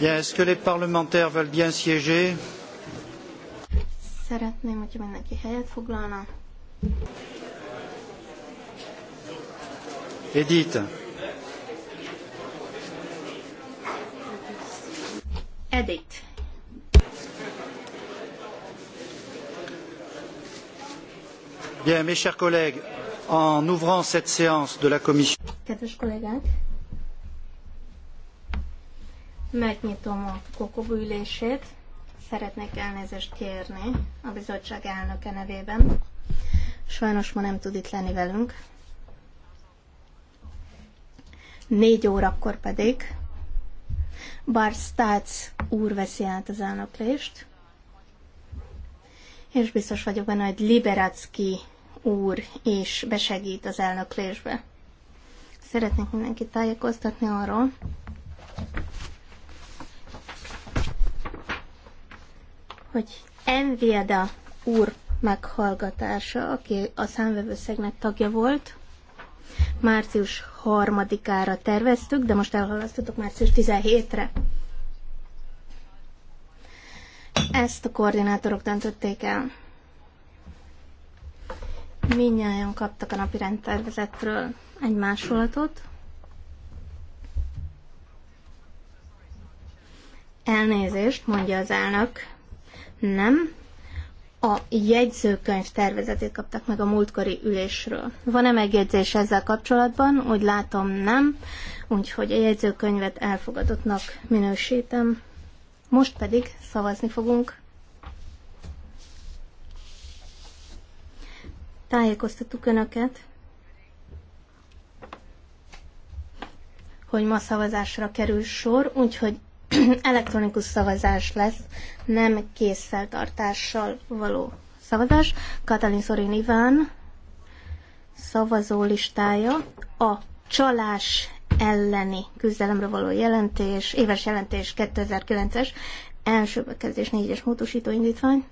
Bien, est-ce que les parlementaires veulent bien siéger Szeretném, hogyha mindenki helyet foglalna. Edith. Edith. Bien, mes chers collègues, en ouvrant cette séance de la commission. Kedves kollégák, Megnyitom a kokobú Szeretnék elnézést kérni a bizottság elnöke nevében. Sajnos ma nem tud itt lenni velünk. Négy órakor pedig Bar Státz úr veszi át az elnöklést, és biztos vagyok benne, hogy Liberacki úr is besegít az elnöklésbe. Szeretnék mindenkit tájékoztatni arról, hogy Envieda úr meghallgatása, aki a számvevőszegnek tagja volt, március harmadikára terveztük, de most elhalasztottuk március 17-re. Ezt a koordinátorok döntötték el. Mindnyáján kaptak a napi rendtervezetről egy másolatot. Elnézést, mondja az elnök. Nem. A jegyzőkönyv tervezetét kaptak meg a múltkori ülésről. Van-e megjegyzés ezzel kapcsolatban? Úgy látom, nem. Úgyhogy a jegyzőkönyvet elfogadottnak minősítem. Most pedig szavazni fogunk. Tájékoztattuk Önöket, hogy ma szavazásra kerül sor, úgyhogy elektronikus szavazás lesz, nem készszertartással való szavazás. Katalin Szorin Iván szavazó listája a csalás elleni küzdelemre való jelentés, éves jelentés 2009-es, első bekezdés 4-es módosító indítvány.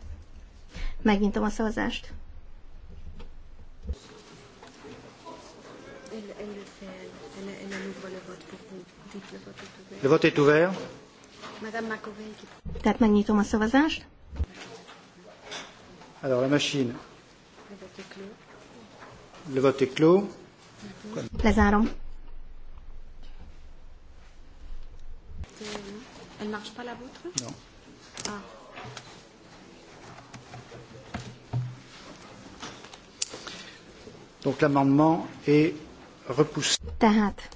Megnyitom a szavazást. Le vote est ouvert. Tehát megnyitom a szavazást. Alors la machine. Le vote est clos. Lezárom. Elle marche pas la vôtre Non. Ah. Donc l'amendement est repoussé. Tehát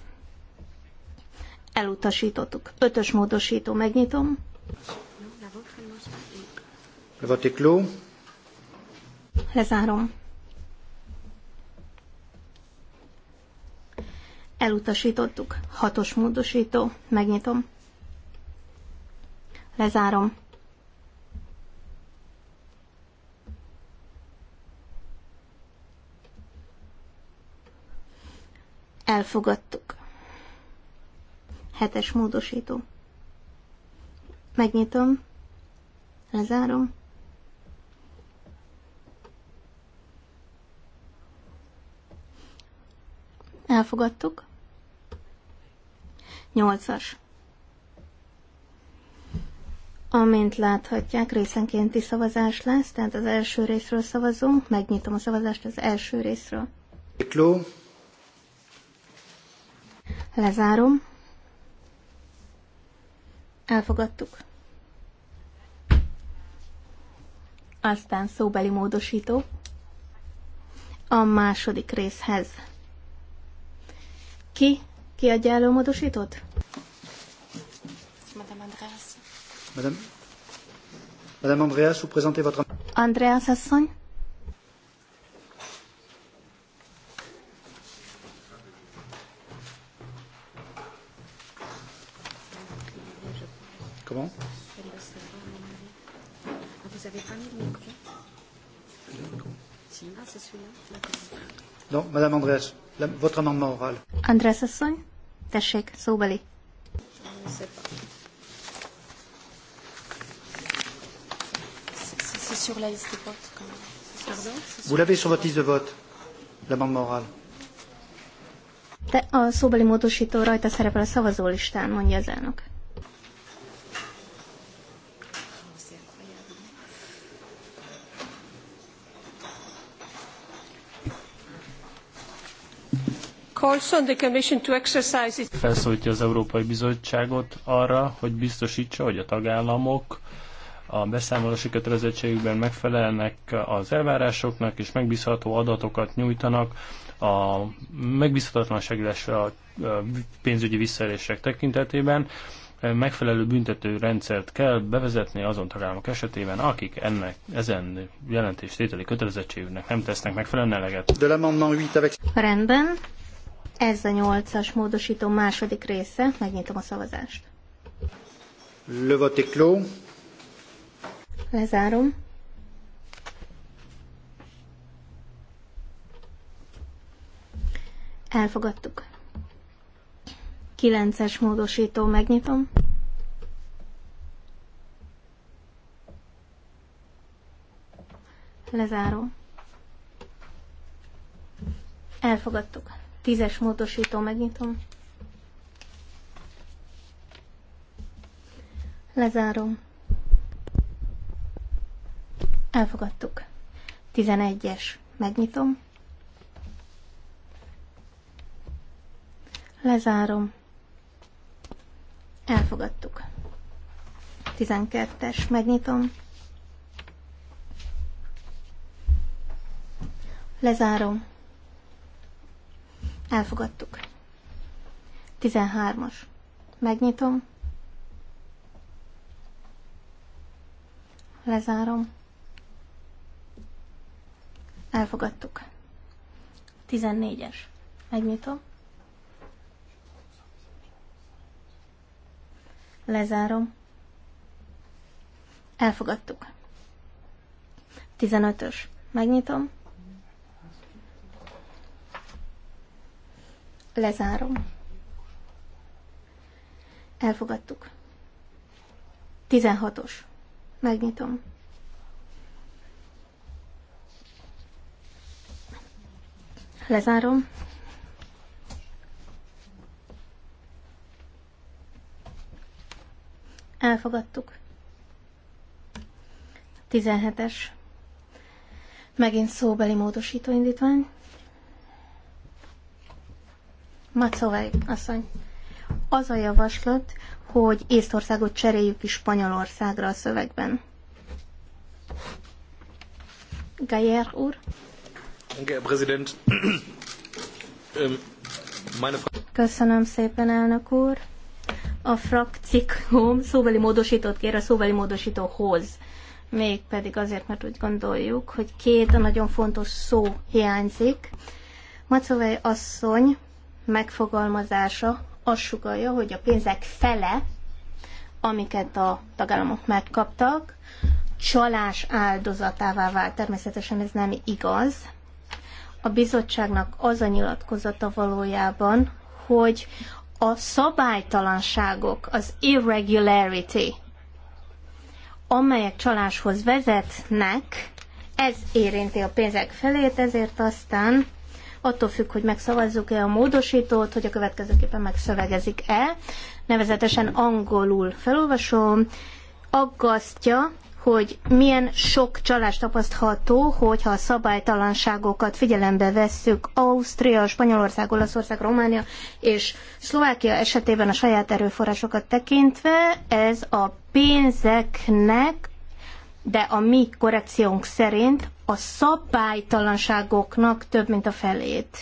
elutasítottuk. Ötös módosító, megnyitom. Vatikló. Lezárom. Elutasítottuk. Hatos módosító. Megnyitom. Lezárom. Elfogadtuk. Hetes módosító. Megnyitom. Lezárom. Elfogadtuk. Nyolcas. Amint láthatják, részenkénti szavazás lesz, tehát az első részről szavazunk. Megnyitom a szavazást az első részről. Lezárom. Elfogadtuk. Aztán szóbeli módosító a második részhez. Ki adja elő a módosítót? Madame Andreas. Madame, Madame Andreas, vous présentez votre... Andreas asszony? Comment ah, Vous avez pas mis le micro Si. Ah, c'est celui-là D'accord. Donc, Madame Andrés, votre amendement oral. Andreas asszony, tessék, szóbeli. C'est sur la liste de vote. Pardon Vous l'avez sur votre liste de vote, l'amendement oral. De a szóbeli módosító rajta szerepel a szavazólistán, mondja az elnök. Felszólítja az Európai Bizottságot arra, hogy biztosítsa, hogy a tagállamok a beszámolási kötelezettségükben megfelelnek az elvárásoknak, és megbízható adatokat nyújtanak a megbízhatatlanság, illetve a pénzügyi visszaélések tekintetében megfelelő büntető rendszert kell bevezetni azon tagállamok esetében, akik ennek ezen jelentéstételi kötelezettségüknek nem tesznek megfelelően eleget. Rendben, ez a nyolcas módosító második része. Megnyitom a szavazást. Le vote Lezárom. Elfogadtuk. Kilences módosító, megnyitom. Lezárom. Elfogadtuk. Tízes módosító, megnyitom. Lezárom. Elfogadtuk. Tizenegyes, megnyitom. Lezárom. Elfogadtuk. Tizenkettes megnyitom. Lezárom. Elfogadtuk. 13-as. Megnyitom. Lezárom. Elfogadtuk. 14-es. Megnyitom. Lezárom. Elfogadtuk. 15-ös. Megnyitom. Lezárom. Elfogadtuk. 16-os. Megnyitom. Lezárom. Elfogadtuk. 17-es. Megint szóbeli módosító indítvány. Macovej asszony, az a javaslat, hogy Észtországot cseréljük is Spanyolországra a szövegben. Gayer úr. Ähm, Köszönöm szépen, elnök úr. A frakcióm szóbeli módosítót kér a szóbeli módosítóhoz. Mégpedig azért, mert úgy gondoljuk, hogy két nagyon fontos szó hiányzik. Macovei asszony megfogalmazása azt sugalja, hogy a pénzek fele, amiket a tagállamok megkaptak, csalás áldozatává vált. Természetesen ez nem igaz. A bizottságnak az a nyilatkozata valójában, hogy a szabálytalanságok, az irregularity, amelyek csaláshoz vezetnek, ez érinti a pénzek felét, ezért aztán attól függ, hogy megszavazzuk-e a módosítót, hogy a következőképpen megszövegezik-e. Nevezetesen angolul felolvasom. Aggasztja, hogy milyen sok csalás tapasztható, hogyha a szabálytalanságokat figyelembe vesszük Ausztria, Spanyolország, Olaszország, Románia és Szlovákia esetében a saját erőforrásokat tekintve, ez a pénzeknek, de a mi korrekciónk szerint a szabálytalanságoknak több, mint a felét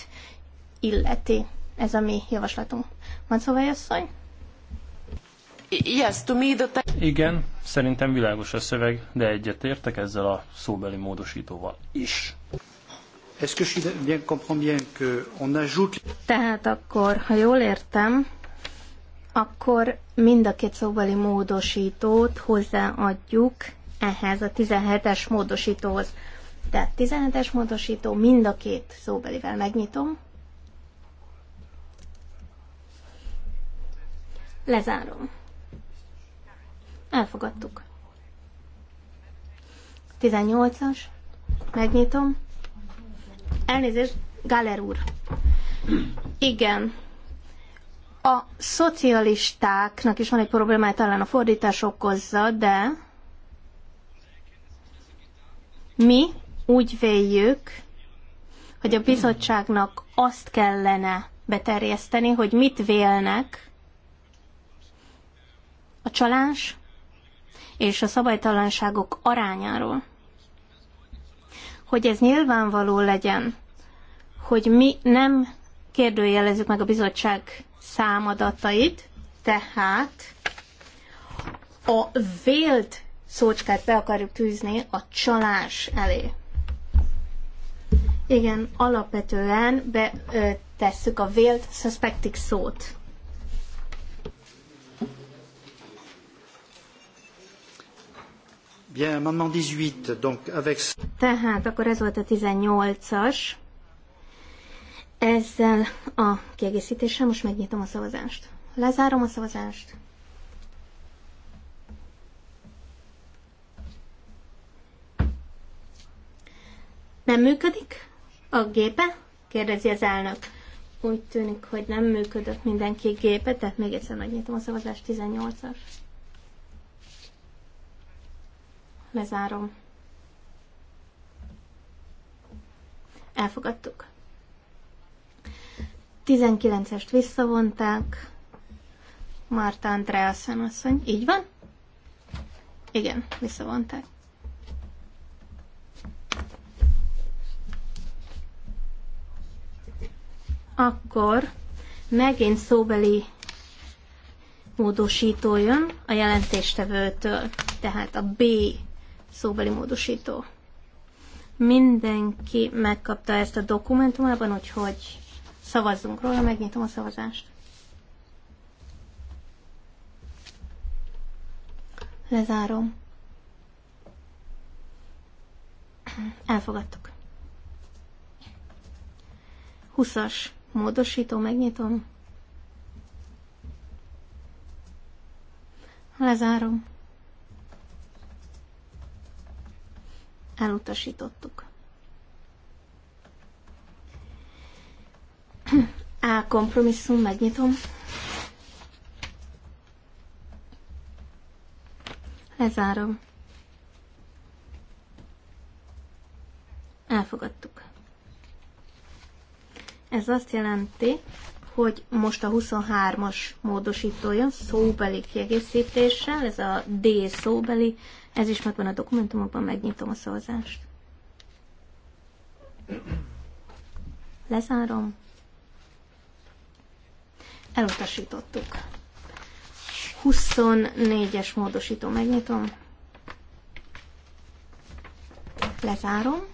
illeti. Ez a mi javaslatunk. Mancovai asszony? Yes, to me the Igen, szerintem világos a szöveg, de egyetértek ezzel a szóbeli módosítóval is. Tehát akkor, ha jól értem, akkor mind a két szóbeli módosítót hozzáadjuk ehhez a 17-es módosítóhoz. Tehát 17-es módosító, mind a két szóbelivel megnyitom. Lezárom. Elfogadtuk. 18-as. Megnyitom. Elnézést, Galer úr. Igen. A szocialistáknak is van egy problémája, talán a fordítás okozza, de mi úgy véljük, hogy a bizottságnak azt kellene beterjeszteni, hogy mit vélnek a csalás és a szabálytalanságok arányáról. Hogy ez nyilvánvaló legyen, hogy mi nem kérdőjelezzük meg a bizottság számadatait, tehát a vélt szócskát be akarjuk tűzni a csalás elé. Igen, alapvetően betesszük a vélt suspected szót. Bien, maintenant 18, donc avec... Tehát akkor ez volt a 18-as. Ezzel a kiegészítéssel most megnyitom a szavazást. Lezárom a szavazást. Nem működik? A gépe? kérdezi az elnök. Úgy tűnik, hogy nem működött mindenki gépe, tehát még egyszer megnyitom a szavazás 18-as. Lezárom. Elfogadtuk. 19-est visszavonták. Marta Andreasen asszony. Így van? Igen, visszavonták. Akkor megint szóbeli módosító jön a jelentéstevőtől, tehát a B szóbeli módosító. Mindenki megkapta ezt a dokumentumában, úgyhogy szavazzunk róla, megnyitom a szavazást. Lezárom. Elfogadtuk. 20-as Módosító, megnyitom. Lezárom. Elutasítottuk. A kompromisszum, megnyitom. Lezárom. Elfogadtuk. Ez azt jelenti, hogy most a 23-as módosító jön szóbeli kiegészítéssel, ez a D szóbeli, ez is megvan a dokumentumokban, megnyitom a szavazást. Lezárom. Elutasítottuk. 24-es módosító megnyitom. Lezárom.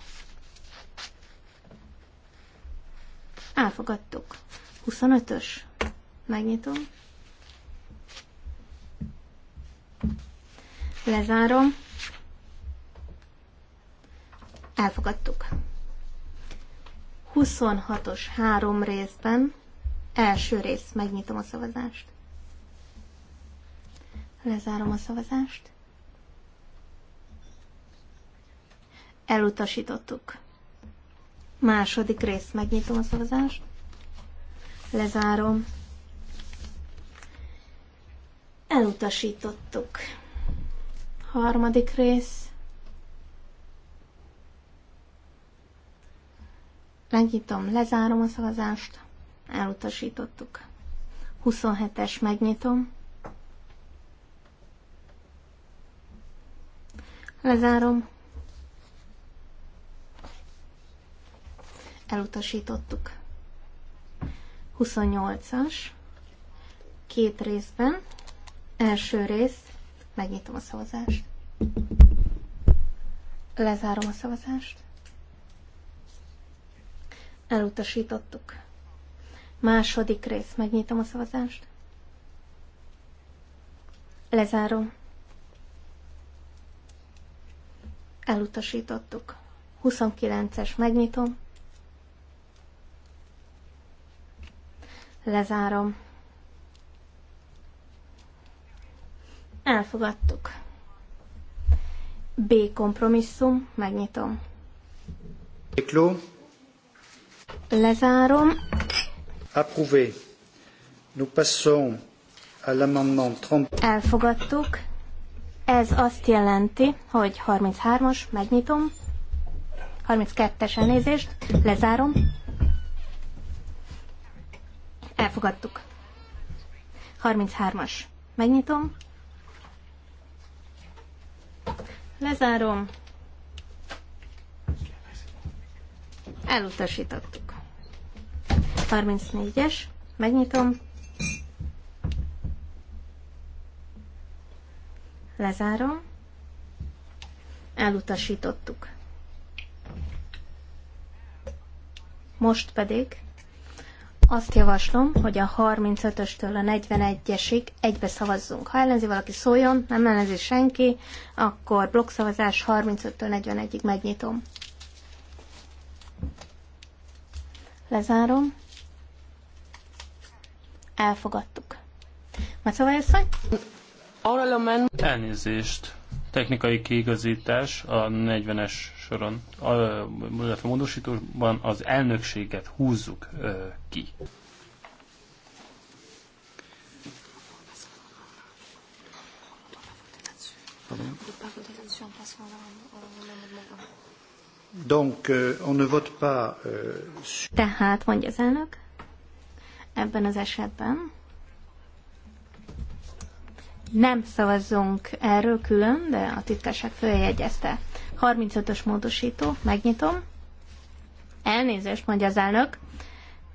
Elfogadtuk. 25-ös. Megnyitom. Lezárom. Elfogadtuk. 26-os három részben. Első rész. Megnyitom a szavazást. Lezárom a szavazást. Elutasítottuk. Második rész. Megnyitom a szavazást. Lezárom. Elutasítottuk. Harmadik rész. Megnyitom, lezárom a szavazást. Elutasítottuk. 27-es megnyitom. Lezárom. elutasítottuk. 28-as, két részben, első rész, megnyitom a szavazást, lezárom a szavazást, elutasítottuk. Második rész, megnyitom a szavazást, lezárom, elutasítottuk. 29-es, megnyitom, Lezárom. Elfogadtuk. B kompromisszum, megnyitom. Clos. Lezárom. Approuvé. Nous passons à l'amendement 30. Elfogadtuk. Ez azt jelenti, hogy 33-as, megnyitom. 32-es elnézést, lezárom. Elfogadtuk. 33-as. Megnyitom. Lezárom. Elutasítottuk. 34-es. Megnyitom. Lezárom. Elutasítottuk. Most pedig azt javaslom, hogy a 35-östől a 41-esig egybe szavazzunk. Ha ellenzi valaki szóljon, nem ellenzi senki, akkor blokkszavazás 35-től 41-ig megnyitom. Lezárom. Elfogadtuk. Macavai asszony? Elnézést. Technikai kiigazítás a 40-es soron, illetve módosítóban az elnökséget húzzuk ki. Donc, euh, on ne vote pas, euh... Tehát, mondja az elnök, ebben az esetben nem szavazzunk erről külön, de a titkárság följegyezte. 35-ös módosító, megnyitom. Elnézést, mondja az elnök.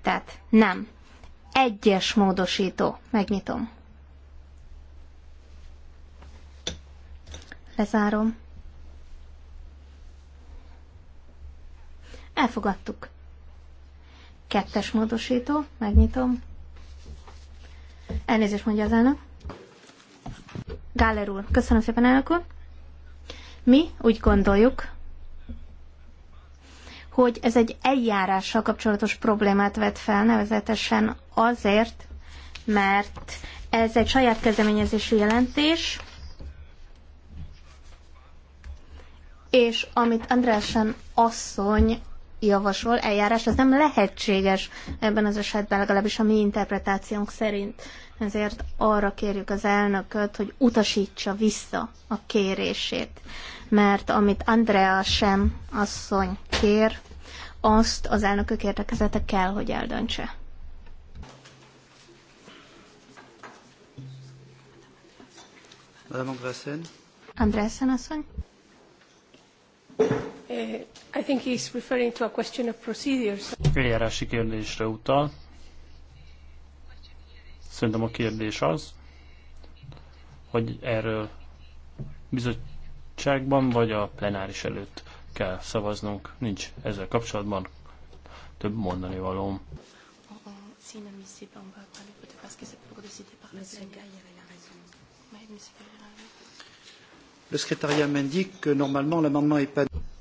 Tehát nem. Egyes módosító, megnyitom. Lezárom. Elfogadtuk. Kettes módosító, megnyitom. Elnézést mondja az elnök. Gáler úr, köszönöm szépen, elnök úr. Mi úgy gondoljuk, hogy ez egy eljárással kapcsolatos problémát vet fel, nevezetesen azért, mert ez egy saját kezdeményezésű jelentés, és amit Andrásen asszony javasol eljárás, az nem lehetséges ebben az esetben, legalábbis a mi interpretációnk szerint ezért arra kérjük az elnököt, hogy utasítsa vissza a kérését, mert amit Andrea sem asszony kér, azt az elnökök értekezete kell, hogy eldöntse. Madame asszony? Uh, eh, asszony. I think he's referring to a question of procedures. Eljárási kérdésre utal. Szerintem a kérdés az, hogy erről bizottságban vagy a plenáris előtt kell szavaznunk. Nincs ezzel kapcsolatban több mondani valóm.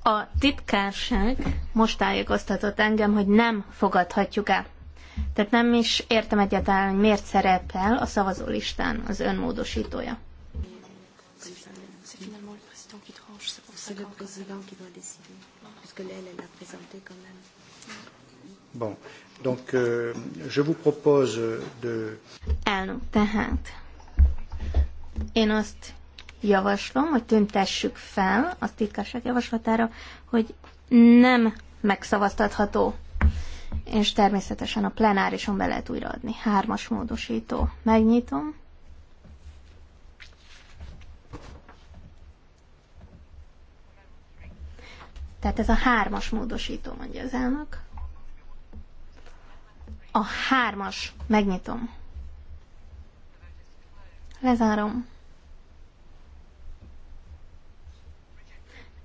A titkárság most tájékoztatott engem, hogy nem fogadhatjuk el. Tehát nem is értem egyáltalán, hogy miért szerepel a szavazólistán az önmódosítója. Bon, donc euh, je vous propose de... Elnök, tehát én azt javaslom, hogy tüntessük fel a titkárság javaslatára, hogy nem megszavaztatható és természetesen a plenárison be lehet újraadni. Hármas módosító. Megnyitom. Tehát ez a hármas módosító, mondja az elnök. A hármas. Megnyitom. Lezárom.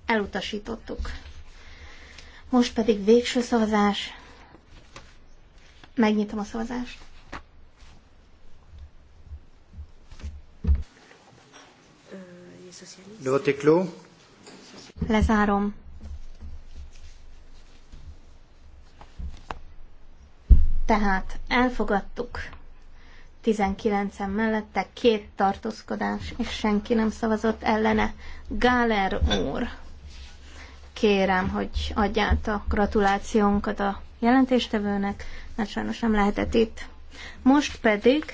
Elutasítottuk. Most pedig végső szavazás. Megnyitom a szavazást. Lezárom. Tehát elfogadtuk 19-en mellette két tartózkodás, és senki nem szavazott ellene. Gáler úr, kérem, hogy adját a gratulációnkat a jelentéstevőnek, mert hát sajnos nem lehetett itt. Most pedig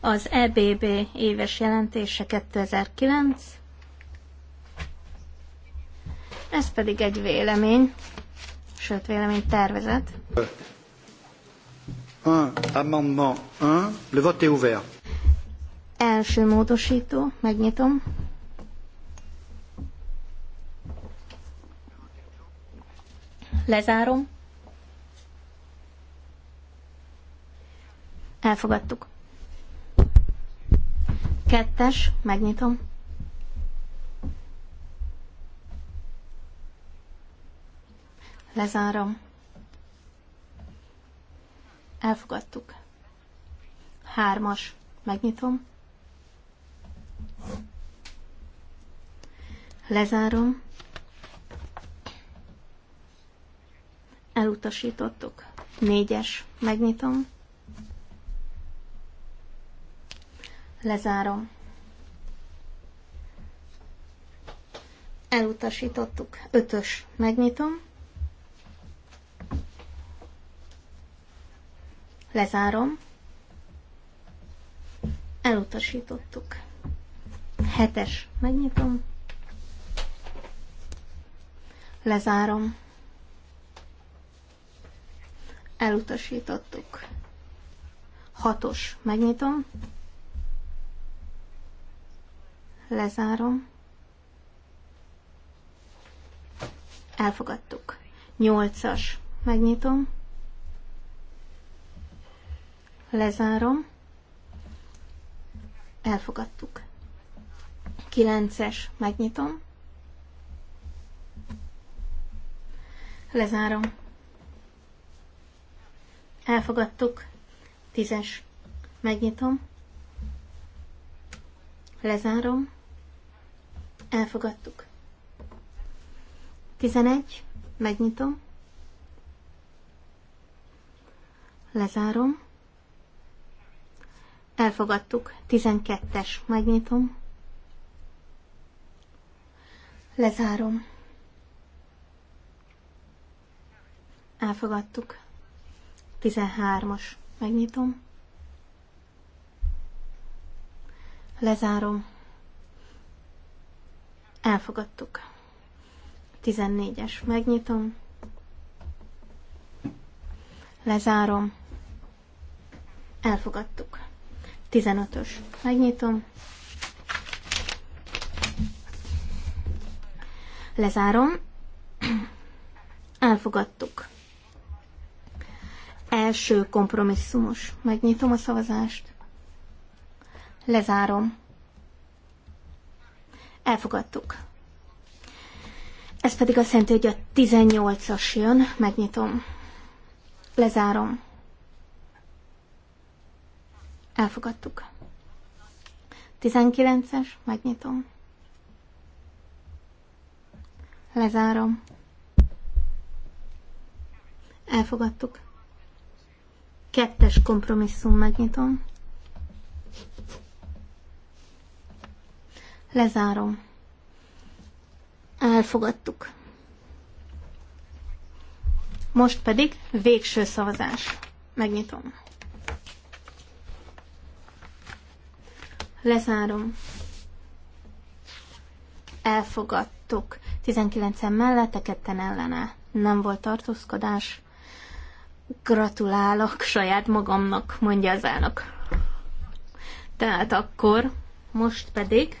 az EBB éves jelentése 2009, ez pedig egy vélemény, sőt vélemény tervezet. Un, amendement 1, le vote est ouvert. Első módosító, megnyitom. Lezárom. Elfogadtuk. Kettes, megnyitom. Lezárom. Elfogadtuk. Hármas, megnyitom. Lezárom. Elutasítottuk. Négyes, megnyitom. Lezárom. Elutasítottuk. Ötös. Megnyitom. Lezárom. Elutasítottuk. Hetes. Megnyitom. Lezárom. Elutasítottuk. Hatos. Megnyitom. Lezárom. Elfogadtuk. Nyolcas. Megnyitom. Lezárom. Elfogadtuk. Kilences. Megnyitom. Lezárom. Elfogadtuk. Tízes. Megnyitom. Lezárom. Elfogadtuk. 11. Megnyitom. Lezárom. Elfogadtuk. 12-es. Megnyitom. Lezárom. Elfogadtuk. 13-as. Megnyitom. Lezárom. Elfogadtuk. 14-es. Megnyitom. Lezárom. Elfogadtuk. 15-ös. Megnyitom. Lezárom. Elfogadtuk. Első kompromisszumos. Megnyitom a szavazást. Lezárom. Elfogadtuk. Ez pedig azt jelenti, hogy a 18-as jön, megnyitom. Lezárom. Elfogadtuk. 19-es, megnyitom. Lezárom. Elfogadtuk. Kettes kompromisszum, megnyitom. Lezárom. Elfogadtuk. Most pedig végső szavazás. Megnyitom. Lezárom. Elfogadtuk. 19-en mellette, ketten ellene. Nem volt tartózkodás. Gratulálok saját magamnak, mondja az elnök. Tehát akkor, most pedig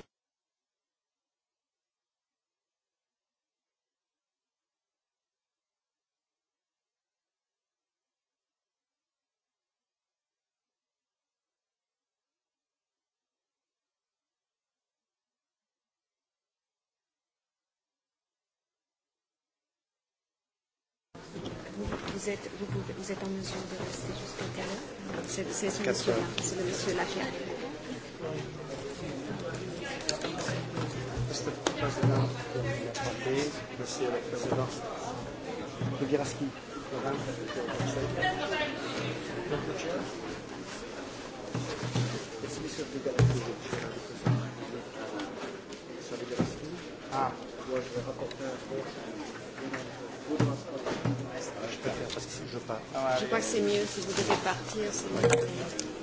Vous êtes, vous, vous êtes en mesure de rester jusqu'à quelle heure C'est ce monsieur-là, c'est le monsieur-là Monsieur le Président, Monsieur le Président, de Viraski, Ah, moi je vais rapporter un peu. Je crois que c'est mieux si vous devez partir. Euh,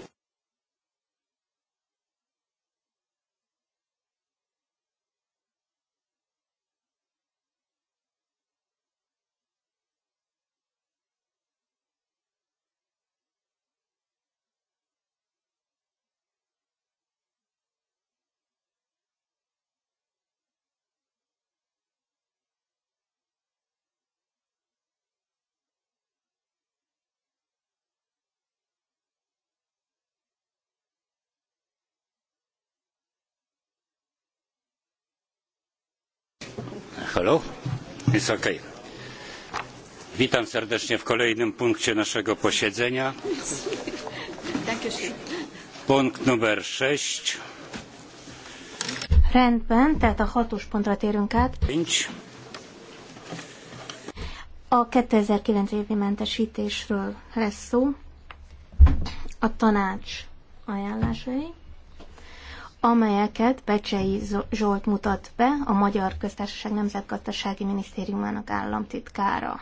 Hello? It's okay. Witam serdecznie w kolejnym punkcie naszego posiedzenia. Punkt numer 6. Rendben, tehát a hatos pontra térünk át. 5. A 2009 évi mentesítésről lesz szó. A tanács ajánlásai amelyeket Becsei Zsolt mutat be, a Magyar Köztársaság Nemzetgazdasági Minisztériumának államtitkára.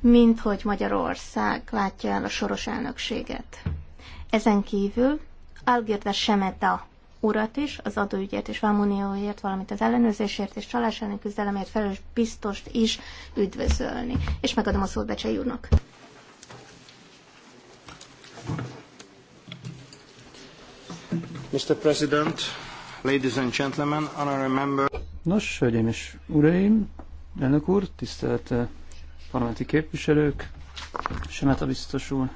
Mint hogy Magyarország látja el a soros elnökséget. Ezen kívül Algirda Semeta urat is, az adóügyért és vámunióért, valamint az ellenőrzésért és csalás elleni küzdelemért felelős biztost is üdvözölni. És megadom a szót Becsei úrnak. Mr. President, ladies and gentlemen, honorary member. Nos, hölgyeim és uraim, elnök úr, tisztelt eh, parlamenti képviselők, Semeta biztos úr.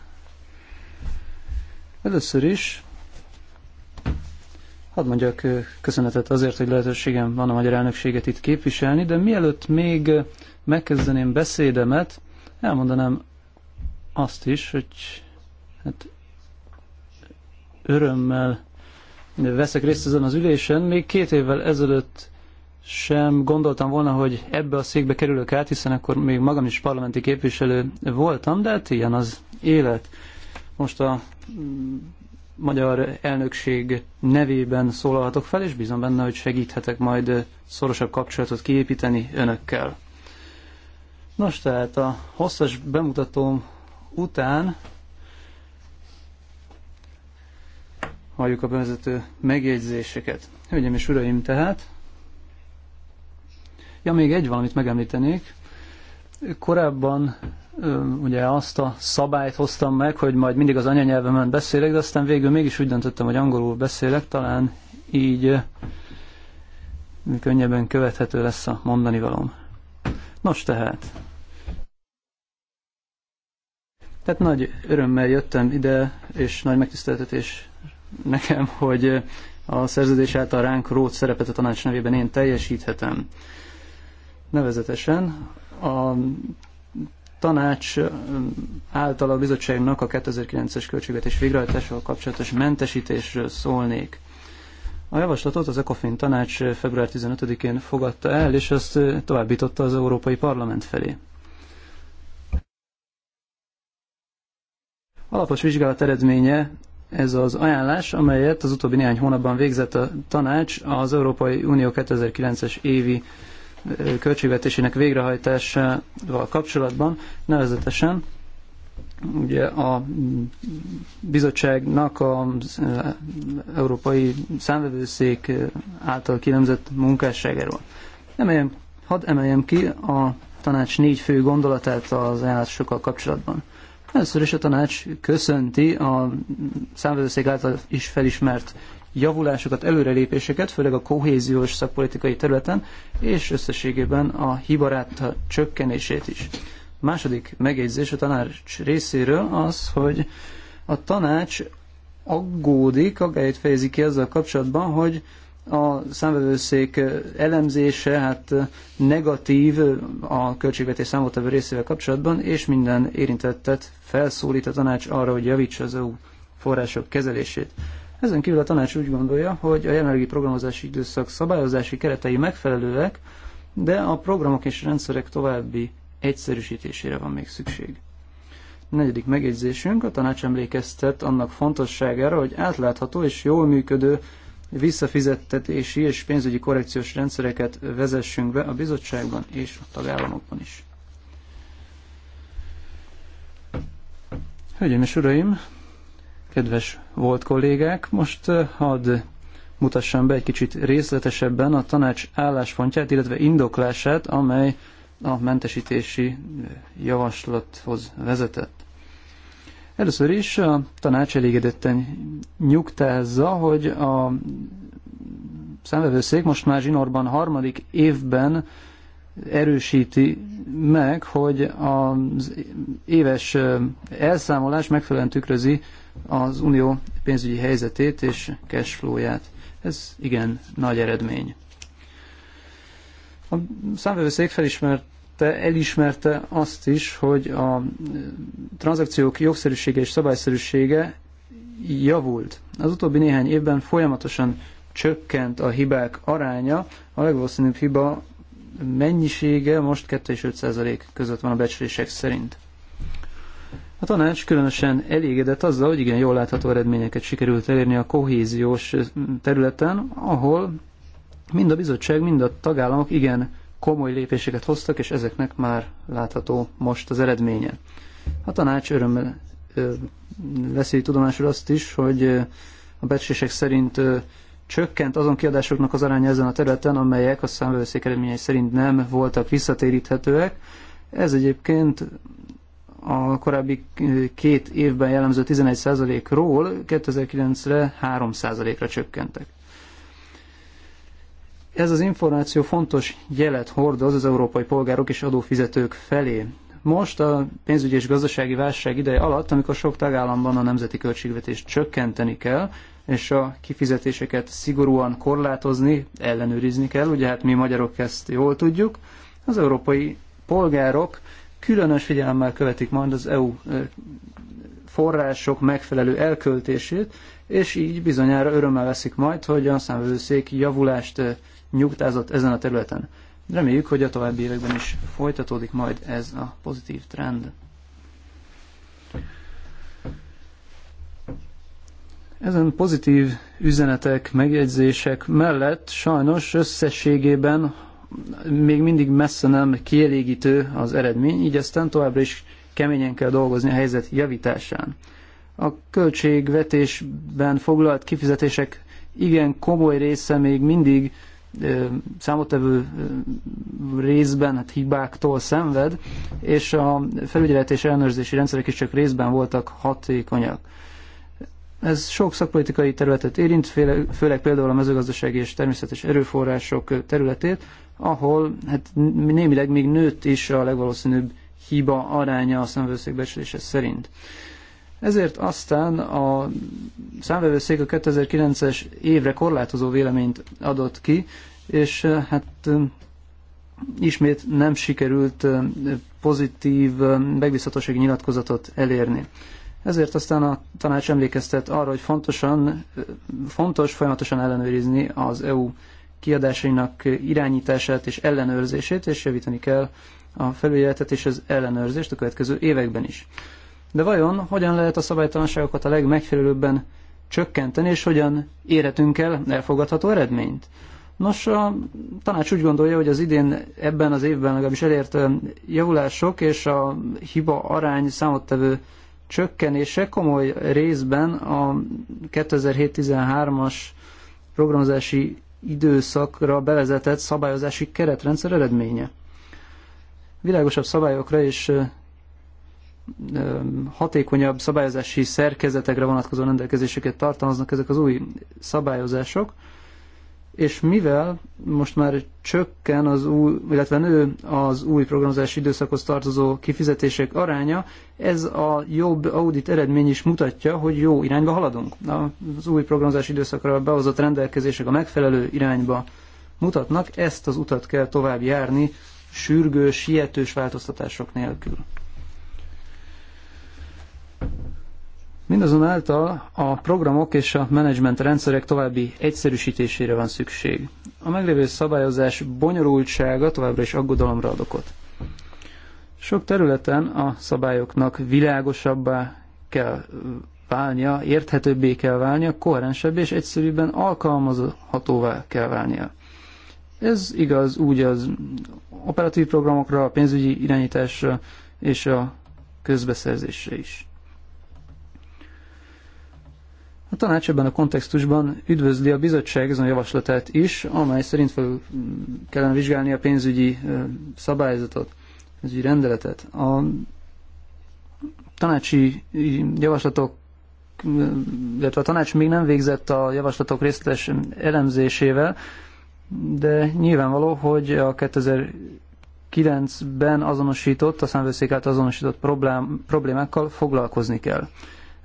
Először is Hadd mondjak eh, köszönetet azért, hogy lehetőségem van a magyar elnökséget itt képviselni, de mielőtt még megkezdeném beszédemet, elmondanám azt is, hogy hát örömmel veszek részt ezen az ülésen. Még két évvel ezelőtt sem gondoltam volna, hogy ebbe a székbe kerülök át, hiszen akkor még magam is parlamenti képviselő voltam, de hát ilyen az élet. Most a mm, magyar elnökség nevében szólalhatok fel, és bízom benne, hogy segíthetek majd szorosabb kapcsolatot kiépíteni önökkel. Nos, tehát a hosszas bemutatóm után halljuk a bevezető megjegyzéseket. Hölgyeim és uraim, tehát. Ja, még egy valamit megemlítenék. Korábban ugye azt a szabályt hoztam meg, hogy majd mindig az anyanyelvemen beszélek, de aztán végül mégis úgy döntöttem, hogy angolul beszélek, talán így könnyebben követhető lesz a mondani valom. Nos tehát. Tehát nagy örömmel jöttem ide, és nagy megtiszteltetés nekem, hogy a szerződés által ránk rót szerepet a tanács nevében én teljesíthetem. Nevezetesen a tanács által a bizottságnak a 2009-es költségvetés végrehajtásával kapcsolatos mentesítésről szólnék. A javaslatot az ECOFIN tanács február 15-én fogadta el, és azt továbbította az Európai Parlament felé. Alapos vizsgálat eredménye ez az ajánlás, amelyet az utóbbi néhány hónapban végzett a tanács az Európai Unió 2009-es évi költségvetésének végrehajtásával kapcsolatban, nevezetesen ugye a bizottságnak az Európai Számvevőszék által kinemzett munkásságáról. Emeljem, hadd emeljem ki a tanács négy fő gondolatát az ajánlásokkal kapcsolatban. Először is a tanács köszönti a számvevőszék által is felismert javulásokat, előrelépéseket, főleg a kohéziós szakpolitikai területen, és összességében a hibaráta csökkenését is. A második megjegyzés a tanács részéről az, hogy a tanács aggódik, aggályt fejezi ki azzal kapcsolatban, hogy a számvevőszék elemzése hát negatív a költségvetés számottevő részével kapcsolatban, és minden érintettet felszólít a tanács arra, hogy javítsa az EU források kezelését. Ezen kívül a tanács úgy gondolja, hogy a jelenlegi programozási időszak szabályozási keretei megfelelőek, de a programok és rendszerek további egyszerűsítésére van még szükség. A negyedik megjegyzésünk a tanács emlékeztet annak fontosságára, hogy átlátható és jól működő visszafizettetési és pénzügyi korrekciós rendszereket vezessünk be a bizottságban és a tagállamokban is. Hölgyeim és Uraim, kedves volt kollégák, most eh, hadd mutassam be egy kicsit részletesebben a tanács álláspontját, illetve indoklását, amely a mentesítési eh, javaslathoz vezetett. Először is a tanács elégedetten nyugtázza, hogy a számvevőszék most már zsinórban harmadik évben erősíti meg, hogy az éves elszámolás megfelelően tükrözi az unió pénzügyi helyzetét és cashflowját. Ez igen nagy eredmény. A számvevőszék felismert elismerte azt is, hogy a eh, tranzakciók jogszerűsége és szabályszerűsége javult. Az utóbbi néhány évben folyamatosan csökkent a hibák aránya, a legvalószínűbb hiba mennyisége most 2 és 5 százalék között van a becslések szerint. A tanács különösen elégedett azzal, hogy igen jól látható eredményeket sikerült elérni a kohéziós területen, ahol mind a bizottság, mind a tagállamok igen komoly lépéseket hoztak, és ezeknek már látható most az eredménye. A tanács örömmel veszi tudomásul azt is, hogy a becsések szerint csökkent azon kiadásoknak az aránya ezen a területen, amelyek a számvevőszék eredményei szerint nem voltak visszatéríthetőek. Ez egyébként a korábbi két évben jellemző 11%-ról 2009-re 3%-ra csökkentek. Ez az információ fontos jelet hordoz az európai polgárok és adófizetők felé. Most a pénzügyi és gazdasági válság ideje alatt, amikor sok tagállamban a nemzeti költségvetést csökkenteni kell, és a kifizetéseket szigorúan korlátozni, ellenőrizni kell, ugye hát mi magyarok ezt jól tudjuk, az európai polgárok különös figyelemmel követik majd az EU források megfelelő elköltését, és így bizonyára örömmel veszik majd, hogy a számvevőszék javulást Nyugtázott ezen a területen. Reméljük, hogy a további években is folytatódik majd ez a pozitív trend. Ezen pozitív üzenetek, megjegyzések mellett sajnos összességében még mindig messze nem kielégítő az eredmény, így aztán továbbra is keményen kell dolgozni a helyzet javításán. A költségvetésben foglalt kifizetések igen komoly része még mindig számottevő részben hát hibáktól szenved, és a felügyelet és ellenőrzési rendszerek is csak részben voltak hatékonyak. Ez sok szakpolitikai területet érint, főleg például a mezőgazdasági és természetes erőforrások területét, ahol hát némileg még nőtt is a legvalószínűbb hiba aránya a szemvőszék becslése szerint. Ezért aztán a számvevőszék a 2009-es évre korlátozó véleményt adott ki, és eh, hát eh, ismét nem sikerült eh, pozitív megbízhatósági nyilatkozatot elérni. Ezért aztán a tanács emlékeztet arra, hogy fontosan, fontos folyamatosan ellenőrizni az EU kiadásainak irányítását és ellenőrzését, és javítani kell a felügyeletet és az ellenőrzést a következő években is. De vajon hogyan lehet a szabálytalanságokat a legmegfelelőbben csökkenteni, és hogyan érhetünk el elfogadható eredményt? Nos, a tanács úgy gondolja, hogy az idén ebben az évben legalábbis elért javulások és a hiba arány számottevő csökkenése komoly részben a 2007-13-as programozási időszakra bevezetett szabályozási keretrendszer eredménye. Világosabb szabályokra és hatékonyabb szabályozási szerkezetekre vonatkozó rendelkezéseket tartalmaznak ezek az új szabályozások, és mivel most már csökken az új, illetve nő az új programozási időszakhoz tartozó kifizetések aránya, ez a jobb audit eredmény is mutatja, hogy jó irányba haladunk. Az új programozási időszakra behozott rendelkezések a megfelelő irányba mutatnak, ezt az utat kell tovább járni, sürgős, sietős változtatások nélkül. Mindazonáltal a programok és a menedzsment rendszerek további egyszerűsítésére van szükség. A meglévő szabályozás bonyolultsága továbbra is aggodalomra ad okot. Sok területen a szabályoknak világosabbá kell válnia, érthetőbbé kell válnia, koherensebb és egyszerűbben alkalmazhatóvá kell válnia. Ez igaz úgy az operatív programokra, a pénzügyi irányításra és a közbeszerzésre is. A tanács ebben a kontextusban üdvözli a bizottság a javaslatát is, amely szerint fel kellene vizsgálni a pénzügyi szabályzatot, az ügyi rendeletet. A tanácsi javaslatok illetve a tanács még nem végzett a javaslatok részletes elemzésével, de nyilvánvaló, hogy a 2009-ben azonosított, a számvőszék által azonosított problémákkal foglalkozni kell.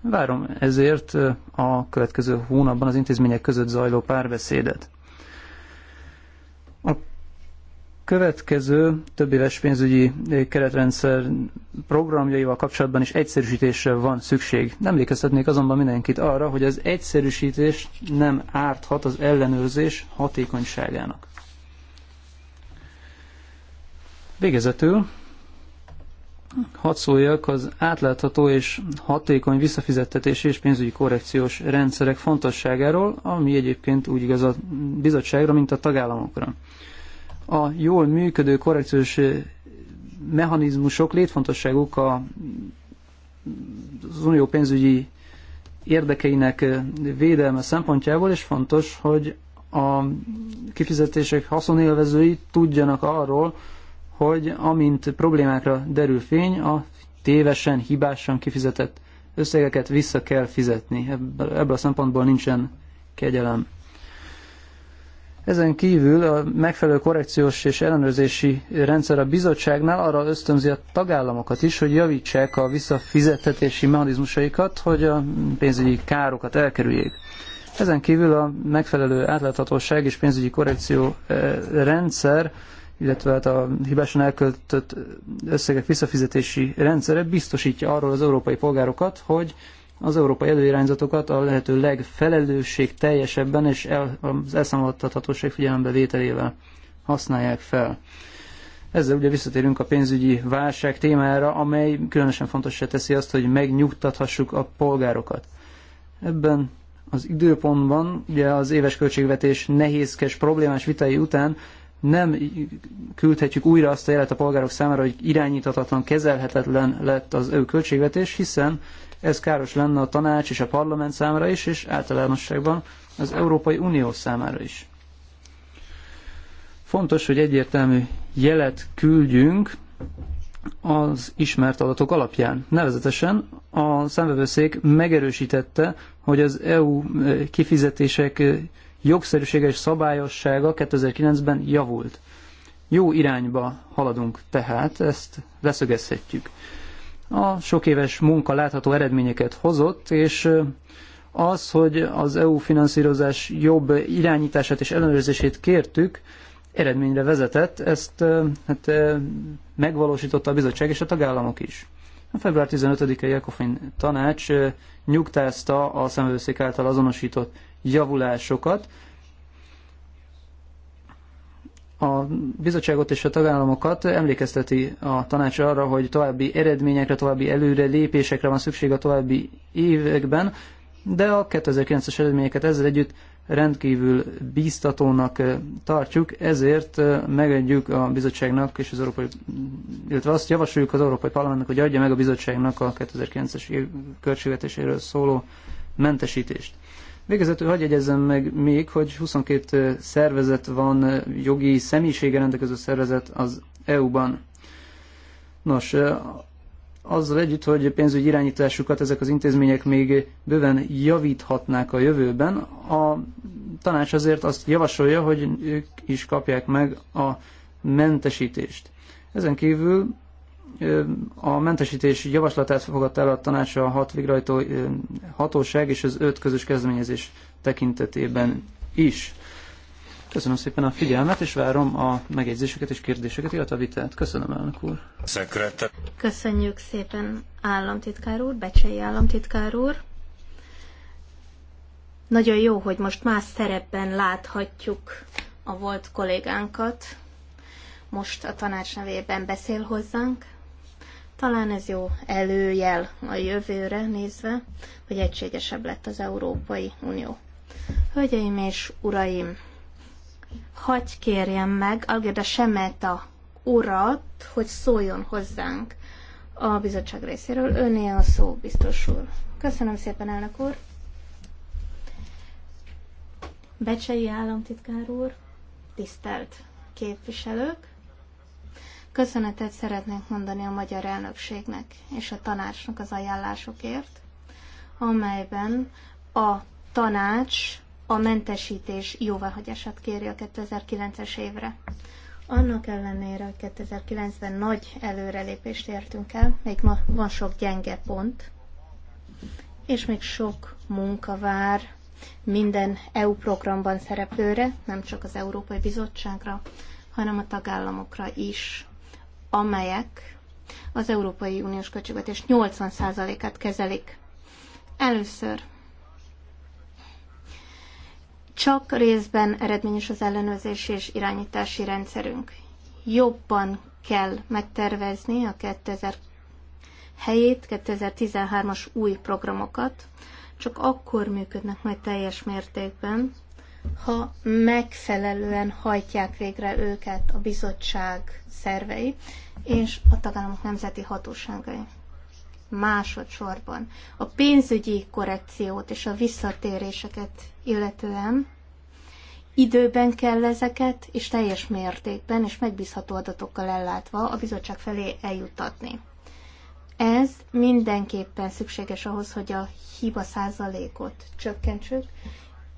Várom ezért a következő hónapban az intézmények között zajló párbeszédet. A következő több éves pénzügyi keretrendszer programjaival kapcsolatban is egyszerűsítésre van szükség. Nem Emlékeztetnék azonban mindenkit arra, hogy az egyszerűsítés nem árthat az ellenőrzés hatékonyságának. Végezetül hadd szóljak az átlátható és hatékony visszafizettetési és pénzügyi korrekciós rendszerek fontosságáról, ami egyébként úgy igaz a bizottságra, mint a tagállamokra. A jól működő korrekciós eh, mechanizmusok létfontosságuk a, az unió pénzügyi érdekeinek eh, védelme szempontjából, és fontos, hogy a kifizetések haszonélvezői tudjanak arról, hogy amint problémákra derül fény, a tévesen, hibásan kifizetett összegeket vissza kell fizetni. Ebből a szempontból nincsen kegyelem. Ezen kívül a megfelelő korrekciós és ellenőrzési rendszer a bizottságnál arra ösztönzi a tagállamokat is, hogy javítsák a visszafizetetési mechanizmusaikat, hogy a pénzügyi károkat elkerüljék. Ezen kívül a megfelelő átláthatóság és pénzügyi korrekció eh, rendszer illetve hát a hibásan elköltött összegek visszafizetési rendszere biztosítja arról az európai polgárokat, hogy az európai előirányzatokat a lehető legfelelősség teljesebben és el, az elszámoltathatóság figyelembe vételével használják fel. Ezzel ugye visszatérünk a pénzügyi válság témára, amely különösen fontosra teszi azt, hogy megnyugtathassuk a polgárokat. Ebben az időpontban, ugye az éves költségvetés nehézkes, problémás vitai után nem küldhetjük újra azt a jelet a polgárok számára, hogy irányíthatatlan, kezelhetetlen lett az ő költségvetés, hiszen ez káros lenne a tanács és a parlament számára is, és általánosságban az Európai Unió számára is. Fontos, hogy egyértelmű jelet küldjünk az ismert adatok alapján. Nevezetesen a számvevőszék megerősítette, hogy az EU kifizetések jogszerűsége és szabályossága 2009-ben javult. Jó irányba haladunk tehát, ezt leszögezhetjük. A sok éves munka látható eredményeket hozott, és az, hogy az EU finanszírozás jobb irányítását és ellenőrzését kértük, eredményre vezetett, ezt hát, megvalósította a bizottság és a tagállamok is. A február 15-i Jakofin tanács nyugtázta a szemvőszék által azonosított javulásokat. A bizottságot és a tagállamokat emlékezteti a tanács arra, hogy további eredményekre, további előre lépésekre van szükség a további években, de a 2009-es eredményeket ezzel együtt rendkívül bíztatónak eh, tartjuk, ezért eh, megadjuk a bizottságnak és az Európai, illetve azt javasoljuk az Európai Parlamentnek, hogy adja meg a bizottságnak a 2009-es költségvetéséről szóló mentesítést. Végezetül hagyj egyezzem meg még, hogy 22 szervezet van, jogi személyisége rendelkező szervezet az EU-ban. Nos, azzal együtt, hogy pénzügyi irányításukat ezek az intézmények még bőven javíthatnák a jövőben, a tanács azért azt javasolja, hogy ők is kapják meg a mentesítést. Ezen kívül a mentesítés javaslatát fogadta el a tanács a hat végrehajtó hatóság és az öt közös kezdeményezés tekintetében is. Köszönöm szépen a figyelmet, és várom a megjegyzéseket és kérdéseket, illetve a vitát. Köszönöm, elnök úr. Köszönjük szépen, államtitkár úr, Becsei államtitkár úr. Nagyon jó, hogy most más szerepben láthatjuk a volt kollégánkat. Most a tanács nevében beszél hozzánk. Talán ez jó előjel a jövőre nézve, hogy egységesebb lett az Európai Unió. Hölgyeim és uraim, hagy kérjem meg Algeda Semeta urat, hogy szóljon hozzánk a bizottság részéről. Öné a szó, biztos úr. Köszönöm szépen, elnök úr. Becsei államtitkár úr, tisztelt képviselők, Köszönetet szeretnék mondani a magyar elnökségnek és a tanácsnak az ajánlásokért, amelyben a tanács a mentesítés jóváhagyását kéri a 2009-es évre. Annak ellenére, hogy 2009-ben nagy előrelépést értünk el, még ma van sok gyenge pont, és még sok munka vár minden EU programban szereplőre, nem csak az Európai Bizottságra, hanem a tagállamokra is amelyek az Európai Uniós költségvetés 80%-át kezelik. Először csak részben eredményes az ellenőrzés és irányítási rendszerünk. Jobban kell megtervezni a 2000 helyét, 2013-as új programokat, csak akkor működnek majd teljes mértékben, ha megfelelően hajtják végre őket a bizottság szervei és a tagállamok nemzeti hatóságai. Másodszorban a pénzügyi korrekciót és a visszatéréseket illetően időben kell ezeket, és teljes mértékben és megbízható adatokkal ellátva a bizottság felé eljutatni. Ez mindenképpen szükséges ahhoz, hogy a hiba százalékot csökkentsük,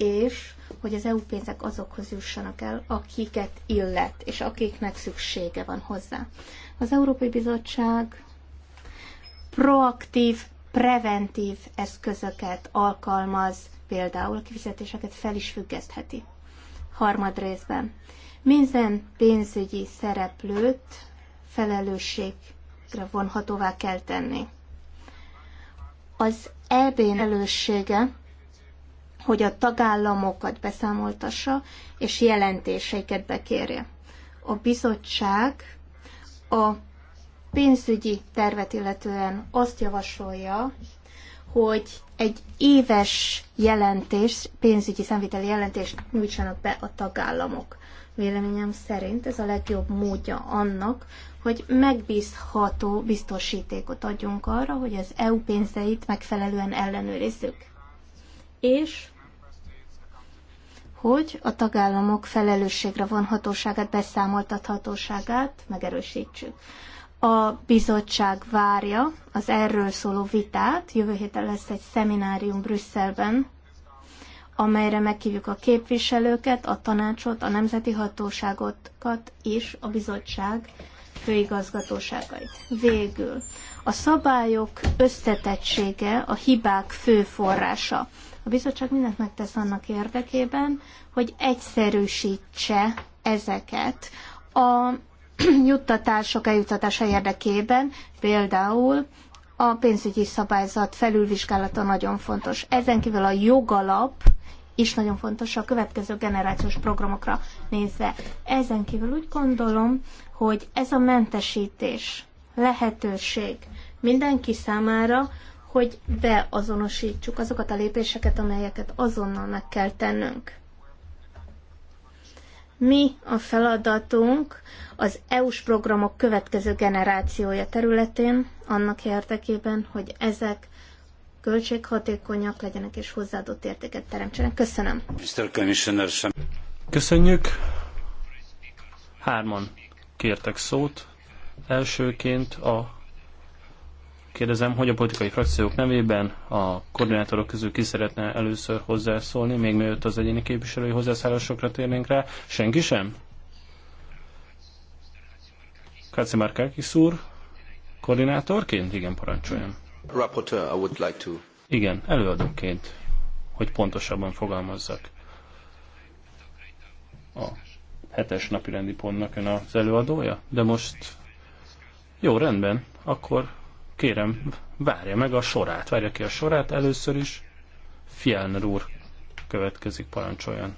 és hogy az EU pénzek azokhoz jussanak el, akiket illet, és akiknek szüksége van hozzá. Az Európai Bizottság proaktív, preventív eszközöket alkalmaz, például a kifizetéseket fel is függesztheti. Harmad részben. Minden pénzügyi szereplőt felelősségre vonhatóvá kell tenni. Az EB-n elősége hogy a tagállamokat beszámoltassa, és jelentéseiket bekérje. A bizottság a pénzügyi tervet illetően azt javasolja, hogy egy éves jelentés, pénzügyi szemviteli jelentést nyújtsanak be a tagállamok. Véleményem szerint ez a legjobb módja annak, hogy megbízható biztosítékot adjunk arra, hogy az EU pénzeit megfelelően ellenőrizzük. És hogy a tagállamok felelősségre vonhatóságát, beszámoltathatóságát megerősítsük. A bizottság várja az erről szóló vitát. Jövő héten lesz egy szeminárium Brüsszelben, amelyre meghívjuk a képviselőket, a tanácsot, a nemzeti hatóságokat és a bizottság főigazgatóságait. Végül. A szabályok összetettsége a hibák fő forrása. A bizottság mindent megtesz annak érdekében, hogy egyszerűsítse ezeket a juttatások eljuttatása érdekében, például a pénzügyi szabályzat felülvizsgálata nagyon fontos. Ezen kívül a jogalap is nagyon fontos a következő generációs programokra nézve. Ezen kívül úgy gondolom, hogy ez a mentesítés lehetőség mindenki számára, hogy beazonosítsuk azokat a lépéseket, amelyeket azonnal meg kell tennünk. Mi a feladatunk az EU-s programok következő generációja területén, annak érdekében, hogy ezek költséghatékonyak legyenek és hozzáadott értéket teremtsenek. Köszönöm. Mr. Commissioner, Köszönjük. Hárman kértek szót. Elsőként a kérdezem, hogy a politikai frakciók nevében a koordinátorok közül ki szeretne először hozzászólni, még mielőtt az egyéni képviselői hozzászállásokra térnénk rá. Senki sem? Káci Márkákis úr, koordinátorként? Igen, parancsoljon. Rapporteur, I would like to... Igen, előadóként, hogy pontosabban fogalmazzak. A hetes napi rendi pontnak ön az előadója, de most... Jó, rendben, akkor Kérem, várja meg a sorát, várja ki a sorát először is. Fjellner úr következik, parancsoljon.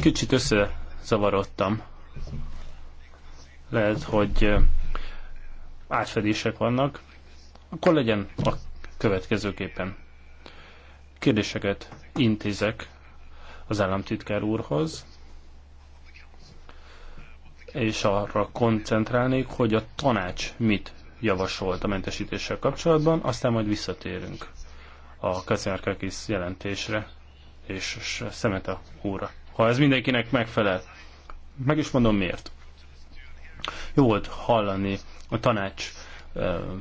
Kicsit összezavarodtam. Lehet, hogy átfedések vannak. Akkor legyen a következőképpen. Kérdéseket intézek az államtitkár úrhoz, és arra koncentrálnék, hogy a tanács mit javasolt a mentesítéssel kapcsolatban, aztán majd visszatérünk a Kacinarkakis jelentésre és a úra. Ha ez mindenkinek megfelel, meg is mondom miért. Jó volt hallani a tanács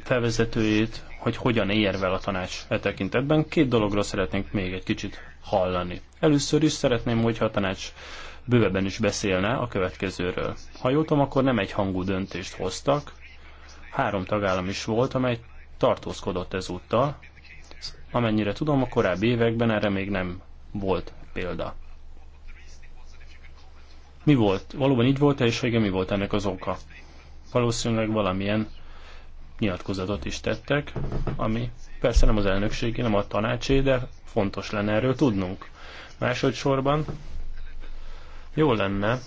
felvezetőjét, hogy hogyan érvel a tanács e tekintetben. Két dologra szeretnénk még egy kicsit hallani. Először is szeretném, hogyha a tanács bővebben is beszélne a következőről. Ha jól tudom, akkor nem egy hangú döntést hoztak, három tagállam is volt, amely tartózkodott ezúttal. Amennyire tudom, a korábbi években erre még nem volt példa. Mi volt? Valóban így volt-e, és igen, mi volt ennek az oka? Valószínűleg valamilyen nyilatkozatot is tettek, ami persze nem az elnökségé, nem a tanácsé, de fontos lenne erről tudnunk. Másodszorban jó lenne,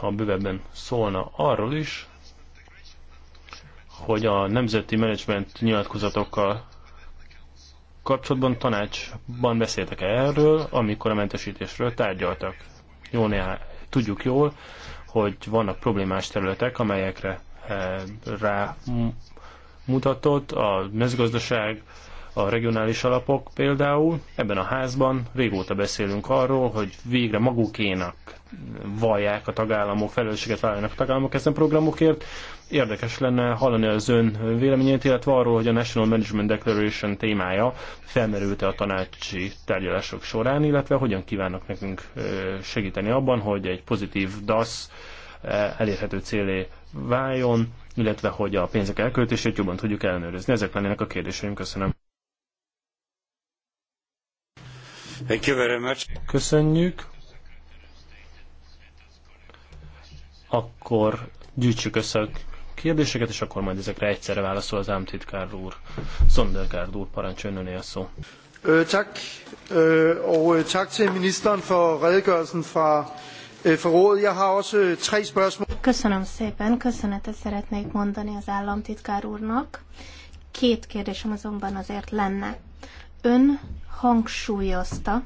ha bővebben szólna arról is, hogy a nemzeti menedzsment nyilatkozatokkal kapcsolatban tanácsban beszéltek -e erről, amikor a mentesítésről tárgyaltak. Jó néhány, tudjuk jól, hogy vannak problémás területek, amelyekre eh, rá mutatott a mezgazdaság, a regionális alapok például. Ebben a házban régóta beszélünk arról, hogy végre magukénak vallják a tagállamok, felelősséget vállalnak a tagállamok ezen programokért. Érdekes lenne hallani az ön véleményét, illetve arról, hogy a National Management Declaration témája felmerült-e a tanácsi tárgyalások során, illetve hogyan kívánnak nekünk segíteni abban, hogy egy pozitív DASZ elérhető célé váljon, illetve hogy a pénzek elköltését jobban tudjuk ellenőrizni. Ezek lennének a kérdéseim. Köszönöm. Köszönjük. akkor gyűjtsük össze a kérdéseket, és akkor majd ezekre egyszerre válaszol az ámtitkár úr. Szondergárd úr, parancsoljon öné a szó. Tak, og øh, tak til ministeren for redegørelsen fra øh, øh, Köszönöm szépen, köszönetet szeretnék mondani az államtitkár úrnak. Két kérdésem azonban azért lenne. Ön hangsúlyozta,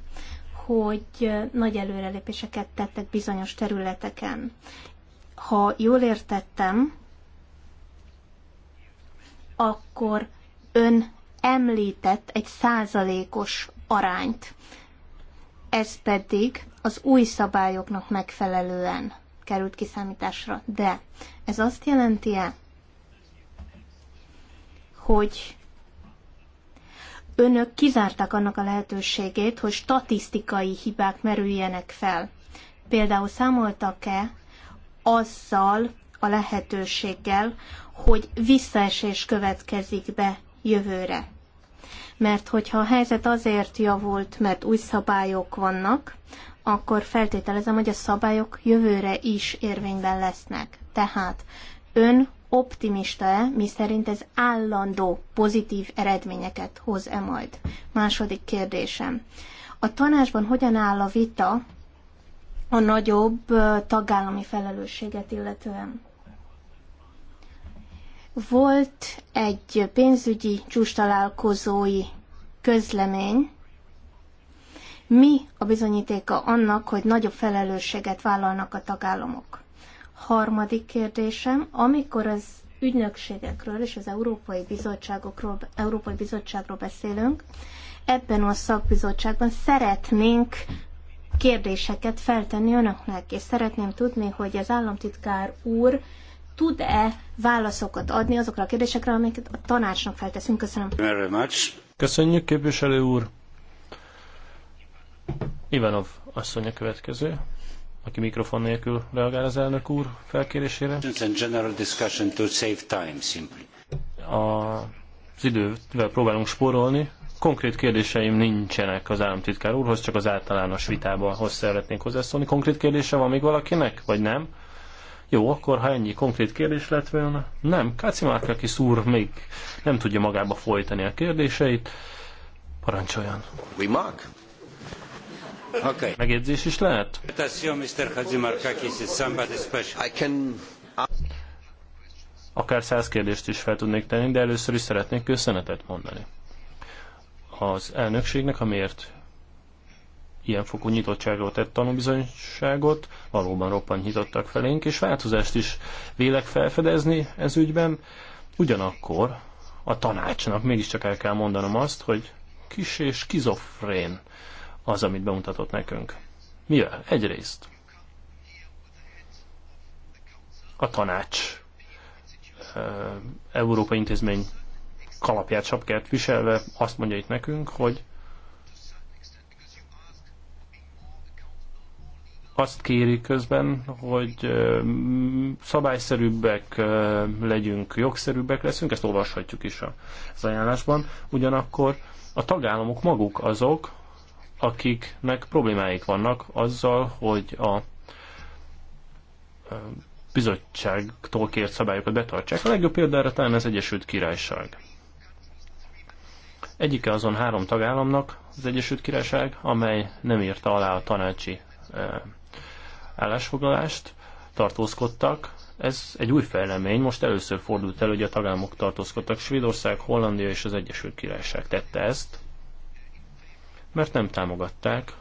hogy nagy előrelépéseket tettek bizonyos területeken. Ha jól értettem, akkor ön említett egy százalékos arányt. Ez pedig az új szabályoknak megfelelően került kiszámításra. De ez azt jelenti-e, hogy önök kizárták annak a lehetőségét, hogy statisztikai hibák merüljenek fel. Például számoltak-e azzal a lehetőséggel, hogy visszaesés következik be jövőre. Mert hogyha a helyzet azért javult, mert új szabályok vannak, akkor feltételezem, hogy a szabályok jövőre is érvényben lesznek. Tehát ön optimista-e, mi szerint ez állandó pozitív eredményeket hoz-e majd? Második kérdésem. A tanácsban hogyan áll a vita a nagyobb tagállami felelősséget illetően. Volt egy pénzügyi csústalálkozói közlemény, mi a bizonyítéka annak, hogy nagyobb felelősséget vállalnak a tagállamok? Harmadik kérdésem, amikor az ügynökségekről és az Európai, Bizottságokról, Európai Bizottságról beszélünk, ebben a szakbizottságban szeretnénk kérdéseket feltenni önöknek, és szeretném tudni, hogy az államtitkár úr tud-e válaszokat adni azokra a kérdésekre, amiket a tanácsnak felteszünk. Köszönöm. Very much. Köszönjük, képviselő úr. Ivanov asszony a következő, aki mikrofon nélkül reagál az elnök úr felkérésére. A, az idővel próbálunk spórolni, Konkrét kérdéseim nincsenek az államtitkár úrhoz, csak az általános vitában hozzá szeretnék hozzászólni. Konkrét kérdése van még valakinek, vagy nem? Jó, akkor ha ennyi konkrét kérdés lett volna, nem, Kacimárkaki szúr még nem tudja magába folytani a kérdéseit. Parancsoljon. Remark? Okay. Megjegyzés is lehet? akár száz kérdést is fel tudnék tenni, de először is szeretnék köszönetet mondani az elnökségnek, amiért fokú nyitottságról tett tanúbizonyságot, valóban roppant nyitottak felénk, és változást is vélek felfedezni ez ügyben. Ugyanakkor a tanácsnak mégiscsak el kell mondanom azt, hogy kis és kizofrén az, amit bemutatott nekünk. Mivel? Egyrészt a tanács európai intézmény kalapját, sapkát viselve azt mondja itt nekünk, hogy azt kéri közben, hogy szabályszerűbbek legyünk, jogszerűbbek leszünk, ezt olvashatjuk is az ajánlásban. Ugyanakkor a tagállamok maguk azok, akiknek problémáik vannak azzal, hogy a bizottságtól kért szabályokat betartsák. A legjobb példára talán az Egyesült Királyság. Egyike azon három tagállamnak az Egyesült Királyság, amely nem írta alá a tanácsi e, állásfoglalást, tartózkodtak. Ez egy új fejlemény, most először fordult elő, hogy a tagállamok tartózkodtak. Svédország, Hollandia és az Egyesült Királyság tette ezt, mert nem támogatták.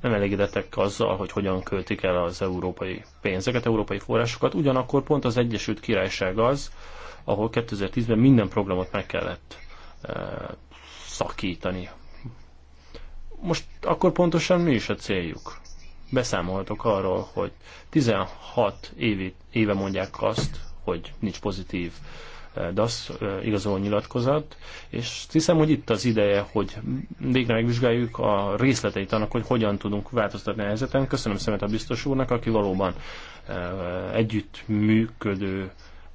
Nem elégedettek azzal, hogy hogyan költik el az európai pénzeket, európai forrásokat. Ugyanakkor pont az Egyesült Királyság az, ahol 2010-ben minden programot meg kellett eh, szakítani. Most akkor pontosan mi is a céljuk? Beszámoltok arról, hogy 16 évi, éve mondják azt, hogy nincs pozitív eh, DASZ eh, igazoló nyilatkozat, és hiszem, hogy itt az ideje, hogy végre megvizsgáljuk a részleteit annak, hogy hogyan tudunk változtatni a helyzeten. Köszönöm szemet a biztos úrnak, aki valóban együttműködő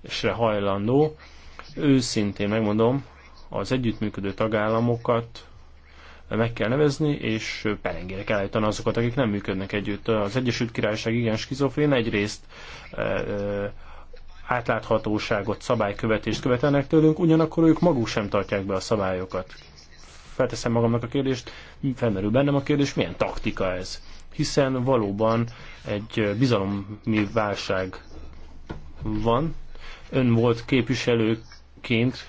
se hajlandó. Őszintén megmondom, az együttműködő tagállamokat meg kell nevezni, és perengére kell állítani azokat, akik nem működnek együtt. Az Egyesült Királyság igen skizofrén, egyrészt e, e, átláthatóságot, szabálykövetést követelnek tőlünk, ugyanakkor ők maguk sem tartják be a szabályokat. Felteszem magamnak a kérdést, felmerül bennem a kérdés, milyen taktika ez? Hiszen valóban egy bizalommi válság van, Ön volt képviselőként,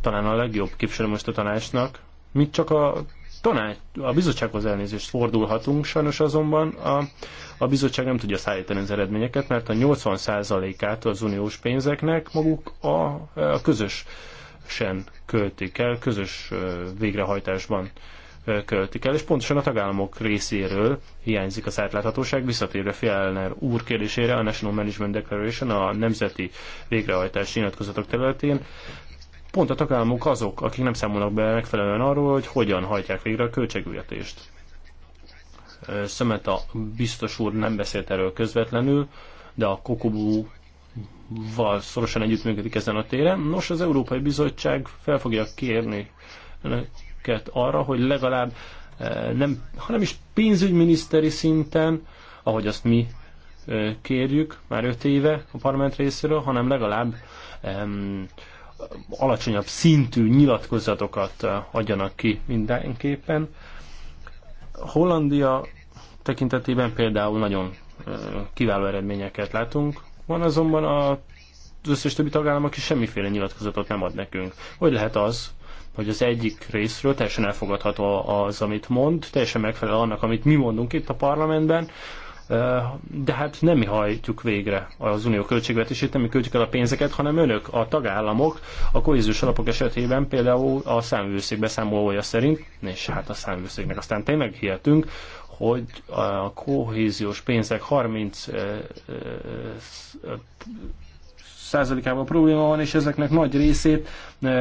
talán a legjobb képviselő most a tanácsnak. Mit csak a tanács, a bizottsághoz elnézést fordulhatunk, sajnos azonban a, a bizottság nem tudja szállítani az eredményeket, mert a 80%-át az uniós pénzeknek maguk a, a közös sen költik el, közös végrehajtásban költik el, és pontosan a tagállamok részéről hiányzik az átláthatóság. Visszatérve Fjellner úr kérdésére, a National Management Declaration a nemzeti végrehajtási nyilatkozatok területén pont a tagállamok azok, akik nem számolnak be megfelelően arról, hogy hogyan hajtják végre a költségvetést. Szemet a biztos úr nem beszélt erről közvetlenül, de a Kokobu val szorosan együttműködik ezen a téren. Nos, az Európai Bizottság fel fogja kérni őket arra, hogy legalább eh, nem, hanem is pénzügyminiszteri szinten, ahogy azt mi eh, kérjük már öt éve a parlament részéről, hanem legalább em, alacsonyabb szintű nyilatkozatokat eh, adjanak ki mindenképpen. Hollandia tekintetében például nagyon kiváló eredményeket látunk. Van azonban a, az összes többi tagállam, aki semmiféle nyilatkozatot nem ad nekünk. Hogy lehet az, hogy az egyik részről teljesen elfogadható az, amit mond, teljesen megfelel annak, amit mi mondunk itt a parlamentben, de hát nem mi hajtjuk végre az unió költségvetését, nem mi költjük el a pénzeket, hanem önök, a tagállamok, a kohéziós alapok esetében például a számvőszék beszámolója szerint, és hát a számvőszéknek aztán tényleg hihetünk, hogy a kohéziós pénzek 30 százalékában probléma van, és ezeknek nagy részét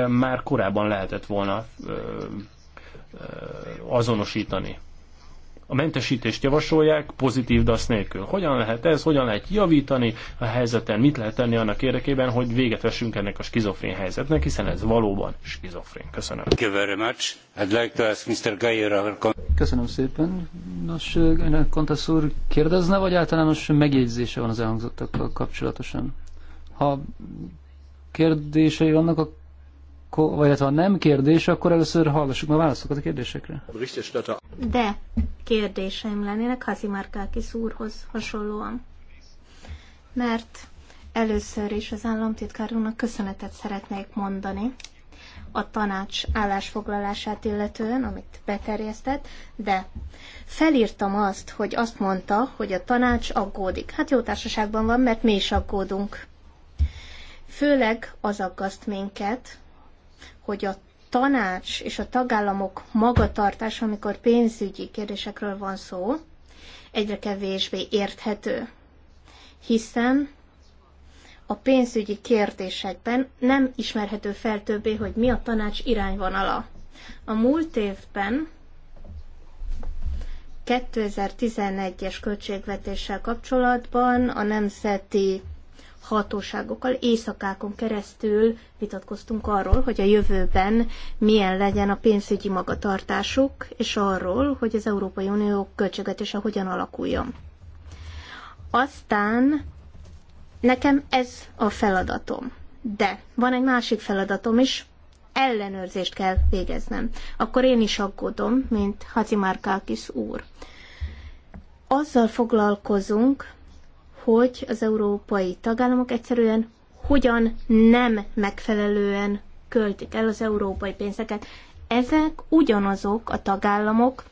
már korábban lehetett volna azonosítani. A mentesítést javasolják pozitív DASZ nélkül. Hogyan lehet ez, hogyan lehet javítani a helyzeten, mit lehet tenni annak érdekében, hogy véget vessünk ennek a skizofrén helyzetnek, hiszen ez valóban skizofrén. Köszönöm. Köszönöm szépen. Nos, Kontasz úr kérdezne, vagy általános megjegyzése van az elhangzottakkal kapcsolatosan? Ha kérdései vannak, akkor, vagy hát ha nem kérdés, akkor először hallgassuk a válaszokat a kérdésekre. De kérdéseim lennének Hazimárkákis úrhoz hasonlóan. Mert először is az államtitkár úrnak köszönetet szeretnék mondani a tanács állásfoglalását illetően, amit beterjesztett, de felírtam azt, hogy azt mondta, hogy a tanács aggódik. Hát jó társaságban van, mert mi is aggódunk. Főleg az aggaszt minket, hogy a tanács és a tagállamok magatartása, amikor pénzügyi kérdésekről van szó, egyre kevésbé érthető, hiszen a pénzügyi kérdésekben nem ismerhető fel többé, hogy mi a tanács irányvonala. A múlt évben 2011-es költségvetéssel kapcsolatban a nemzeti hatóságokkal éjszakákon keresztül vitatkoztunk arról, hogy a jövőben milyen legyen a pénzügyi magatartásuk, és arról, hogy az Európai Unió költségvetése hogyan alakuljon. Aztán nekem ez a feladatom. De van egy másik feladatom is, ellenőrzést kell végeznem. Akkor én is aggódom, mint Hacimárkákis úr. Azzal foglalkozunk, hogy az európai tagállamok egyszerűen hogyan nem megfelelően költik el az európai pénzeket. Ezek ugyanazok a tagállamok,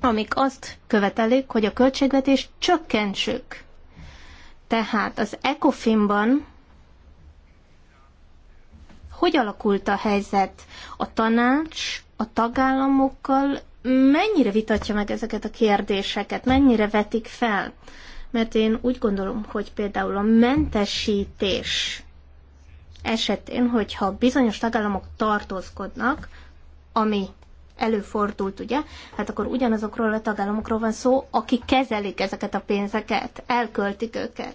amik azt követelik, hogy a költségvetés csökkentsük. Tehát az ECOFIN-ban hogy alakult a helyzet? A tanács a tagállamokkal mennyire vitatja meg ezeket a kérdéseket, mennyire vetik fel? mert én úgy gondolom, hogy például a mentesítés esetén, hogyha bizonyos tagállamok tartózkodnak, ami előfordult, ugye? Hát akkor ugyanazokról a tagállamokról van szó, akik kezelik ezeket a pénzeket, elköltik őket.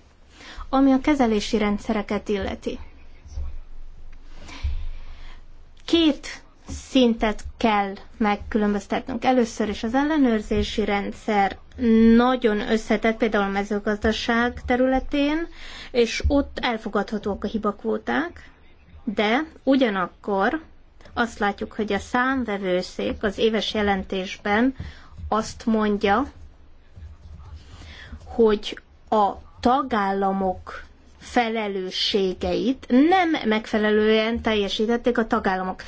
Ami a kezelési rendszereket illeti. Két szintet kell megkülönböztetnünk. Először is az ellenőrzési rendszer nagyon összetett, például a mezőgazdaság területén, és ott elfogadhatóak a hibakvóták, de ugyanakkor azt látjuk, hogy a számvevőszék az éves jelentésben azt mondja, hogy a tagállamok felelősségeit nem megfelelően teljesítették a tagállamok.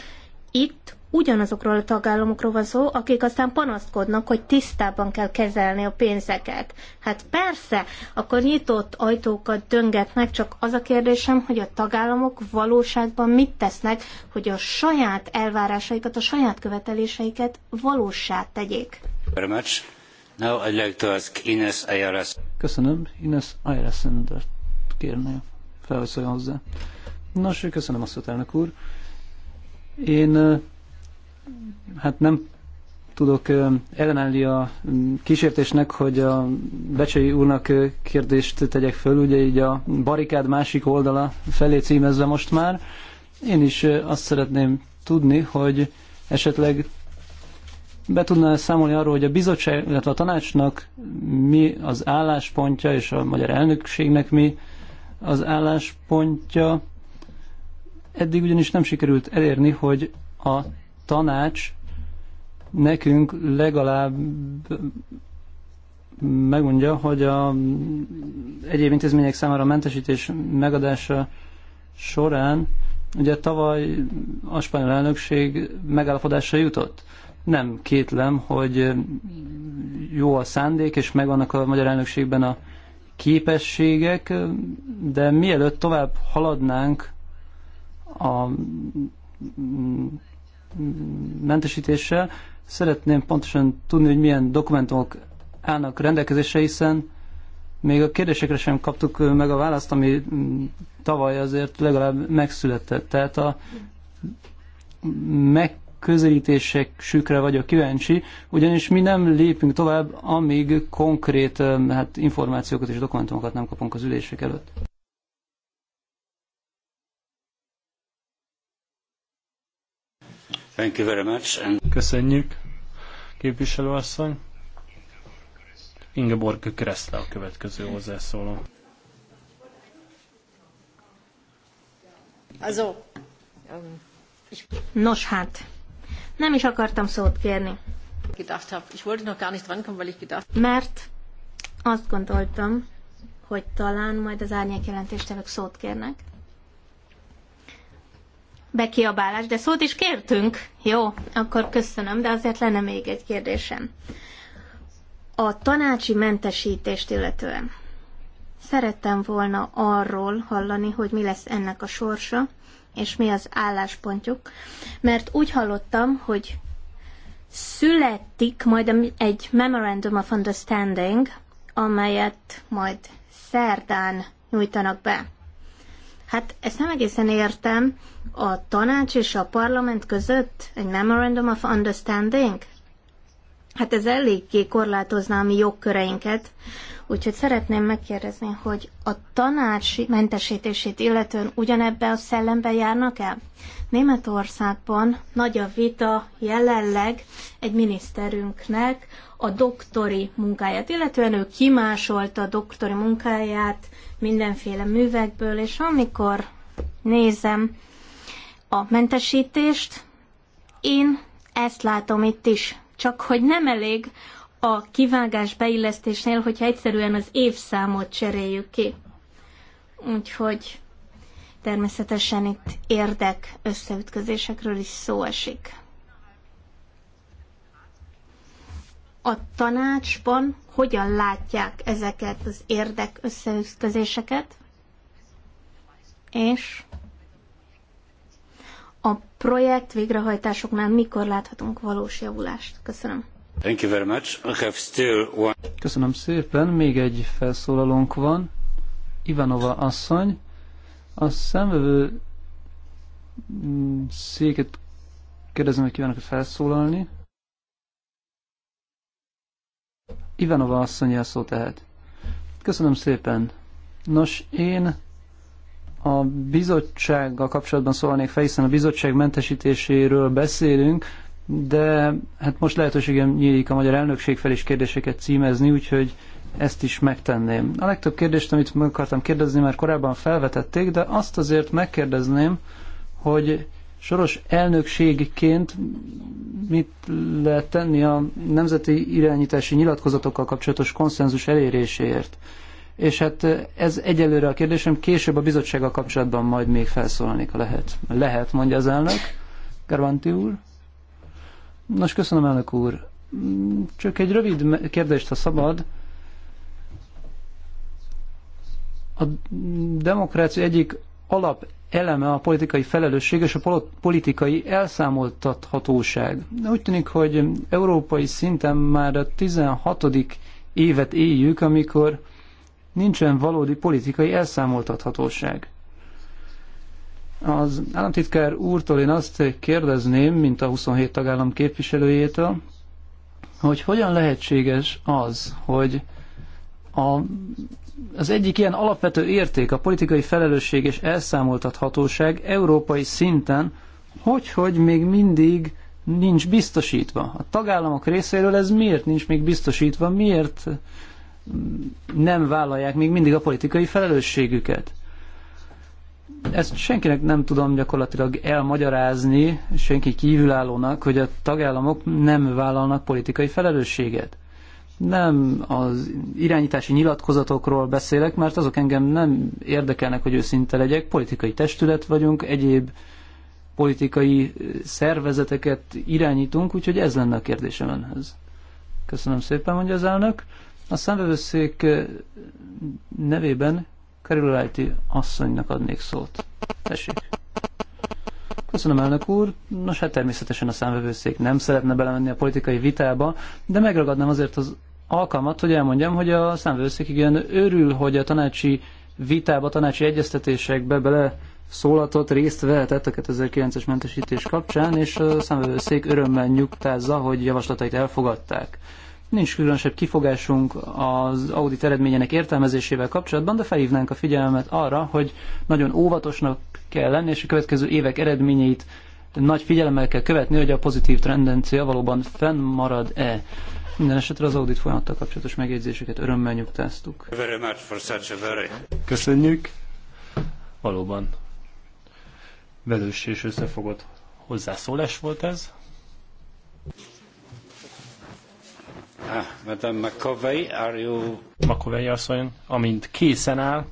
Itt ugyanazokról a tagállamokról van szó, akik aztán panaszkodnak, hogy tisztában kell kezelni a pénzeket. Hát persze, akkor nyitott ajtókat döngetnek, csak az a kérdésem, hogy a tagállamok valóságban mit tesznek, hogy a saját elvárásaikat, a saját követeléseiket valósá tegyék. Very much. Now I'd like to ask Ines Ayres. Köszönöm. Ines Ayres kérne felszóljon hozzá. Nos, köszönöm azt, elnök úr. Én hát nem tudok ellenállni a kísértésnek, hogy a Becsei úrnak kérdést tegyek föl, ugye így a barikád másik oldala felé címezve most már. Én is azt szeretném tudni, hogy esetleg be tudná számolni arról, hogy a bizottság, illetve a tanácsnak mi az álláspontja, és a magyar elnökségnek mi az álláspontja. Eddig ugyanis nem sikerült elérni, hogy a tanács nekünk legalább megmondja, hogy a egyéb intézmények számára a mentesítés megadása során ugye tavaly a spanyol elnökség megállapodásra jutott. Nem kétlem, hogy jó a szándék, és megvannak a magyar elnökségben a képességek, de mielőtt tovább haladnánk a mentesítéssel. Szeretném pontosan tudni, hogy milyen dokumentumok állnak rendelkezésre, hiszen még a kérdésekre sem kaptuk meg a választ, ami tavaly azért legalább megszületett. Tehát a megközelítések sükre vagyok kíváncsi, ugyanis mi nem lépünk tovább, amíg konkrét hát, információkat és dokumentumokat nem kapunk az ülések előtt. Thank you very much. And... Köszönjük, képviselőasszony. Ingeborg Kressle a következő hozzászóló. Also, Nos hát, nem is akartam szót kérni. Mert azt gondoltam, hogy talán majd az árnyék jelentéstevők szót kérnek bekiabálás, de szót is kértünk. Jó, akkor köszönöm, de azért lenne még egy kérdésem. A tanácsi mentesítést illetően szerettem volna arról hallani, hogy mi lesz ennek a sorsa, és mi az álláspontjuk, mert úgy hallottam, hogy születik majd egy Memorandum of Understanding, amelyet majd szerdán nyújtanak be. Hát ezt nem egészen értem. A tanács és a parlament között egy Memorandum of Understanding? Hát ez eléggé korlátozná a mi jogköreinket, úgyhogy szeretném megkérdezni, hogy a tanács mentesítését illetően ugyanebbe a szellembe járnak el? Németországban nagy a vita jelenleg egy miniszterünknek a doktori munkáját, illetően ő kimásolta a doktori munkáját mindenféle művekből, és amikor nézem a mentesítést, én ezt látom itt is. Csak hogy nem elég a kivágás beillesztésnél, hogyha egyszerűen az évszámot cseréljük ki. Úgyhogy természetesen itt érdek összeütközésekről is szó esik. A tanácsban hogyan látják ezeket az érdek összeütközéseket, és a projekt végrehajtásoknál mikor láthatunk valós javulást. Köszönöm. Thank you very much. I have still one... Köszönöm szépen. Még egy felszólalónk van. Ivanova asszony. A szemvevő mm, széket kérdezem, hogy kívánok felszólalni. Ivanova asszony szó tehet. Köszönöm szépen. Nos, én a bizottsággal kapcsolatban szólnék fel, hiszen a bizottság mentesítéséről beszélünk, de hát most lehetőségem nyílik a magyar elnökség fel is kérdéseket címezni, úgyhogy ezt is megtenném. A legtöbb kérdést, amit meg akartam kérdezni, már korábban felvetették, de azt azért megkérdezném, hogy Soros elnökségként mit lehet tenni a nemzeti irányítási nyilatkozatokkal kapcsolatos konszenzus eléréséért? És hát ez egyelőre a kérdésem, később a bizottsággal kapcsolatban majd még felszólalnék, ha lehet. Lehet, mondja az elnök. Garvanti úr. Nos, köszönöm, elnök úr. Csak egy rövid kérdést, ha szabad. A demokrácia egyik alap eleme a politikai felelősség és a politikai elszámoltathatóság. úgy tűnik, hogy európai szinten már a 16. évet éljük, amikor nincsen valódi politikai elszámoltathatóság. Az államtitkár úrtól én azt kérdezném, mint a 27 tagállam képviselőjétől, hogy hogyan lehetséges az, hogy a az egyik ilyen alapvető érték a politikai felelősség és elszámoltathatóság európai szinten, hogy, hogy még mindig nincs biztosítva. A tagállamok részéről ez miért nincs még biztosítva, miért nem vállalják még mindig a politikai felelősségüket. Ezt senkinek nem tudom gyakorlatilag elmagyarázni, senki kívülállónak, hogy a tagállamok nem vállalnak politikai felelősséget nem az irányítási nyilatkozatokról beszélek, mert azok engem nem érdekelnek, hogy őszinte legyek. Politikai testület vagyunk, egyéb politikai szervezeteket irányítunk, úgyhogy ez lenne a kérdésem önhöz. Köszönöm szépen, mondja az elnök. A szemvevőszék nevében Kerülajti asszonynak adnék szót. Tessék. Köszönöm, elnök úr. Nos, hát természetesen a számvevőszék nem szeretne belemenni a politikai vitába, de megragadnám azért az alkalmat, hogy elmondjam, hogy a számvevőszék igen örül, hogy a tanácsi vitába, tanácsi egyeztetésekbe bele szólatot, részt vehetett a 2009-es mentesítés kapcsán, és a számvevőszék örömmel nyugtázza, hogy javaslatait elfogadták. Nincs különösebb kifogásunk az audit eredményének értelmezésével kapcsolatban, de felhívnánk a figyelmet arra, hogy nagyon óvatosnak kell lenni, és a következő évek eredményeit nagy figyelemmel kell követni, hogy a pozitív tendencia valóban fennmarad-e. Minden esetre az audit folyamattal kapcsolatos megjegyzéseket örömmel nyugtáztuk. Köszönjük. Valóban velős és összefogott hozzászólás volt ez. Ah, Madame McAvey, are you... McAvey asszony, amint készen áll,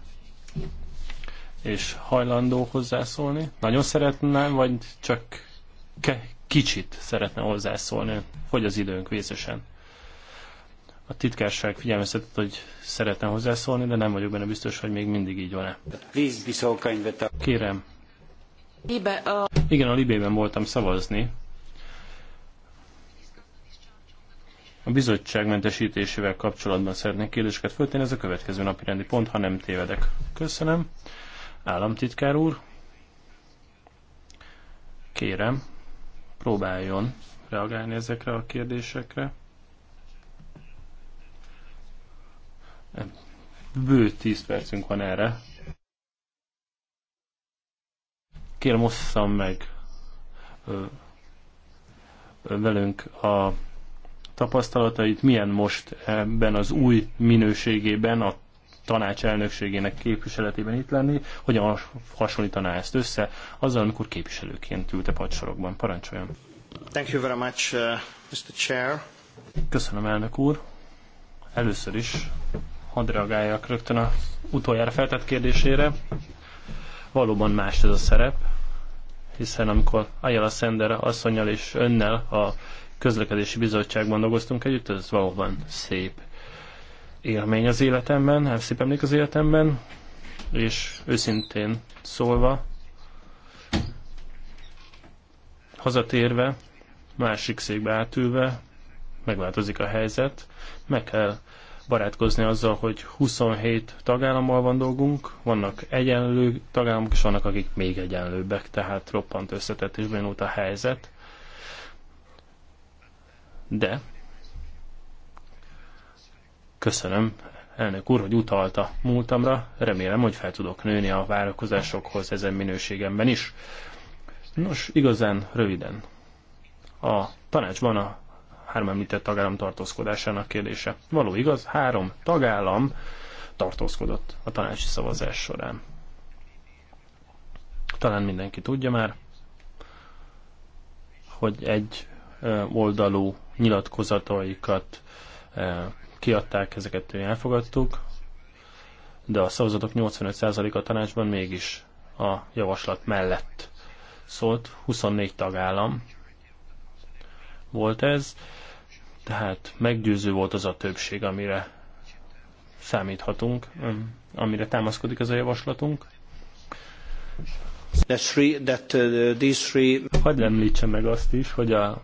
és hajlandó hozzászólni. Nagyon szeretne, vagy csak ke- kicsit szeretne hozzászólni, hogy az időnk vészesen. A titkárság figyelmeztetett, hogy szeretne hozzászólni, de nem vagyok benne biztos, hogy még mindig így van-e. Kérem. Igen, a Libében voltam szavazni, A bizottság mentesítésével kapcsolatban szeretnék kérdéseket föltenni, ez a következő napi rendi pont, ha nem tévedek. Köszönöm. Államtitkár úr, kérem, próbáljon reagálni ezekre a kérdésekre. Bő 10 percünk van erre. Kérem, osszam meg ö, ö, velünk a tapasztalatait, milyen most ebben az új minőségében a tanács elnökségének képviseletében itt lenni, hogyan hasonlítaná ezt össze azzal, amikor képviselőként ült a padsorokban. Parancsoljon! Thank you very much, uh, Mr. Chair. Köszönöm, elnök úr. Először is hadd reagáljak rögtön a utoljára feltett kérdésére. Valóban más ez a szerep, hiszen amikor Ayala Sender asszonynal és önnel a közlekedési bizottságban dolgoztunk együtt, ez valóban szép élmény az életemben, hát szép emlék az életemben, és őszintén szólva, hazatérve, másik székbe átülve, megváltozik a helyzet, meg kell barátkozni azzal, hogy 27 tagállammal van dolgunk, vannak egyenlő tagállamok, és vannak, akik még egyenlőbbek, tehát roppant összetett és a helyzet de köszönöm, elnök úr, hogy utalta múltamra. Remélem, hogy fel tudok nőni a várakozásokhoz ezen minőségemben is. Nos, igazán röviden. A tanácsban a három említett tagállam tartózkodásának kérdése. Való igaz, három tagállam tartózkodott a tanácsi szavazás során. Talán mindenki tudja már, hogy egy oldalú nyilatkozataikat eh, kiadták, ezeket elfogadtuk, de a szavazatok 85%-a tanácsban mégis a javaslat mellett szólt, 24 tagállam volt ez, tehát meggyőző volt az a többség, amire számíthatunk, amire támaszkodik ez a javaslatunk. That three, that, uh, these three... Hadd említsem meg azt is, hogy a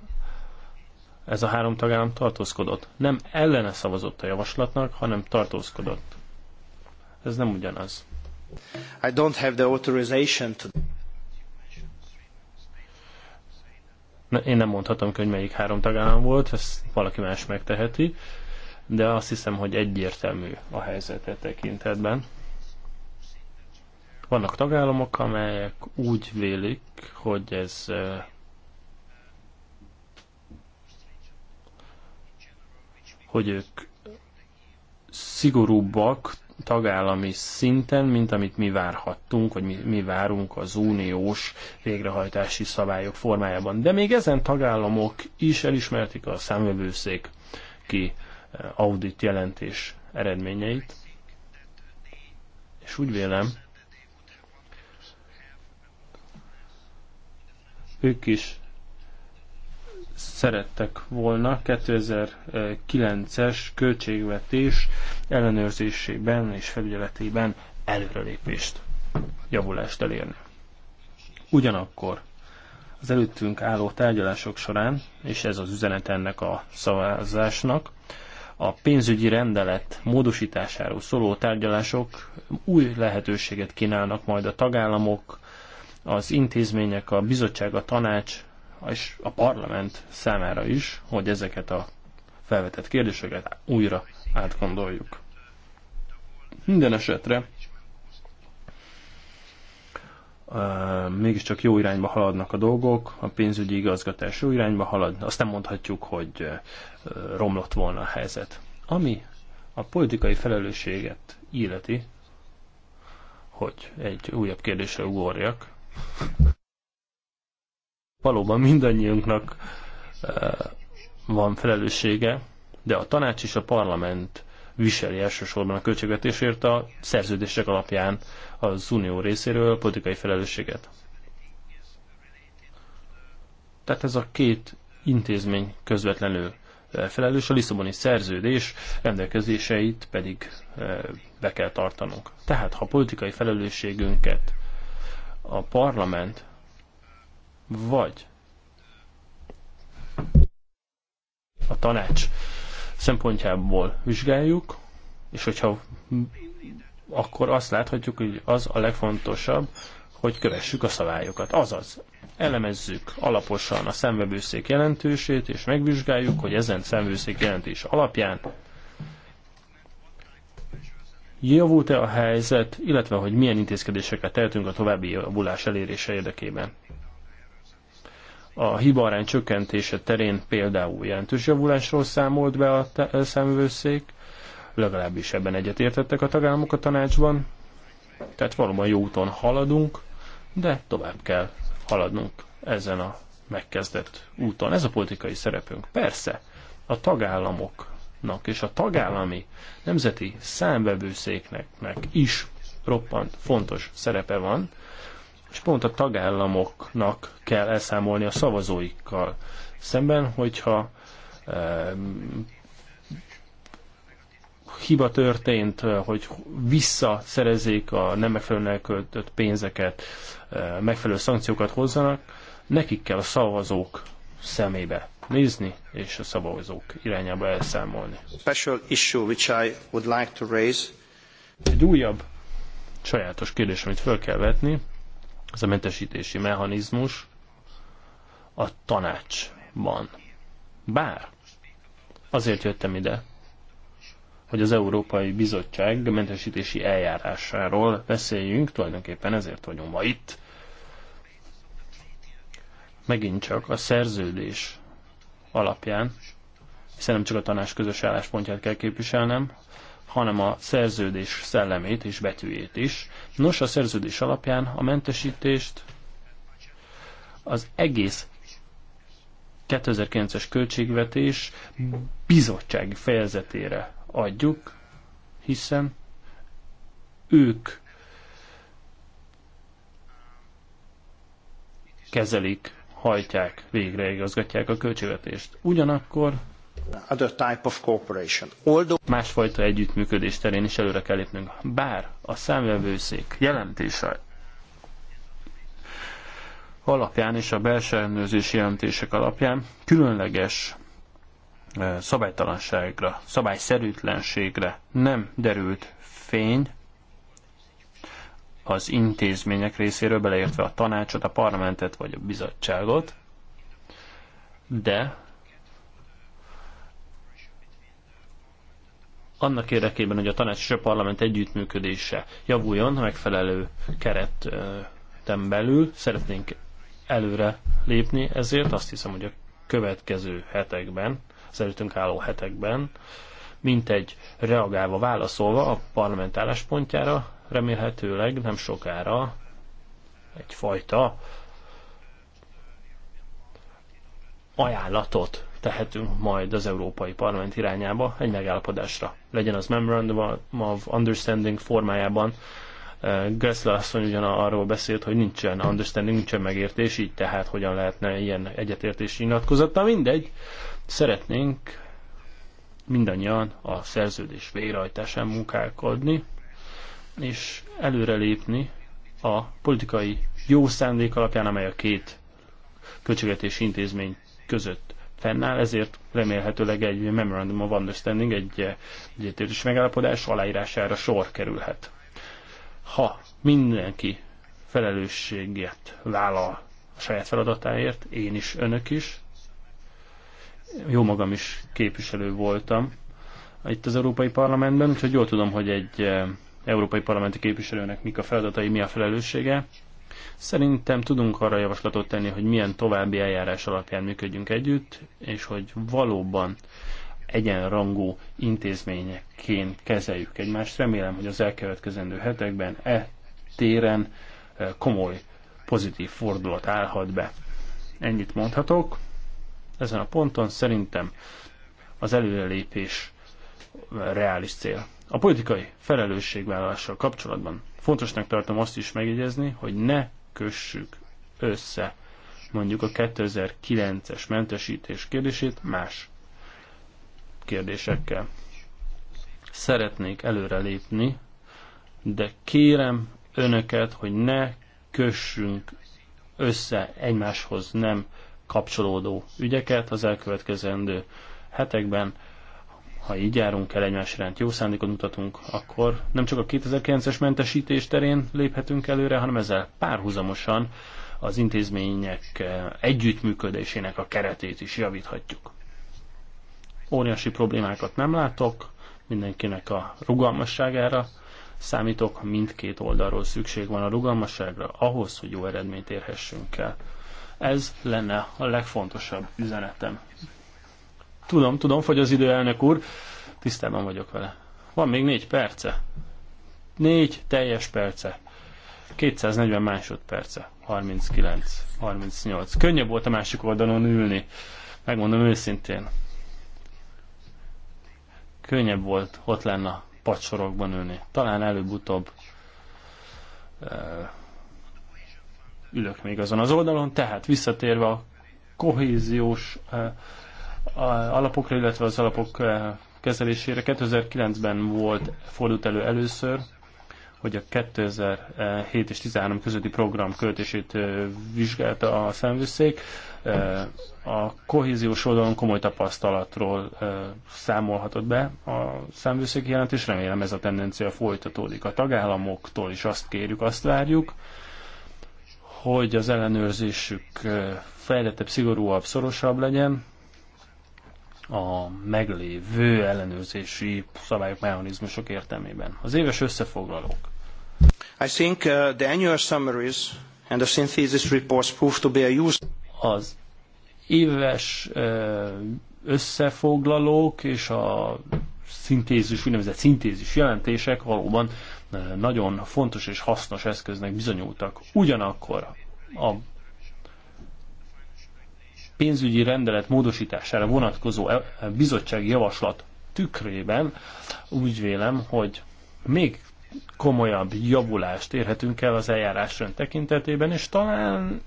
ez a három tagállam tartózkodott. Nem ellene szavazott a javaslatnak, hanem tartózkodott. Ez nem ugyanaz. I don't have the authorization to... Na, én nem mondhatom hogy melyik három tagállam volt, ezt valaki más megteheti, de azt hiszem, hogy egyértelmű a helyzet e tekintetben. Vannak tagállamok, amelyek úgy vélik, hogy ez eh, hogy ők szigorúbbak tagállami szinten, mint amit mi várhattunk, vagy mi, mi várunk az uniós végrehajtási szabályok formájában. De még ezen tagállamok is elismertik a számvevőszék ki eh, audit jelentés eredményeit, és úgy vélem, ők is szerettek volna 2009-es költségvetés ellenőrzésében és felügyeletében előrelépést, javulást elérni. Ugyanakkor az előttünk álló tárgyalások során, és ez az üzenet ennek a szavazásnak, a pénzügyi rendelet módosításáról szóló tárgyalások új lehetőséget kínálnak majd a tagállamok, az intézmények, a bizottság, a tanács és a parlament számára is, hogy ezeket a felvetett kérdéseket újra átgondoljuk. Minden esetre Uh, mégiscsak jó irányba haladnak a dolgok, a pénzügyi igazgatás jó irányba halad, azt nem mondhatjuk, hogy uh, romlott volna a helyzet. Ami a politikai felelősséget illeti, hogy egy újabb kérdésre ugorjak, valóban mindannyiunknak eh, van felelőssége, de a tanács és a parlament viseli elsősorban a költségvetésért a szerződések alapján az unió részéről politikai felelősséget. Tehát ez a két intézmény közvetlenül eh, felelős, a Lisszaboni szerződés rendelkezéseit pedig eh, be kell tartanunk. Tehát, ha politikai felelősségünket a parlament vagy a tanács szempontjából vizsgáljuk, és hogyha akkor azt láthatjuk, hogy az a legfontosabb, hogy kövessük a szabályokat. Azaz, elemezzük alaposan a szemvevőszék jelentősét, és megvizsgáljuk, hogy ezen szemvevőszék jelentés alapján javult-e a helyzet, illetve hogy milyen intézkedéseket tehetünk a további javulás elérése érdekében a hibarány csökkentése terén például jelentős javulásról számolt be a szemvőszék, legalábbis ebben egyetértettek a tagállamok a tanácsban, tehát valóban jó úton haladunk, de tovább kell haladnunk ezen a megkezdett úton. Ez a politikai szerepünk. Persze, a tagállamoknak és a tagállami nemzeti számvevőszéknek is roppant fontos szerepe van, és pont a tagállamoknak kell elszámolni a szavazóikkal szemben, hogyha e, hiba történt, hogy visszaszerezzék a nem megfelelően elköltött pénzeket, e, megfelelő szankciókat hozzanak, nekik kell a szavazók szemébe nézni, és a szavazók irányába elszámolni. Special issue which I would like to raise. Egy újabb sajátos kérdés, amit föl kell vetni, ez a mentesítési mechanizmus a tanácsban. Bár azért jöttem ide, hogy az Európai Bizottság mentesítési eljárásáról beszéljünk, tulajdonképpen ezért vagyunk ma itt. Megint csak a szerződés alapján, hiszen nem csak a tanács közös álláspontját kell képviselnem, hanem a szerződés szellemét és betűjét is. Nos, a szerződés alapján a mentesítést az egész 2009-es költségvetés bizottsági fejezetére adjuk, hiszen ők kezelik, hajtják, végre igazgatják a költségvetést. Ugyanakkor Other type of cooperation. Although... Másfajta együttműködés terén is előre kell lépnünk. Bár a számvevőszék jelentése alapján és a belső ellenőrzési jelentések alapján különleges eh, szabálytalanságra, szabályszerűtlenségre nem derült fény az intézmények részéről, beleértve a tanácsot, a parlamentet vagy a bizottságot, de annak érdekében, hogy a tanács és a parlament együttműködése javuljon a megfelelő keretem belül, szeretnénk előre lépni, ezért azt hiszem, hogy a következő hetekben, az előttünk álló hetekben, mint egy reagálva, válaszolva a parlament álláspontjára, remélhetőleg nem sokára egyfajta ajánlatot tehetünk majd az Európai Parlament irányába egy megállapodásra. Legyen az Memorandum of Understanding formájában. Gessler asszony ugyan arról beszélt, hogy nincsen understanding, nincsen megértés, így tehát hogyan lehetne ilyen egyetértési nyilatkozattal. Mindegy, szeretnénk mindannyian a szerződés végrehajtásán munkálkodni, és előrelépni a politikai jó szándék alapján, amely a két költségvetési intézmény között fennáll, ezért remélhetőleg egy Memorandum of Understanding, egy egyetértés megállapodás aláírására sor kerülhet. Ha mindenki felelősséget vállal a saját feladatáért, én is, önök is, jó magam is képviselő voltam itt az Európai Parlamentben, úgyhogy jól tudom, hogy egy eh, európai parlamenti képviselőnek mik a feladatai, mi a felelőssége. Szerintem tudunk arra javaslatot tenni, hogy milyen további eljárás alapján működjünk együtt, és hogy valóban egyenrangú intézményekként kezeljük egymást. Remélem, hogy az elkövetkezendő hetekben e téren e, komoly pozitív fordulat állhat be. Ennyit mondhatok. Ezen a ponton szerintem az előrelépés reális cél. A politikai felelősségvállalással kapcsolatban Fontosnak tartom azt is megjegyezni, hogy ne kössük össze mondjuk a 2009-es mentesítés kérdését más kérdésekkel. Szeretnék előrelépni, de kérem önöket, hogy ne kössünk össze egymáshoz nem kapcsolódó ügyeket az elkövetkezendő hetekben ha így járunk el egymás iránt, jó szándékot mutatunk, akkor nem csak a 2009-es mentesítés terén léphetünk előre, hanem ezzel párhuzamosan az intézmények eh, együttműködésének a keretét is javíthatjuk. Óriási problémákat nem látok, mindenkinek a rugalmasságára számítok, mindkét oldalról szükség van a rugalmasságra ahhoz, hogy jó eredményt érhessünk el. Ez lenne a legfontosabb üzenetem. Tudom, tudom, fogy az idő, elnök úr. Tisztában vagyok vele. Van még négy perce. Négy teljes perce. 240 másodperce. 39, 38. Könnyebb volt a másik oldalon ülni. Megmondom őszintén. Könnyebb volt ott lenne a pacsorokban ülni. Talán előbb-utóbb ülök még azon az oldalon, tehát visszatérve a kohéziós alapokra, illetve az alapok eh, kezelésére. 2009-ben volt, fordult elő először, hogy a 2007 és 13 közötti program költését eh, vizsgálta a szemvőszék. Eh, a kohéziós oldalon komoly tapasztalatról számolhatott be a számvőszéki jelentés, remélem ez a tendencia folytatódik. A tagállamoktól is azt kérjük, azt várjuk, hogy az ellenőrzésük fejlettebb, szigorúabb, szorosabb legyen, a meglévő ellenőrzési szabályok mechanizmusok értelmében. Az éves összefoglalók. I think uh, the annual summaries and the synthesis reports prove to be a use. Az éves uh, összefoglalók és a szintézis, úgynevezett szintézis jelentések valóban uh, nagyon fontos és hasznos eszköznek bizonyultak. Ugyanakkor a pénzügyi rendelet módosítására vonatkozó eh, bizottsági javaslat tükrében úgy vélem, hogy még komolyabb javulást érhetünk el az eljárásrend tekintetében, és talán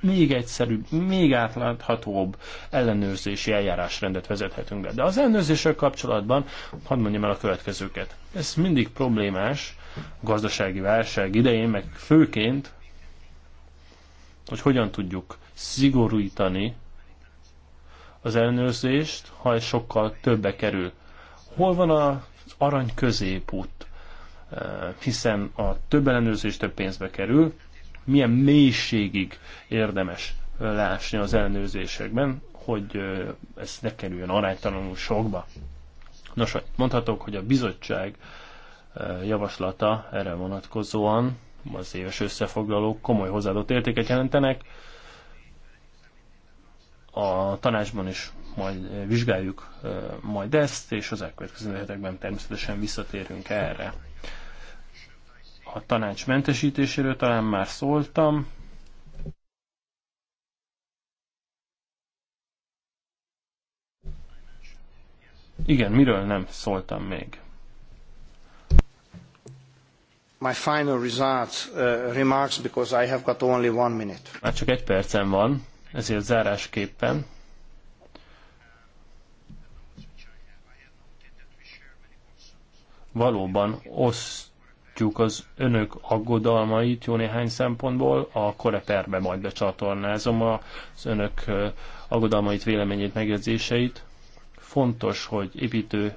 még egyszerűbb, még átláthatóbb ellenőrzési eljárásrendet vezethetünk be. De az ellenőrzéssel kapcsolatban hadd mondjam el a következőket. Ez mindig problémás gazdasági válság idején, meg főként hogy hogyan tudjuk szigorítani az ellenőrzést, ha ez sokkal többe kerül. Hol van az arany középút? Eh, hiszen a több ellenőrzés több pénzbe kerül, milyen mélységig érdemes lásni az ellenőrzésekben, hogy eh, ez ne kerüljön aránytalanul sokba. Nos, mondhatok, hogy a bizottság eh, javaslata erre vonatkozóan az éves összefoglalók komoly hozzáadott értéket jelentenek. A tanácsban is majd vizsgáljuk majd ezt, és az elkövetkező hetekben természetesen visszatérünk erre. A tanács mentesítéséről talán már szóltam, Igen, miről nem szóltam még? my final results, uh, remarks, because I have got only one minute. Már csak egy percem van, ezért zárásképpen. Valóban osztjuk az önök aggodalmait jó néhány szempontból, a koreperbe majd becsatornázom az önök uh, aggodalmait, véleményét, megjegyzéseit. Fontos, hogy építő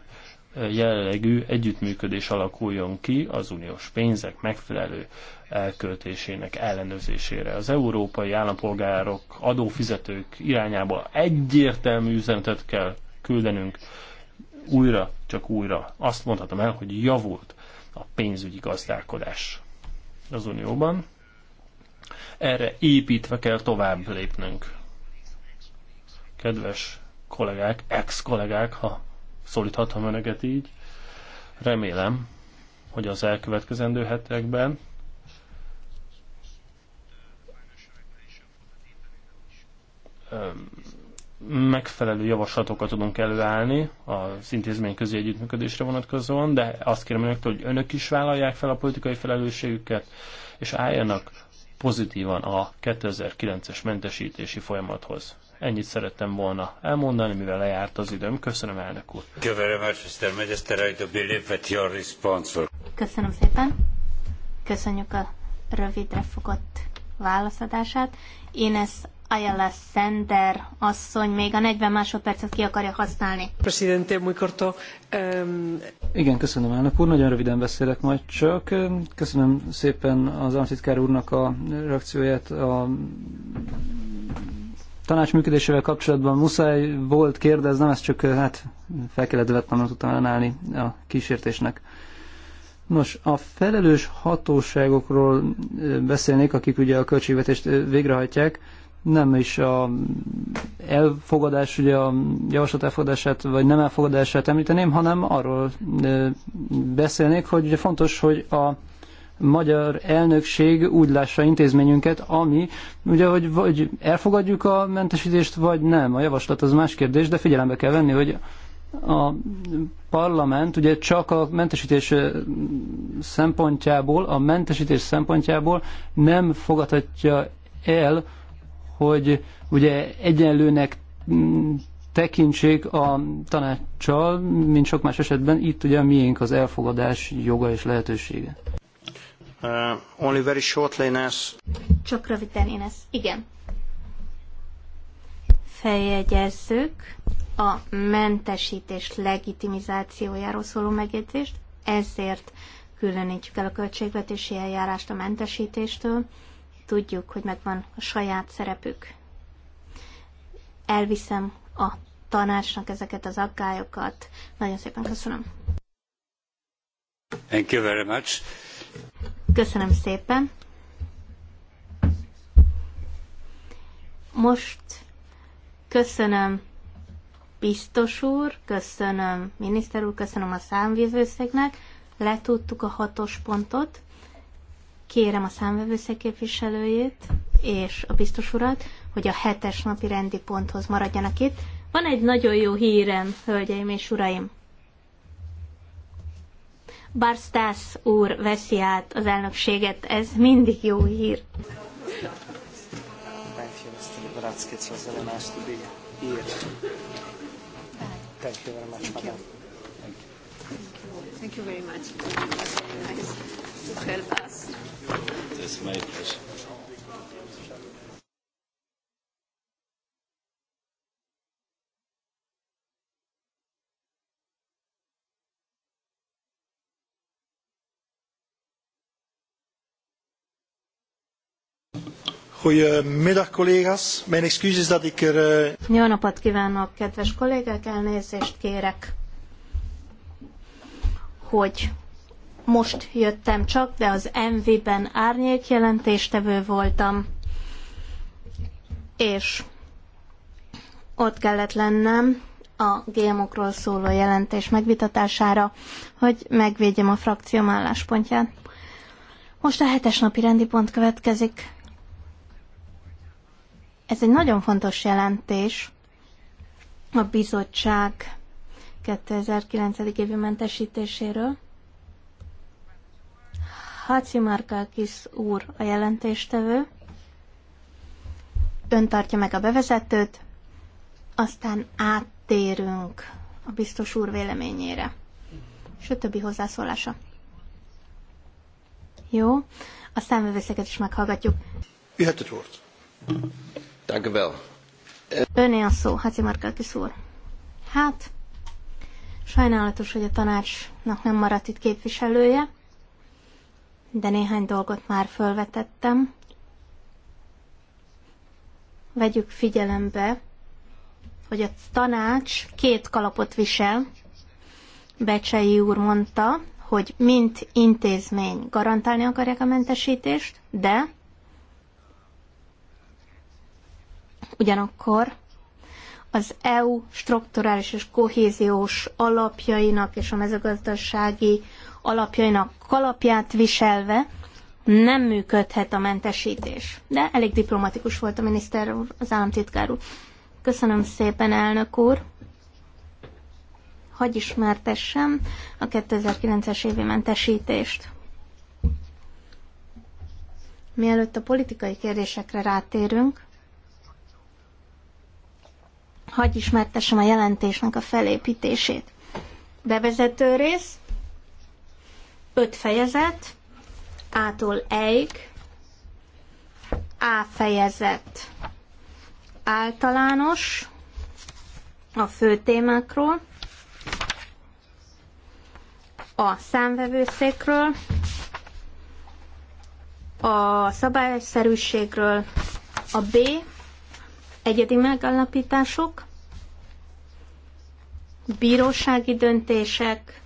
jellegű együttműködés alakuljon ki az uniós pénzek megfelelő elköltésének ellenőrzésére. Az európai állampolgárok, adófizetők irányába egyértelmű üzenetet kell küldenünk újra, csak újra. Azt mondhatom el, hogy javult a pénzügyi gazdálkodás az Unióban. Erre építve kell tovább lépnünk. Kedves kollégák, ex-kollégák, ha szólíthatom önöket így. Remélem, hogy az elkövetkezendő hetekben megfelelő javaslatokat tudunk előállni az intézmény közé együttműködésre vonatkozóan, de azt kérem önöktől, hogy önök is vállalják fel a politikai felelősségüket, és álljanak pozitívan a 2009-es mentesítési folyamathoz. Ennyit szerettem volna elmondani, mivel lejárt az időm. Köszönöm, elnök úr. Köszönöm szépen. Köszönjük a rövidre fogott válaszadását. Ines Ayala Sender asszony még a 40 másodpercet ki akarja használni. Presidente, muy corto. Um... Igen, köszönöm elnök úr, nagyon röviden beszélek majd csak. Köszönöm szépen az államtitkár úrnak a reakcióját a tanács működésével kapcsolatban muszáj volt kérdeznem, ezt csak hát fel kellett vettem, nem tudtam ellenállni a kísértésnek. Nos, a felelős hatóságokról beszélnék, akik ugye a költségvetést végrehajtják, nem is a elfogadás, ugye a javaslat elfogadását, vagy nem elfogadását említeném, hanem arról beszélnék, hogy ugye fontos, hogy a magyar elnökség úgy lássa intézményünket, ami ugye, hogy vagy elfogadjuk a mentesítést, vagy nem. A javaslat az más kérdés, de figyelembe kell venni, hogy a parlament ugye csak a mentesítés szempontjából, a mentesítés szempontjából nem fogadhatja el, hogy ugye egyenlőnek tekintsék a tanácssal, mint sok más esetben, itt ugye miénk az elfogadás joga és lehetősége. Uh, only very shortly, Ines. Csak röviden, Ines. Igen. Feljegyezzük a mentesítés legitimizációjáról szóló megjegyzést, ezért különítjük el a költségvetési eljárást a mentesítéstől. Tudjuk, hogy megvan a saját szerepük. Elviszem a tanácsnak ezeket az aggályokat. Nagyon szépen köszönöm. Thank you very much. Köszönöm szépen. Most köszönöm biztos úr, köszönöm miniszter úr, köszönöm a számvizőszegnek. Letudtuk a hatos pontot. Kérem a számvevőszeg képviselőjét és a biztos urat, hogy a hetes napi rendi ponthoz maradjanak itt. Van egy nagyon jó hírem, hölgyeim és uraim bár úr veszi át az elnökséget, ez mindig jó hír. Thank you very much, madam. Thank you very much. Nice to help us. It's my pleasure. Goedemiddag collega's, mijn excuses dat ik er... Eh, Jó napot kívánok, kedves kollégák, elnézést kérek, hogy most jöttem csak, de az MV-ben árnyék jelentéstevő voltam, és ott kellett lennem a GMO-król szóló jelentés megvitatására, hogy megvédjem a frakcióm álláspontját. Most a hetes napi rendi pont következik. Ez egy nagyon fontos jelentés. A bizottság 2009. évi mentesítéséről. Háci Márkákis úr a jelentéstevő. Ön tartja meg a bevezetőt, aztán áttérünk a biztos úr véleményére. És a többi hozzászólása. Jó, a számövészeket is meghallgatjuk. Jöhet a Öné a szó, Háci Markákis úr. Hát, sajnálatos, hogy a tanácsnak nem maradt itt képviselője, de néhány dolgot már fölvetettem. Vegyük figyelembe, hogy a tanács két kalapot visel. Becsei úr mondta, hogy mint intézmény garantálni akarják a mentesítést, de Ugyanakkor az EU strukturális és kohéziós alapjainak és a mezőgazdasági alapjainak kalapját viselve nem működhet a mentesítés. De elég diplomatikus volt a miniszter úr, az államtitkár úr. Köszönöm szépen, elnök úr! Hagy ismertessem a 2009-es évi mentesítést. Mielőtt a politikai kérdésekre rátérünk, Hagy ismertessem a jelentésnek a felépítését. Bevezető rész, öt fejezet, A-tól E-ig, A fejezet általános a fő témákról, a számvevőszékről, a szabályszerűségről, a B egyedi megállapítások, bírósági döntések,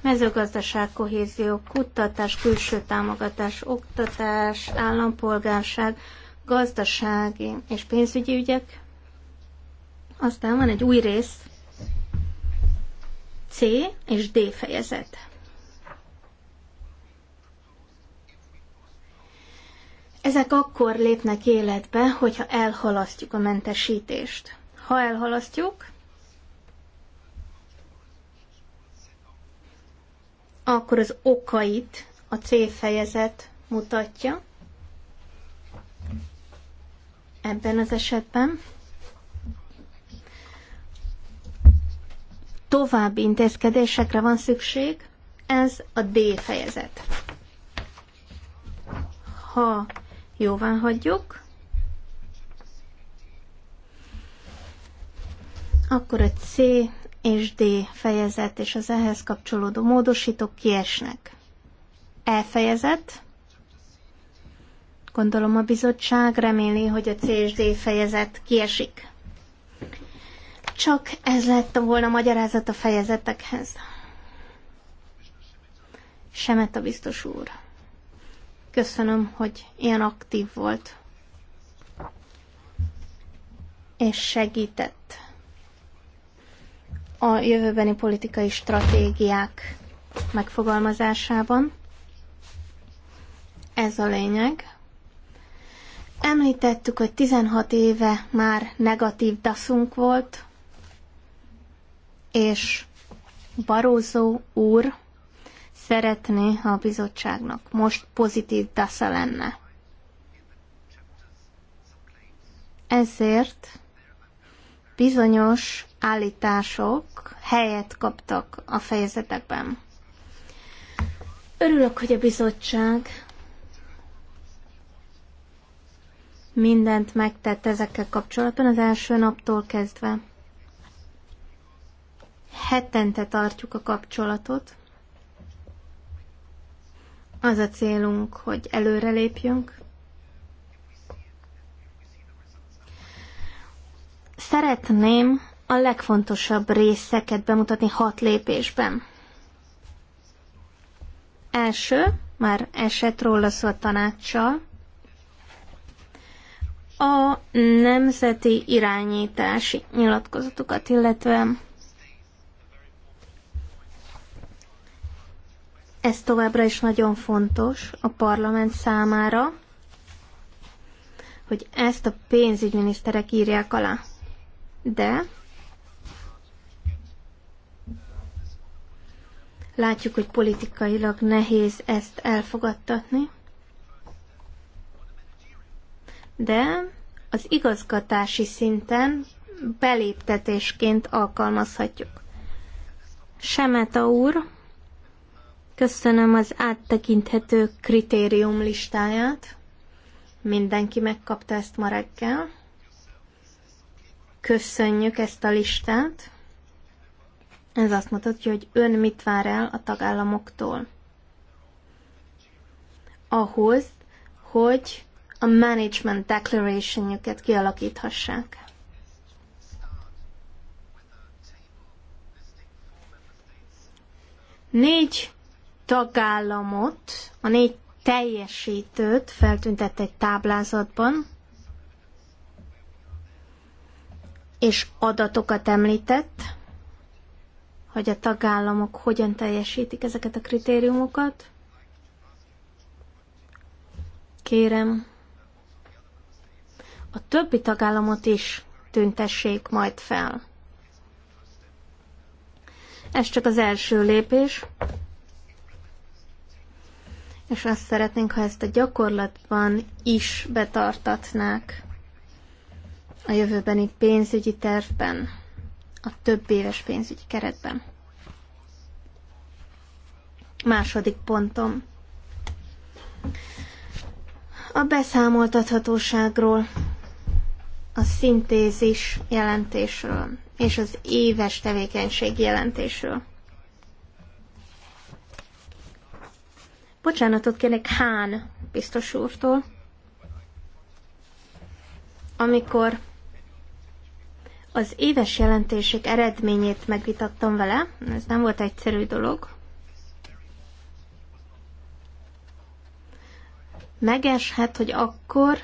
mezőgazdaság, kohézió, kutatás, külső támogatás, oktatás, állampolgárság, gazdasági és pénzügyi ügyek. Aztán van egy új rész, C és D fejezet. Ezek akkor lépnek életbe, hogyha elhalasztjuk a mentesítést. Ha elhalasztjuk, akkor az okait a C fejezet mutatja. Ebben az esetben további intézkedésekre van szükség, ez a D fejezet. Ha jóvá hagyjuk, akkor a C és D fejezet és az ehhez kapcsolódó módosítók kiesnek. E fejezet, gondolom a bizottság reméli, hogy a C és D fejezet kiesik. Csak ez lett volna a magyarázat a fejezetekhez. Semet a biztos úr. Köszönöm, hogy ilyen aktív volt. És segített a jövőbeni politikai stratégiák megfogalmazásában. Ez a lényeg. Említettük, hogy 16 éve már negatív daszunk volt, és Barózó úr szeretné, ha a bizottságnak most pozitív dasza lenne. Ezért bizonyos állítások helyet kaptak a fejezetekben. Örülök, hogy a bizottság mindent megtett ezekkel kapcsolatban az első naptól kezdve. Hetente tartjuk a kapcsolatot, az a célunk, hogy előrelépjünk. Szeretném a legfontosabb részeket bemutatni hat lépésben. Első, már esett róla szó a tanácssal, a nemzeti irányítási nyilatkozatokat, illetve Ez továbbra is nagyon fontos a parlament számára, hogy ezt a pénzügyminiszterek írják alá. De látjuk, hogy politikailag nehéz ezt elfogadtatni. De az igazgatási szinten beléptetésként alkalmazhatjuk. Semeta úr, Köszönöm az áttekinthető kritérium listáját. Mindenki megkapta ezt ma reggel. Köszönjük ezt a listát. Ez azt mutatja, hogy ön mit vár el a tagállamoktól. Ahhoz, hogy a Management Declaration-jüket kialakíthassák. Négy tagállamot, a négy teljesítőt feltüntett egy táblázatban, és adatokat említett, hogy a tagállamok hogyan teljesítik ezeket a kritériumokat. Kérem, a többi tagállamot is tüntessék majd fel. Ez csak az első lépés és azt szeretnénk, ha ezt a gyakorlatban is betartatnák a jövőbeni pénzügyi tervben, a több éves pénzügyi keretben. Második pontom. A beszámoltathatóságról, a szintézis jelentésről és az éves tevékenység jelentésről. Bocsánatot kérek Hán biztos úrtól, amikor az éves jelentések eredményét megvitattam vele, ez nem volt egyszerű dolog. Megeshet, hogy akkor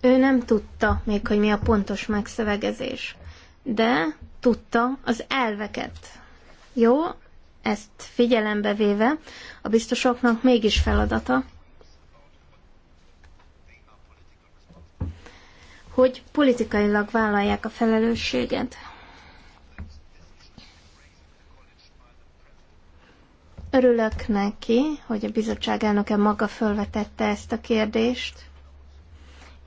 ő nem tudta még, hogy mi a pontos megszövegezés, de tudta az elveket. Jó, ezt figyelembe véve a biztosoknak mégis feladata, hogy politikailag vállalják a felelősséget. Örülök neki, hogy a bizottság elnöke maga felvetette ezt a kérdést,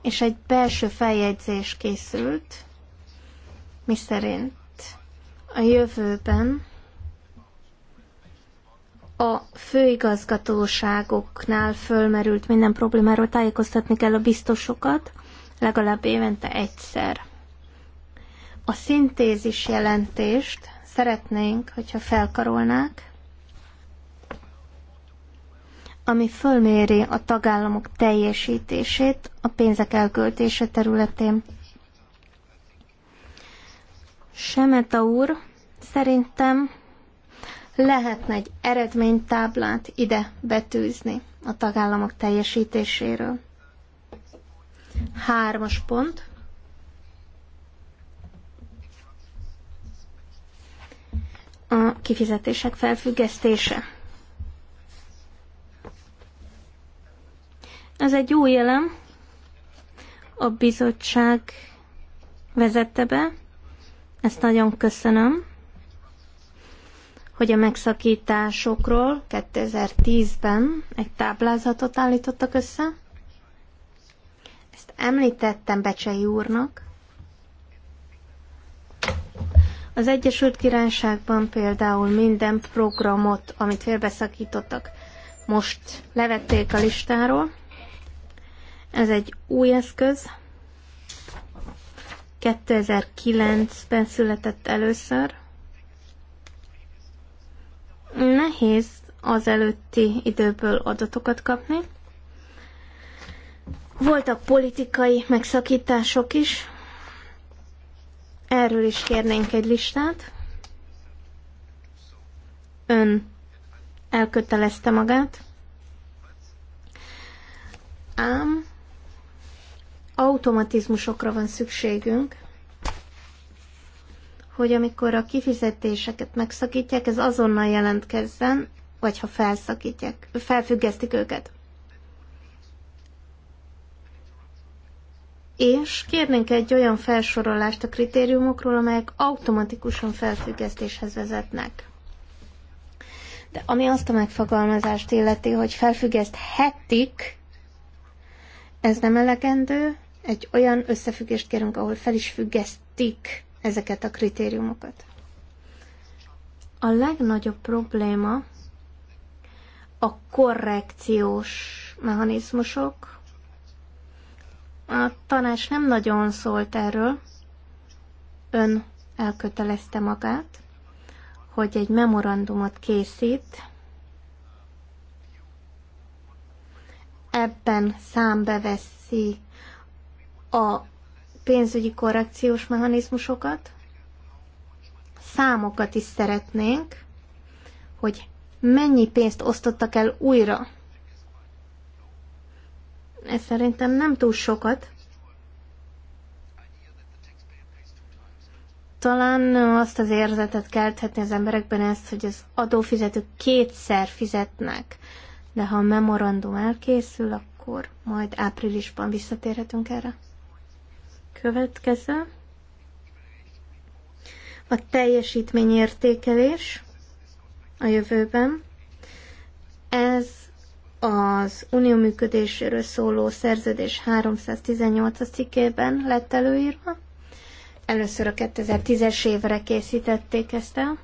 és egy belső feljegyzés készült, miszerint a jövőben a főigazgatóságoknál fölmerült minden problémáról tájékoztatni kell a biztosokat, legalább évente egyszer. A szintézis jelentést szeretnénk, hogyha felkarolnák, ami fölméri a tagállamok teljesítését a pénzek elköltése területén. Semeta úr, szerintem lehetne egy eredménytáblát ide betűzni a tagállamok teljesítéséről. Hármas pont. A kifizetések felfüggesztése. Ez egy új elem, a bizottság vezette be, ezt nagyon köszönöm hogy a megszakításokról 2010-ben egy táblázatot állítottak össze. Ezt említettem Becsei úrnak. Az Egyesült Királyságban például minden programot, amit félbeszakítottak, most levették a listáról. Ez egy új eszköz. 2009-ben született először. Nehéz az előtti időből adatokat kapni. Voltak politikai megszakítások is. Erről is kérnénk egy listát. Ön elkötelezte magát. Ám automatizmusokra van szükségünk, hogy amikor a kifizetéseket megszakítják, ez azonnal jelentkezzen, vagy ha felszakítják, felfüggesztik őket. És kérnénk egy olyan felsorolást a kritériumokról, amelyek automatikusan felfüggesztéshez vezetnek. De ami azt a megfogalmazást illeti, hogy felfüggeszthetik, ez nem elegendő, egy olyan összefüggést kérünk, ahol fel is függesztik ezeket a kritériumokat. A legnagyobb probléma a korrekciós mechanizmusok. A tanács nem nagyon szólt erről. Ön elkötelezte magát, hogy egy memorandumot készít, ebben számbeveszi a pénzügyi korrekciós mechanizmusokat, számokat is szeretnénk, hogy mennyi pénzt osztottak el újra. Ez szerintem nem túl sokat. Talán azt az érzetet kelthetni az emberekben ezt, hogy az adófizetők kétszer fizetnek, de ha a memorandum elkészül, akkor majd áprilisban visszatérhetünk erre. Következő. A teljesítmény értékelés a jövőben. Ez az unió működéséről szóló szerződés 318 cikkében lett előírva. Először a 2010-es évre készítették ezt el.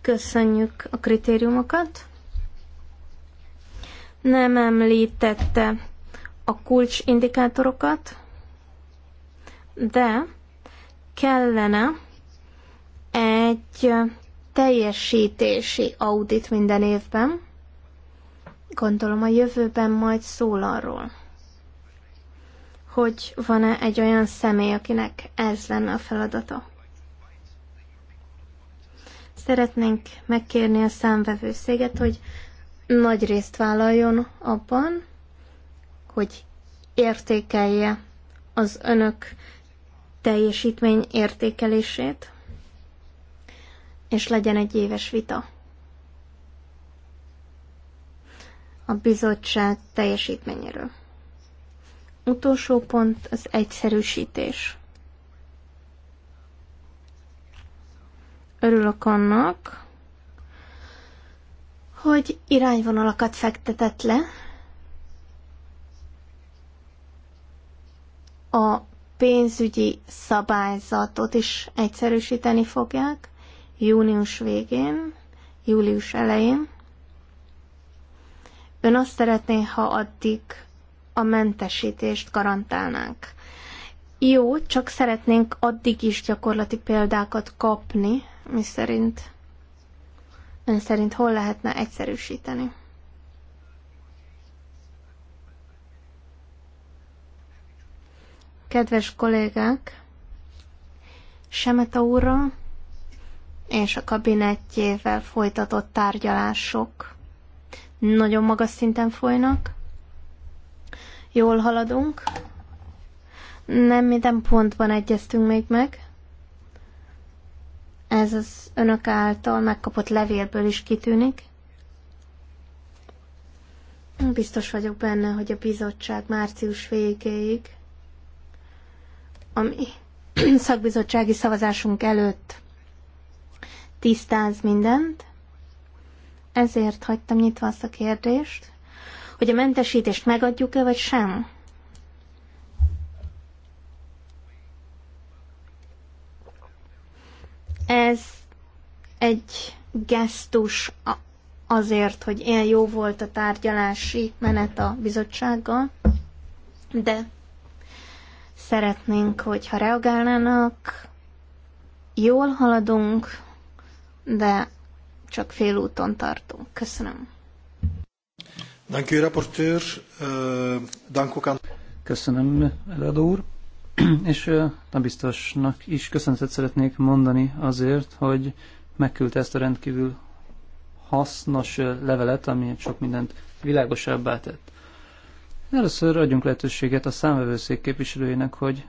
Köszönjük a kritériumokat. Nem említette a kulcsindikátorokat, de kellene egy teljesítési audit minden évben. Gondolom a jövőben majd szól arról, hogy van-e egy olyan személy, akinek ez lenne a feladata. Szeretnénk megkérni a számvevőszéget, hogy nagy részt vállaljon abban, hogy értékelje az önök teljesítmény értékelését, és legyen egy éves vita. A bizottság teljesítményéről. Utolsó pont az egyszerűsítés. Örülök annak, hogy irányvonalakat fektetett le a pénzügyi szabályzatot is egyszerűsíteni fogják június végén, július elején. Ön azt szeretné, ha addig a mentesítést garantálnánk. Jó, csak szeretnénk addig is gyakorlati példákat kapni, mi szerint ön szerint hol lehetne egyszerűsíteni. Kedves kollégák, Semeta úrra és a kabinettjével folytatott tárgyalások nagyon magas szinten folynak. Jól haladunk. Nem minden pontban egyeztünk még meg. Ez az önök által megkapott levélből is kitűnik. Biztos vagyok benne, hogy a bizottság március végéig ami szakbizottsági szavazásunk előtt tisztáz mindent, ezért hagytam nyitva azt a kérdést, hogy a mentesítést megadjuk-e, vagy sem. Ez egy gesztus azért, hogy ilyen jó volt a tárgyalási menet a bizottsággal, de Szeretnénk, hogyha reagálnának, jól haladunk, de csak félúton tartunk. Köszönöm. Uh, Köszönöm, Eladó úr. És uh, a biztosnak is köszönetet szeretnék mondani azért, hogy megküldte ezt a rendkívül hasznos uh, levelet, ami sok mindent világosabbá tett. Először adjunk lehetőséget a számvevőszék képviselőjének, hogy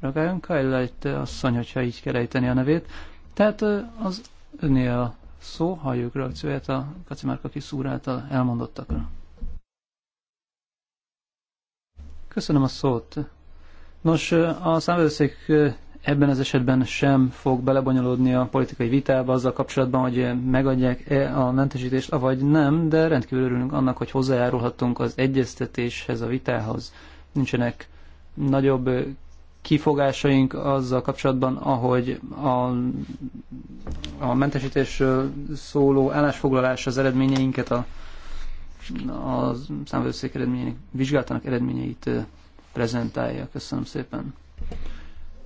ragáljon Kyle asszony, hogyha így kell ejteni a nevét. Tehát az öné a szó, halljuk reakcióját a Kacimárka Kiszúr által elmondottakra. Köszönöm a szót. Nos, a számvevőszék ebben az esetben sem fog belebonyolódni a politikai vitába azzal kapcsolatban, hogy megadják-e a mentesítést, avagy nem, de rendkívül örülünk annak, hogy hozzájárulhatunk az egyeztetéshez, a vitához. Nincsenek nagyobb kifogásaink azzal kapcsolatban, ahogy a, a mentesítésről szóló állásfoglalás az eredményeinket, a, a számvevőszék eredményeinek, vizsgáltanak eredményeit prezentálja. Köszönöm szépen.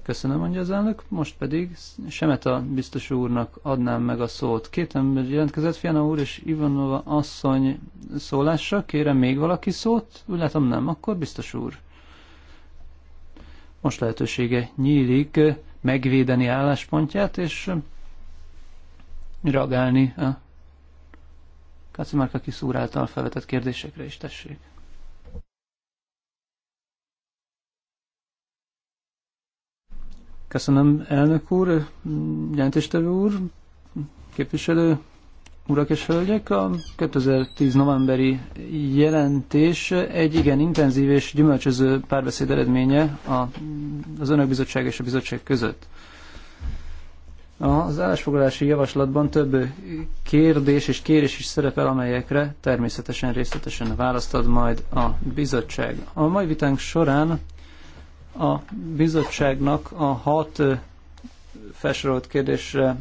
Köszönöm, mondja az elnök. Most pedig Semeta biztos úrnak adnám meg a szót. Két ember jelentkezett, Fiana úr és Ivanova asszony szólásra. Kérem még valaki szót? Úgy látom nem, akkor biztos úr. Most lehetősége nyílik megvédeni álláspontját és reagálni a Kacimárka kiszúr által felvetett kérdésekre is tessék. Köszönöm, elnök úr, jelentéstevő úr, képviselő, urak és hölgyek. A 2010 novemberi jelentés egy igen intenzív és gyümölcsöző párbeszéd eredménye a, az Önök Bizottság és a Bizottság között. Az állásfoglalási javaslatban több kérdés és kérés is szerepel, amelyekre természetesen részletesen választad majd a bizottság. A mai vitánk során a bizottságnak a hat felsorolt kérdésre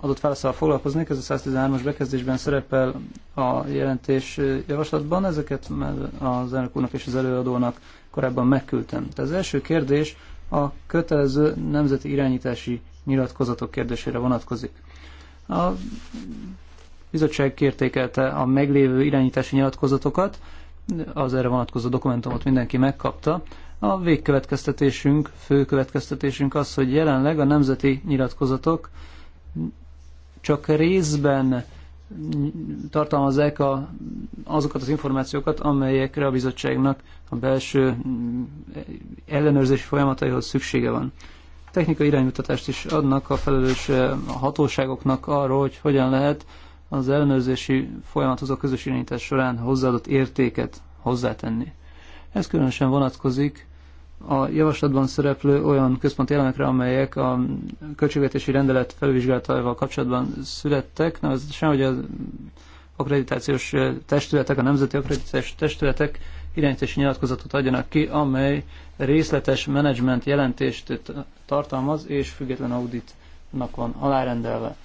adott válaszsal foglalkoznék, ez a 113-as bekezdésben szerepel a jelentés javaslatban, ezeket már az elnök úrnak és az előadónak korábban megküldtem. Tehát az első kérdés a kötelező nemzeti irányítási nyilatkozatok kérdésére vonatkozik. A bizottság kértékelte a meglévő irányítási nyilatkozatokat, az erre vonatkozó dokumentumot mindenki megkapta. A végkövetkeztetésünk, fő következtetésünk az, hogy jelenleg a nemzeti nyilatkozatok csak részben tartalmazzák a, azokat az információkat, amelyekre a bizottságnak a belső ellenőrzési folyamataihoz szüksége van. Technikai iránymutatást is adnak a felelős hatóságoknak arról, hogy hogyan lehet az ellenőrzési folyamathoz a közös irányítás során hozzáadott értéket hozzátenni. Ez különösen vonatkozik a javaslatban szereplő olyan központi elemekre, amelyek a költségvetési rendelet felvizsgálatával kapcsolatban születtek, nevezetesen, hogy az akreditációs testületek, a nemzeti akreditációs testületek irányítási nyilatkozatot adjanak ki, amely részletes menedzsment jelentést tartalmaz és független auditnak van alárendelve.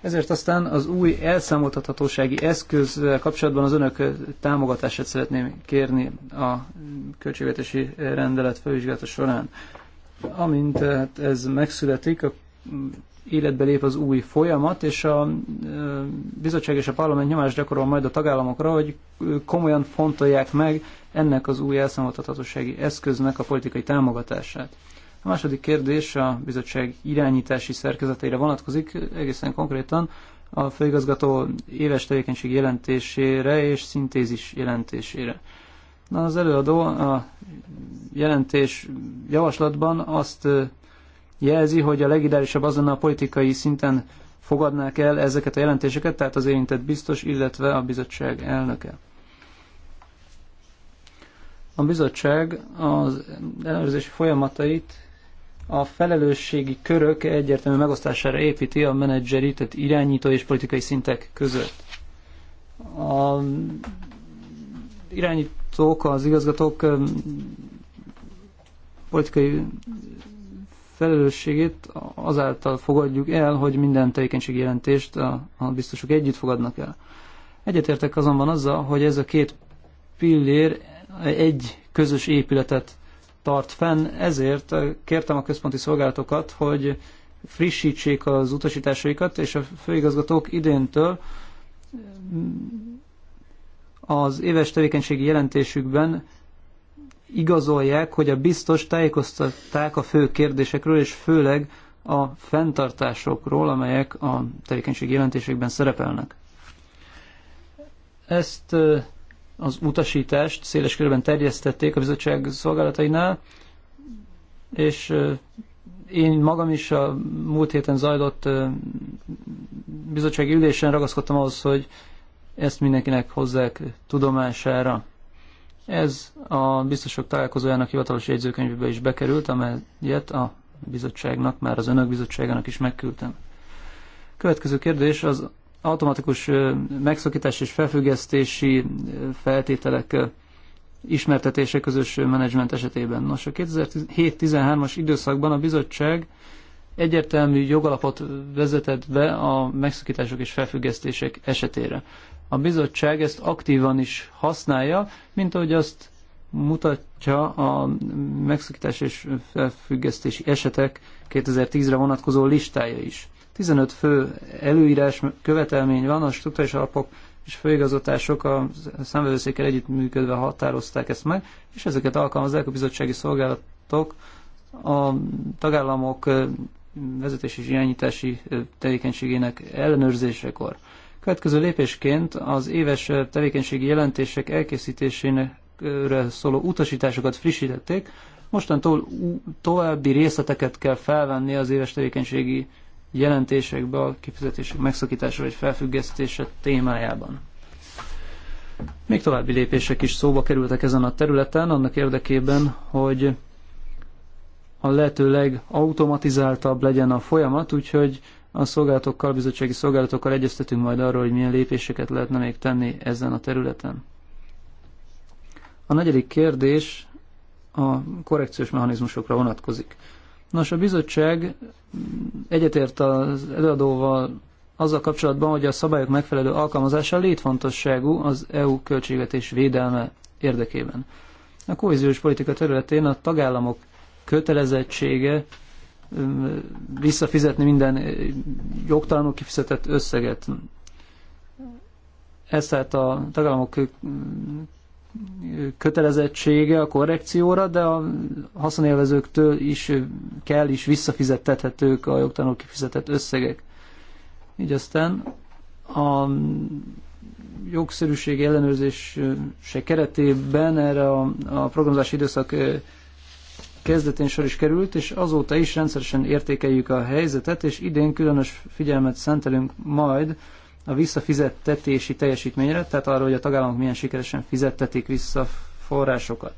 Ezért aztán az új elszámoltathatósági eszköz kapcsolatban az önök támogatását szeretném kérni a költségvetési rendelet felvizsgálata során. Amint tehát ez megszületik, a életbe lép az új folyamat, és a bizottság és a parlament nyomást gyakorol majd a tagállamokra, hogy komolyan fontolják meg ennek az új elszámoltathatósági eszköznek a politikai támogatását. A második kérdés a bizottság irányítási szerkezeteire vonatkozik, egészen konkrétan a főigazgató éves tevékenység jelentésére és szintézis jelentésére. Na, az előadó a jelentés javaslatban azt jelzi, hogy a legidálisabb az lenne a politikai szinten fogadnák el ezeket a jelentéseket, tehát az érintett biztos, illetve a bizottság elnöke. A bizottság az ellenőrzési folyamatait a felelősségi körök egyértelmű megosztására építi a menedzseri, tehát irányító és politikai szintek között. A irányítók, az igazgatók politikai felelősségét azáltal fogadjuk el, hogy minden tevékenységi jelentést a, a biztosok együtt fogadnak el. Egyetértek azonban azzal, hogy ez a két pillér egy közös épületet tart fenn, ezért kértem a központi szolgálatokat, hogy frissítsék az utasításaikat, és a főigazgatók idéntől mm, az éves tevékenységi jelentésükben igazolják, hogy a biztos tájékoztatták a fő kérdésekről, és főleg a fenntartásokról, amelyek a tevékenységi jelentésekben szerepelnek. Ezt az utasítást széles körben terjesztették a bizottság szolgálatainál, és én magam is a múlt héten zajlott bizottsági ülésen ragaszkodtam ahhoz, hogy ezt mindenkinek hozzák tudomására. Ez a biztosok találkozójának hivatalos jegyzőkönyvébe is bekerült, amelyet a bizottságnak, már az önök bizottságának is megküldtem. Következő kérdés az automatikus megszakítás és felfüggesztési feltételek ismertetése közös menedzsment esetében. Nos, a 2007-13-as időszakban a bizottság egyértelmű jogalapot vezetett be a megszakítások és felfüggesztések esetére. A bizottság ezt aktívan is használja, mint ahogy azt mutatja a megszakítás és felfüggesztési esetek 2010-re vonatkozó listája is. 15 fő előírás követelmény van, a struktúrális alapok és főigazgatások a számvevőszékkel együttműködve határozták ezt meg, és ezeket alkalmazzák a bizottsági szolgálatok a tagállamok vezetés és irányítási tevékenységének ellenőrzésekor. Következő lépésként az éves tevékenységi jelentések elkészítésének szóló utasításokat frissítették, mostantól további részleteket kell felvenni az éves tevékenységi jelentésekbe a kifizetések megszakítása vagy felfüggesztése témájában. Még további lépések is szóba kerültek ezen a területen, annak érdekében, hogy a lehető legautomatizáltabb legyen a folyamat, úgyhogy a szolgálatokkal, bizottsági szolgálatokkal egyeztetünk majd arról, hogy milyen lépéseket lehetne még tenni ezen a területen. A negyedik kérdés a korrekciós mechanizmusokra vonatkozik. Nos, a bizottság egyetért az előadóval azzal kapcsolatban, hogy a szabályok megfelelő alkalmazása létfontosságú az EU költségvetés védelme érdekében. A kohéziós politika területén a tagállamok kötelezettsége visszafizetni minden jogtalanul kifizetett összeget. Ez tehát a tagállamok kötelezettsége a korrekcióra, de a haszonélvezőktől is kell is visszafizettethetők a jogtanul kifizetett összegek. Így aztán a jogszerűség ellenőrzése keretében erre a, a programozási időszak kezdetén sor is került, és azóta is rendszeresen értékeljük a helyzetet, és idén különös figyelmet szentelünk majd a visszafizettetési teljesítményre, tehát arra, hogy a tagállamok milyen sikeresen fizettetik vissza forrásokat.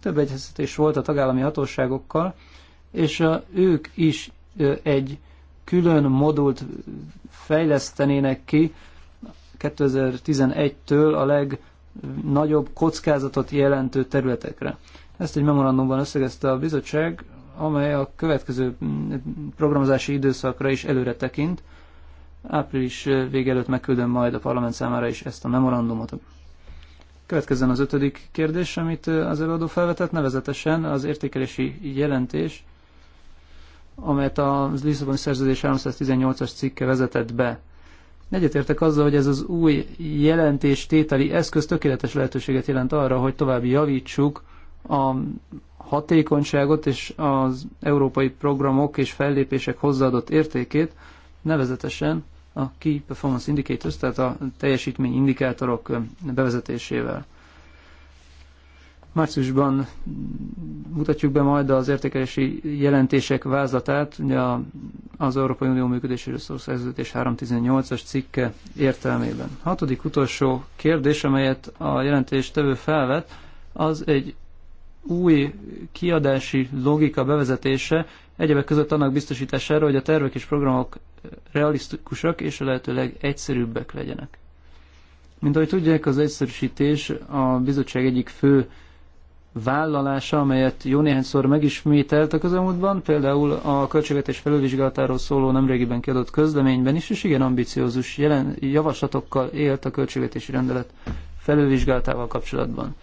Több egyeztetés volt a tagállami hatóságokkal, és a, ők is egy külön modult fejlesztenének ki 2011-től a legnagyobb kockázatot jelentő területekre. Ezt egy memorandumban összegezte a bizottság, amely a következő mm, programozási időszakra is előre tekint, Április vége előtt megküldöm majd a parlament számára is ezt a memorandumot. Következzen az ötödik kérdés, amit az előadó felvetett, nevezetesen az értékelési jelentés, amelyet a Lisszaboni Szerződés 318-as cikke vezetett be. Egyetértek azzal, hogy ez az új jelentés tételi eszköz tökéletes lehetőséget jelent arra, hogy tovább javítsuk a hatékonyságot és az európai programok és fellépések hozzáadott értékét, nevezetesen a Key Performance Indicators, tehát a teljesítmény indikátorok bevezetésével. Márciusban mutatjuk be majd az értékelési jelentések vázlatát, ugye az Európai Unió működéséről szóló szerződés 318-as cikke értelmében. Hatodik utolsó kérdés, amelyet a jelentés tevő felvet, az egy új kiadási logika bevezetése, Egyebek között annak biztosítására, hogy a tervek és programok realisztikusak és a lehetőleg egyszerűbbek legyenek. Mint ahogy tudják, az egyszerűsítés a bizottság egyik fő vállalása, amelyet jó néhányszor megismételt a közelmúltban, például a költségvetés felülvizsgálatáról szóló nemrégiben kiadott közleményben is, és igen ambiciózus jelen, javaslatokkal élt a költségvetési rendelet felülvizsgálatával kapcsolatban.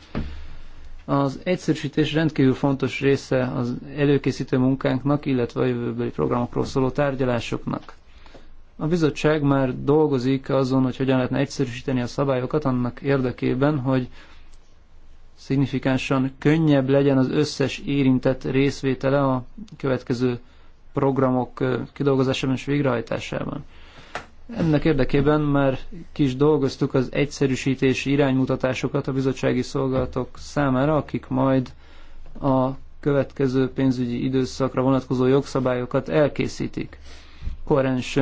Az egyszerűsítés rendkívül fontos része az előkészítő munkánknak, illetve a jövőbeli programokról szóló tárgyalásoknak. A bizottság már dolgozik azon, hogy hogyan lehetne egyszerűsíteni a szabályokat annak érdekében, hogy szignifikánsan könnyebb legyen az összes érintett részvétele a következő programok kidolgozásában és végrehajtásában. Ennek érdekében már kis dolgoztuk az egyszerűsítési iránymutatásokat a bizottsági szolgálatok számára, akik majd a következő pénzügyi időszakra vonatkozó jogszabályokat elkészítik. Koherens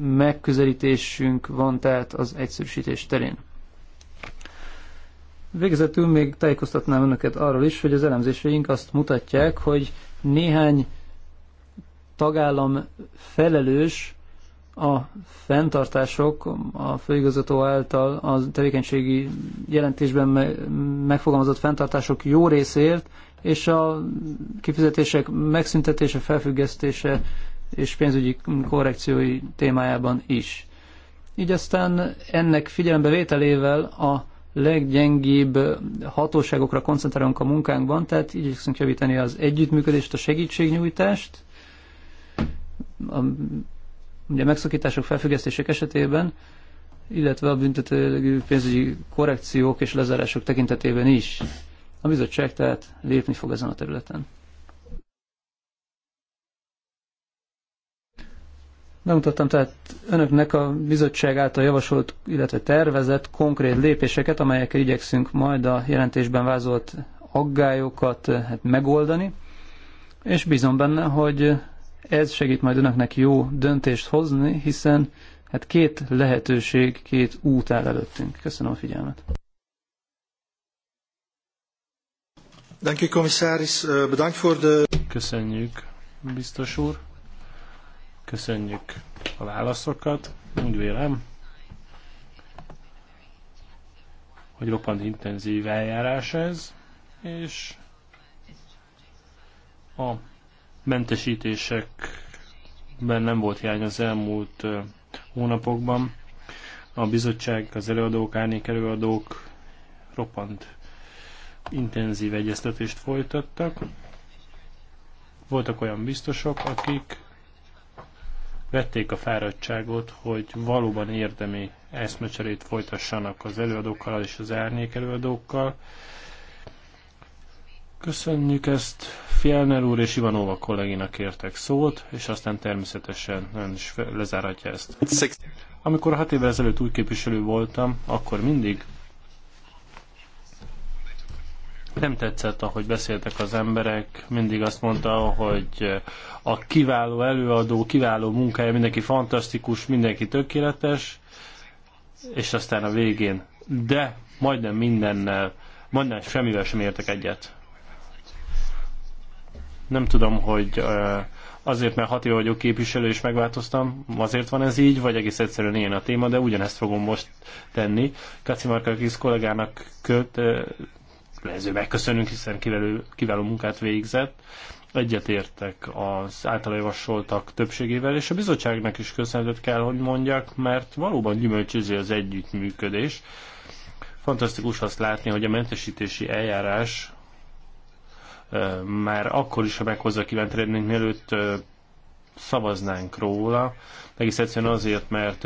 megközelítésünk van tehát az egyszerűsítés terén. Végezetül még tájékoztatnám önöket arról is, hogy az elemzéseink azt mutatják, hogy néhány tagállam felelős a fenntartások a főigazgató által a tevékenységi jelentésben megfogalmazott fenntartások jó részért, és a kifizetések megszüntetése, felfüggesztése és pénzügyi korrekciói témájában is. Így aztán ennek figyelembevételével a leggyengébb hatóságokra koncentrálunk a munkánkban, tehát igyekszünk javítani az együttműködést, a segítségnyújtást, a Ugye megszakítások, felfüggesztések esetében, illetve a büntetőlegű pénzügyi korrekciók és lezárások tekintetében is. A bizottság tehát lépni fog ezen a területen. Bemutattam tehát önöknek a bizottság által javasolt, illetve tervezett konkrét lépéseket, amelyekkel igyekszünk majd a jelentésben vázolt aggályokat hát megoldani, és bízom benne, hogy ez segít majd önöknek jó döntést hozni, hiszen hát két lehetőség, két út áll előttünk. Köszönöm a figyelmet. Uh, Köszönjük, biztos úr. Köszönjük a válaszokat. Úgy vélem, hogy roppant intenzív eljárás ez, és a mentesítésekben nem volt hiány az elmúlt hónapokban. A bizottság, az előadók, árnyék előadók roppant intenzív egyeztetést folytattak. Voltak olyan biztosok, akik vették a fáradtságot, hogy valóban érdemi eszmecserét folytassanak az előadókkal és az árnyék előadókkal. Köszönjük ezt. Fjellner úr és Ivanova kolléginak értek szót, és aztán természetesen ön is lezárhatja ezt. Amikor hat évvel ezelőtt új képviselő voltam, akkor mindig nem tetszett, ahogy beszéltek az emberek, mindig azt mondta, hogy a kiváló előadó, kiváló munkája, mindenki fantasztikus, mindenki tökéletes, és aztán a végén, de majdnem mindennel, majdnem semmivel sem értek egyet. Nem tudom, hogy azért, mert hat éve vagyok képviselő és megváltoztam, azért van ez így, vagy egész egyszerűen ilyen a téma, de ugyanezt fogom most tenni. Kaci kis kollégának költ, lehető megköszönünk, hiszen kiváló, kiváló munkát végzett. Egyetértek az általa javasoltak többségével, és a bizottságnak is köszönetet kell, hogy mondjak, mert valóban gyümölcsöző az együttműködés. Fantasztikus azt látni, hogy a mentesítési eljárás már akkor is, ha meghozza kívánt eredményt, mielőtt szavaznánk róla, egész egyszerűen azért, mert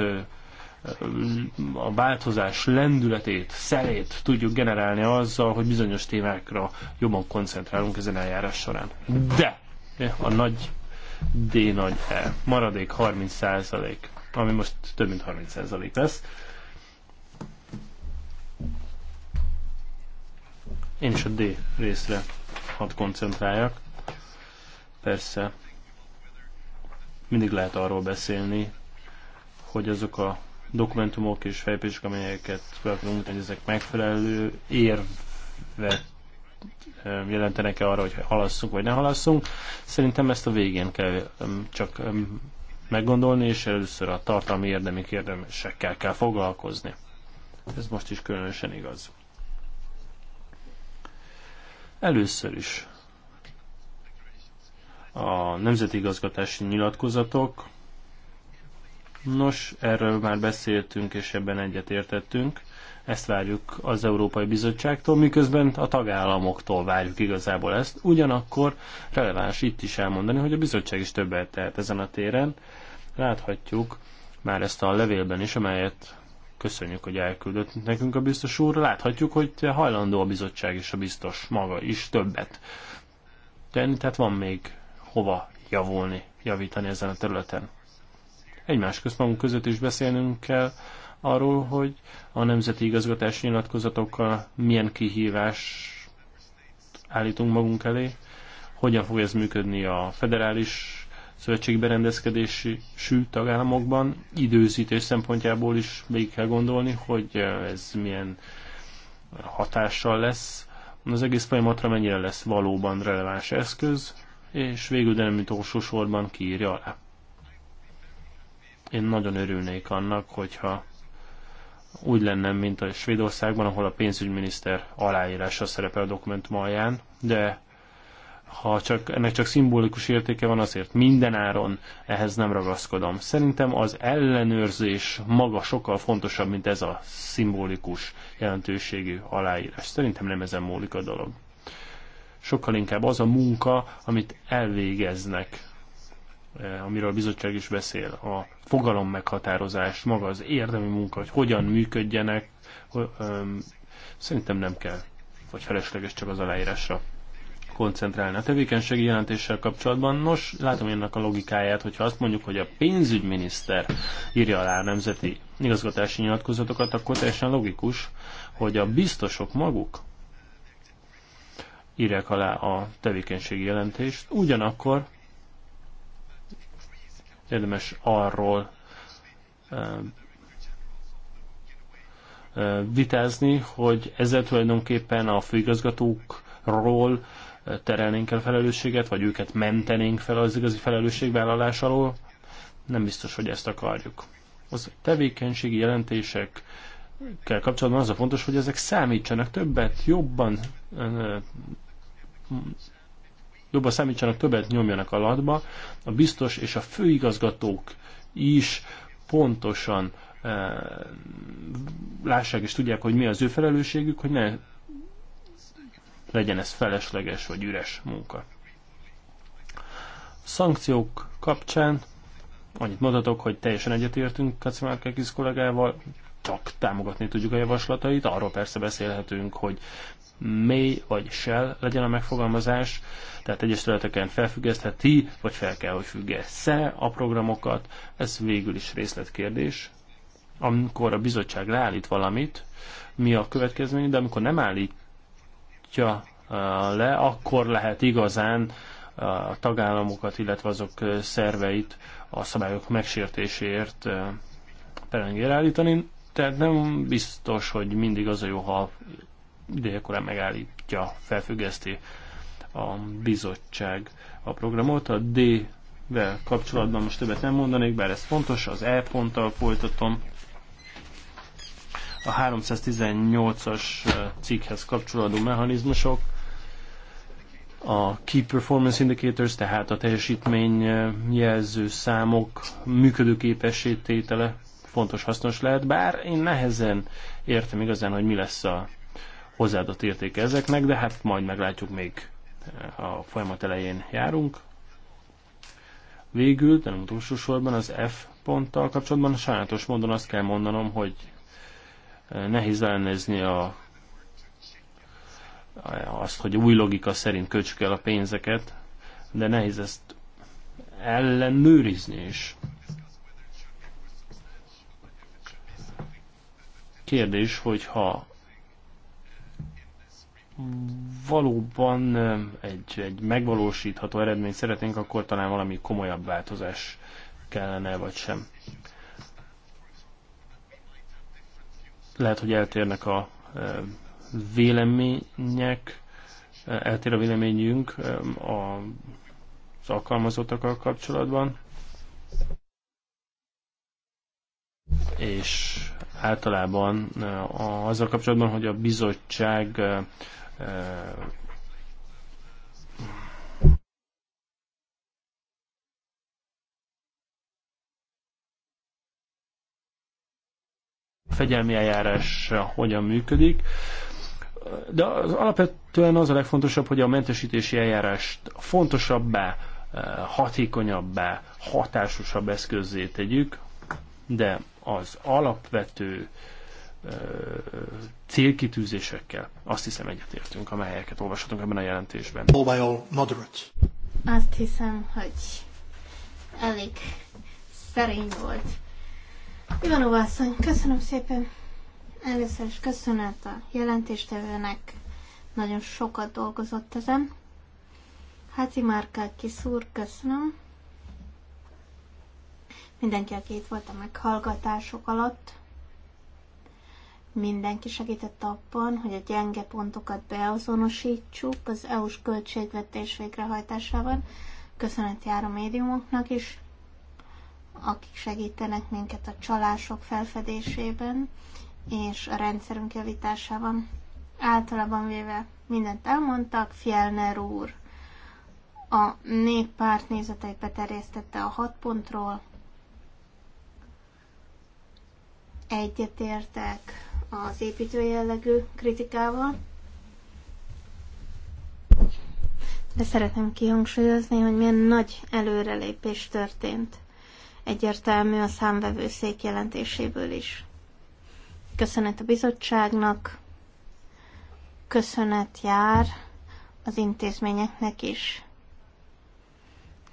a változás lendületét, szelét tudjuk generálni azzal, hogy bizonyos témákra jobban koncentrálunk ezen eljárás során. De a nagy D nagy E, maradék 30%, ami most több mint 30% lesz. Én is a D részre hadd koncentráljak. Persze, mindig lehet arról beszélni, hogy azok a dokumentumok és fejpések, amelyeket fel tudunk mutatni, ezek megfelelő érvet jelentenek-e arra, hogy halasszunk vagy ne halasszunk. Szerintem ezt a végén kell csak meggondolni, és először a tartalmi érdemi kérdésekkel kell foglalkozni. Ez most is különösen igaz. Először is a nemzeti igazgatási nyilatkozatok. Nos, erről már beszéltünk, és ebben egyet értettünk. Ezt várjuk az Európai Bizottságtól, miközben a tagállamoktól várjuk igazából ezt. Ugyanakkor releváns itt is elmondani, hogy a bizottság is többet tehet ezen a téren. Láthatjuk már ezt a levélben is, amelyet Köszönjük, hogy elküldött nekünk a biztos úr. Láthatjuk, hogy hajlandó a bizottság és a biztos maga is többet tenni, tehát van még hova javulni, javítani ezen a területen. Egymás közt magunk között is beszélnünk kell arról, hogy a nemzeti igazgatási nyilatkozatokkal milyen kihívás állítunk magunk elé, hogyan fog ez működni a federális szövetségi berendezkedési sű tagállamokban. Időzítés szempontjából is végig kell gondolni, hogy eh, ez milyen hatással lesz, az egész folyamatra mennyire lesz valóban releváns eszköz, és végül, de nem utolsó sorban kiírja alá. Én nagyon örülnék annak, hogyha úgy lenne, mint a Svédországban, ahol a pénzügyminiszter aláírása szerepel a dokumentum alján, de ha csak, ennek csak szimbolikus értéke van, azért minden áron ehhez nem ragaszkodom. Szerintem az ellenőrzés maga sokkal fontosabb, mint ez a szimbolikus jelentőségű aláírás. Szerintem nem ezen múlik a dolog. Sokkal inkább az a munka, amit elvégeznek, eh, amiről a bizottság is beszél, a fogalom meghatározás, maga az érdemi munka, hogy hogyan működjenek, szerintem nem kell, vagy felesleges csak az aláírásra koncentrálni. A tevékenységi jelentéssel kapcsolatban, nos, látom ennek a logikáját, hogyha azt mondjuk, hogy a pénzügyminiszter írja alá a nemzeti igazgatási nyilatkozatokat, akkor teljesen logikus, hogy a biztosok maguk írják alá a tevékenységi jelentést, ugyanakkor érdemes arról vitázni, hogy ezzel tulajdonképpen a főigazgatókról terelnénk el felelősséget, vagy őket mentenénk fel az igazi felelősségvállalás alól, nem biztos, hogy ezt akarjuk. Az tevékenységi jelentések kell kapcsolatban az a fontos, hogy ezek számítsanak többet, jobban jobban számítsanak, többet nyomjanak alatba. A biztos és a főigazgatók is pontosan lássák és tudják, hogy mi az ő felelősségük, hogy ne legyen ez felesleges vagy üres munka. Szankciók kapcsán annyit mondhatok, hogy teljesen egyetértünk Kacimárkekis kollégával, csak támogatni tudjuk a javaslatait, arról persze beszélhetünk, hogy mély vagy shell legyen a megfogalmazás, tehát egyes területeken felfüggesztheti, vagy fel kell, hogy függesse a programokat, ez végül is részletkérdés. Amikor a bizottság leállít valamit, mi a következmény, de amikor nem állít tartja eh, le, akkor lehet igazán eh, a tagállamokat, illetve azok eh, szerveit a szabályok megsértéséért perengére állítani. Tehát nem biztos, hogy mindig az a jó, ha idejekorán megállítja, felfüggeszti a bizottság a programot. A D-vel kapcsolatban most többet nem mondanék, bár ez fontos, az E ponttal folytatom a 318-as cikkhez kapcsolódó mechanizmusok, a Key Performance Indicators, tehát a teljesítmény jelző számok működőképességtétele fontos, hasznos lehet, bár én nehezen értem igazán, hogy mi lesz a hozzáadott értéke ezeknek, de hát majd meglátjuk még a folyamat elején járunk. Végül, de nem utolsó sorban az F ponttal kapcsolatban sajnálatos módon azt kell mondanom, hogy Nehéz ellenezni a, azt, hogy új logika szerint költsük el a pénzeket, de nehéz ezt ellenőrizni is. Kérdés, hogyha valóban um, egy, egy megvalósítható eredményt szeretnénk, akkor talán valami komolyabb változás kellene, vagy sem. Lehet, hogy eltérnek a e, vélemények, e, eltér a véleményünk e, az alkalmazottakkal kapcsolatban, és általában azzal kapcsolatban, hogy a bizottság fegyelmi eljárás hogyan működik. De az alapvetően az a legfontosabb, hogy a mentesítési eljárást fontosabbá, hatékonyabbá, hatásosabb eszközzé tegyük, de az alapvető célkitűzésekkel azt hiszem egyetértünk, amelyeket olvashatunk ebben a jelentésben. Azt hiszem, hogy elég szerény volt Ivanova asszony, köszönöm szépen. Először is köszönet a jelentéstevőnek. Nagyon sokat dolgozott ezen. Háci Márkák kiszúr, köszönöm. Mindenki, aki itt volt a meghallgatások alatt, mindenki segített abban, hogy a gyenge pontokat beazonosítsuk az EU-s költségvetés végrehajtásában. Köszönet jár a médiumoknak is, akik segítenek minket a csalások felfedésében és a rendszerünk javításában. Általában véve mindent elmondtak, Fjellner úr a néppárt nézeteit beterjesztette a hat pontról, egyetértek az építő jellegű kritikával, de szeretném kihangsúlyozni, hogy milyen nagy előrelépés történt egyértelmű a számvevőszék jelentéséből is. Köszönet a bizottságnak, köszönet jár az intézményeknek is.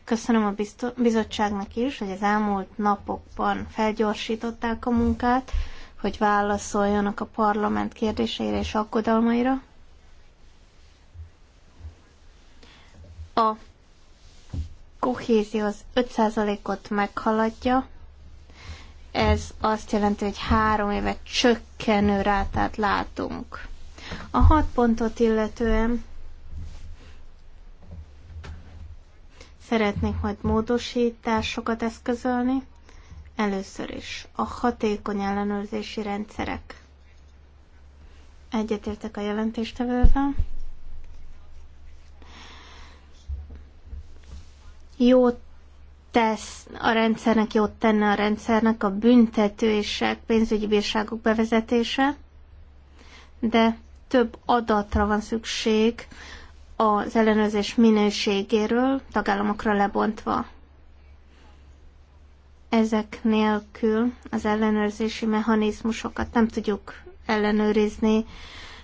Köszönöm a bizottságnak is, hogy az elmúlt napokban felgyorsították a munkát, hogy válaszoljanak a parlament kérdéseire és aggodalmaira. A kohézió az 5%-ot meghaladja, ez azt jelenti, hogy három éve csökkenő rátát látunk. A hat pontot illetően szeretnék majd módosításokat eszközölni. Először is a hatékony ellenőrzési rendszerek. Egyetértek a jelentéstevővel. jót tesz a rendszernek, jót tenne a rendszernek a büntetések, pénzügyi bírságok bevezetése, de több adatra van szükség az ellenőrzés minőségéről, tagállamokra lebontva. Ezek nélkül az ellenőrzési mechanizmusokat nem tudjuk ellenőrizni,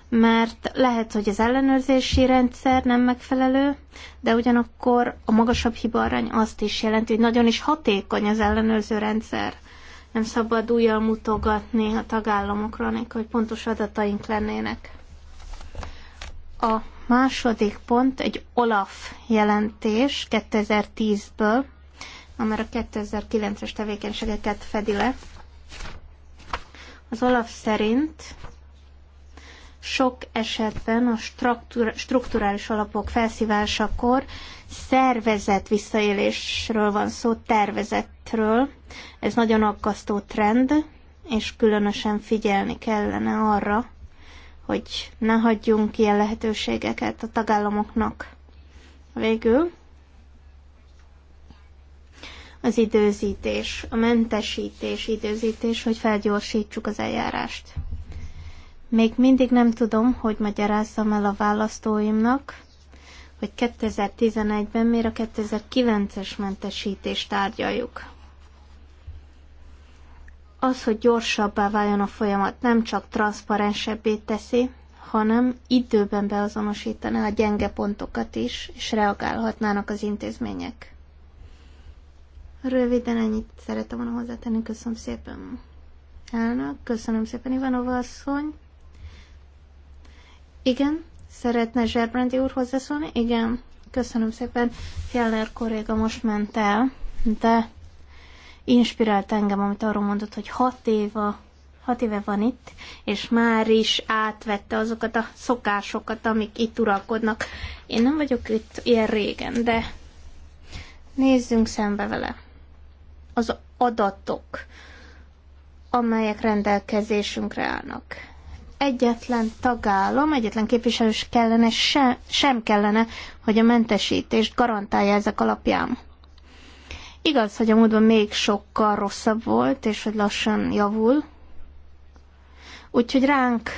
mert lehet, hogy az ellenőrzési rendszer nem megfelelő, de ugyanakkor a magasabb hibarány azt is jelenti, hogy nagyon is hatékony az ellenőrző rendszer. Nem szabad újjal mutogatni a tagállamokra, nélkül, hogy pontos adataink lennének. A második pont egy OLAF jelentés 2010-ből, amely a 2009-es tevékenységeket fedi le. Az OLAF szerint sok esetben a strukturális alapok felszívásakor szervezett visszaélésről van szó, tervezetről. Ez nagyon aggasztó trend, és különösen figyelni kellene arra, hogy ne hagyjunk ilyen lehetőségeket a tagállamoknak. Végül az időzítés, a mentesítés, időzítés, hogy felgyorsítsuk az eljárást. Még mindig nem tudom, hogy magyarázzam el a választóimnak, hogy 2011-ben miért a 2009-es mentesítést tárgyaljuk. Az, hogy gyorsabbá váljon a folyamat, nem csak transzparensebbé teszi, hanem időben beazonosítaná a gyenge pontokat is, és reagálhatnának az intézmények. Röviden ennyit szeretem volna hozzátenni, köszönöm szépen. Elnök, köszönöm szépen Ivanova asszony. Igen? Szeretne Zserbrandi úr hozzászólni? Igen. Köszönöm szépen. Feller kolléga most ment el, de inspirált engem, amit arról mondott, hogy hat éve, hat éve van itt, és már is átvette azokat a szokásokat, amik itt uralkodnak. Én nem vagyok itt ilyen régen, de nézzünk szembe vele. Az adatok, amelyek rendelkezésünkre állnak egyetlen tagállam, egyetlen képviselő kellene, se, sem kellene, hogy a mentesítést garantálja ezek alapján. Igaz, hogy a múltban még sokkal rosszabb volt, és hogy lassan javul. Úgyhogy ránk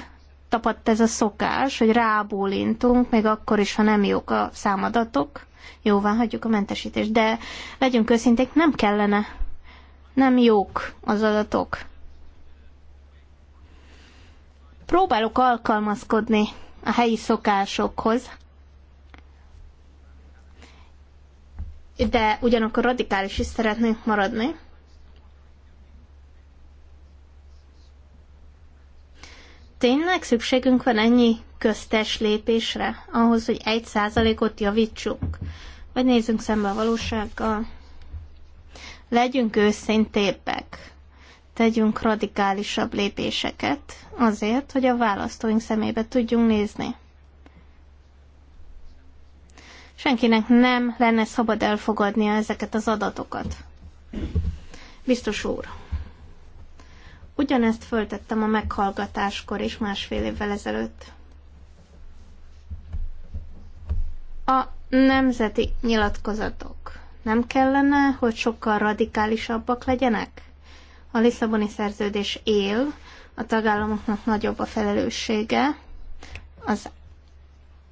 tapadt ez a szokás, hogy rábólintunk, még akkor is, ha nem jók a számadatok, jóvá hagyjuk a mentesítést. De legyünk őszinték, nem kellene. Nem jók az adatok. Próbálok alkalmazkodni a helyi szokásokhoz, de ugyanakkor radikális is szeretnék maradni. Tényleg szükségünk van ennyi köztes lépésre, ahhoz, hogy egy százalékot javítsuk? Vagy nézzünk szembe a valósággal? Legyünk őszintébbek tegyünk radikálisabb lépéseket azért, hogy a választóink szemébe tudjunk nézni. Senkinek nem lenne szabad elfogadnia ezeket az adatokat. Biztos úr. Ugyanezt föltettem a meghallgatáskor is másfél évvel ezelőtt. A nemzeti nyilatkozatok nem kellene, hogy sokkal radikálisabbak legyenek? A Lisszaboni szerződés él, a tagállamoknak nagyobb a felelőssége, az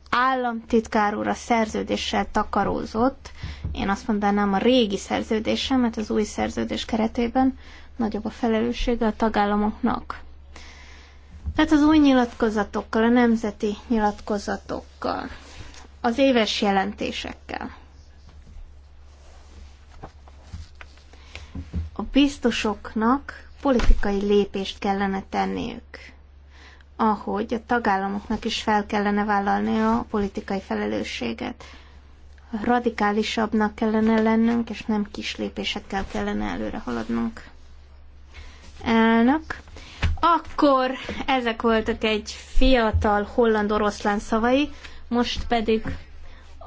államtitkár úr a szerződéssel takarózott, én azt mondanám a régi szerződésem, mert az új szerződés keretében nagyobb a felelőssége a tagállamoknak. Tehát az új nyilatkozatokkal, a nemzeti nyilatkozatokkal, az éves jelentésekkel. a biztosoknak politikai lépést kellene tenniük, ahogy a tagállamoknak is fel kellene vállalni a politikai felelősséget. Radikálisabbnak kellene lennünk, és nem kis lépésekkel kellene előre haladnunk. Elnök. Akkor ezek voltak egy fiatal holland oroszlán szavai, most pedig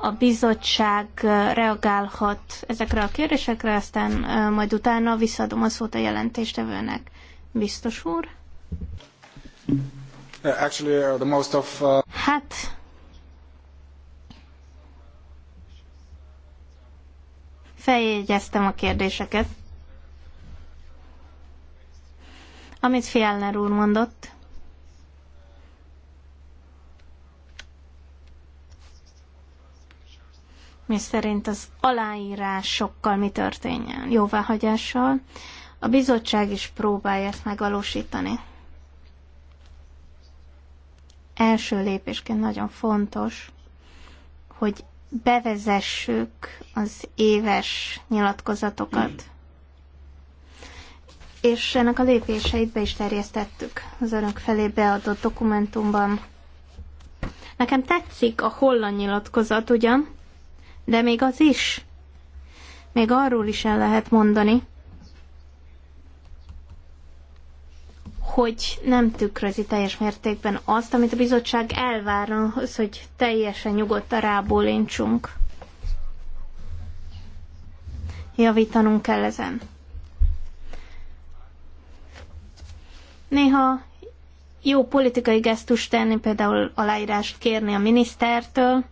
a bizottság reagálhat ezekre a kérdésekre, aztán majd utána visszaadom a szót a jelentéstevőnek. Biztos úr? Actually, uh, the most of, uh... Hát, feljegyeztem a kérdéseket, amit Fjellner úr mondott. mi szerint az aláírásokkal mi történjen, jóváhagyással. A bizottság is próbálja ezt megvalósítani. Első lépésként nagyon fontos, hogy bevezessük az éves nyilatkozatokat. És ennek a lépéseit be is terjesztettük az önök felé beadott dokumentumban. Nekem tetszik a holland nyilatkozat, ugyan, de még az is. Még arról is el lehet mondani, hogy nem tükrözi teljes mértékben azt, amit a bizottság elvár az, hogy teljesen nyugodt rából incsunk. Javítanunk kell ezen. Néha jó politikai gesztus tenni, például aláírást kérni a minisztertől,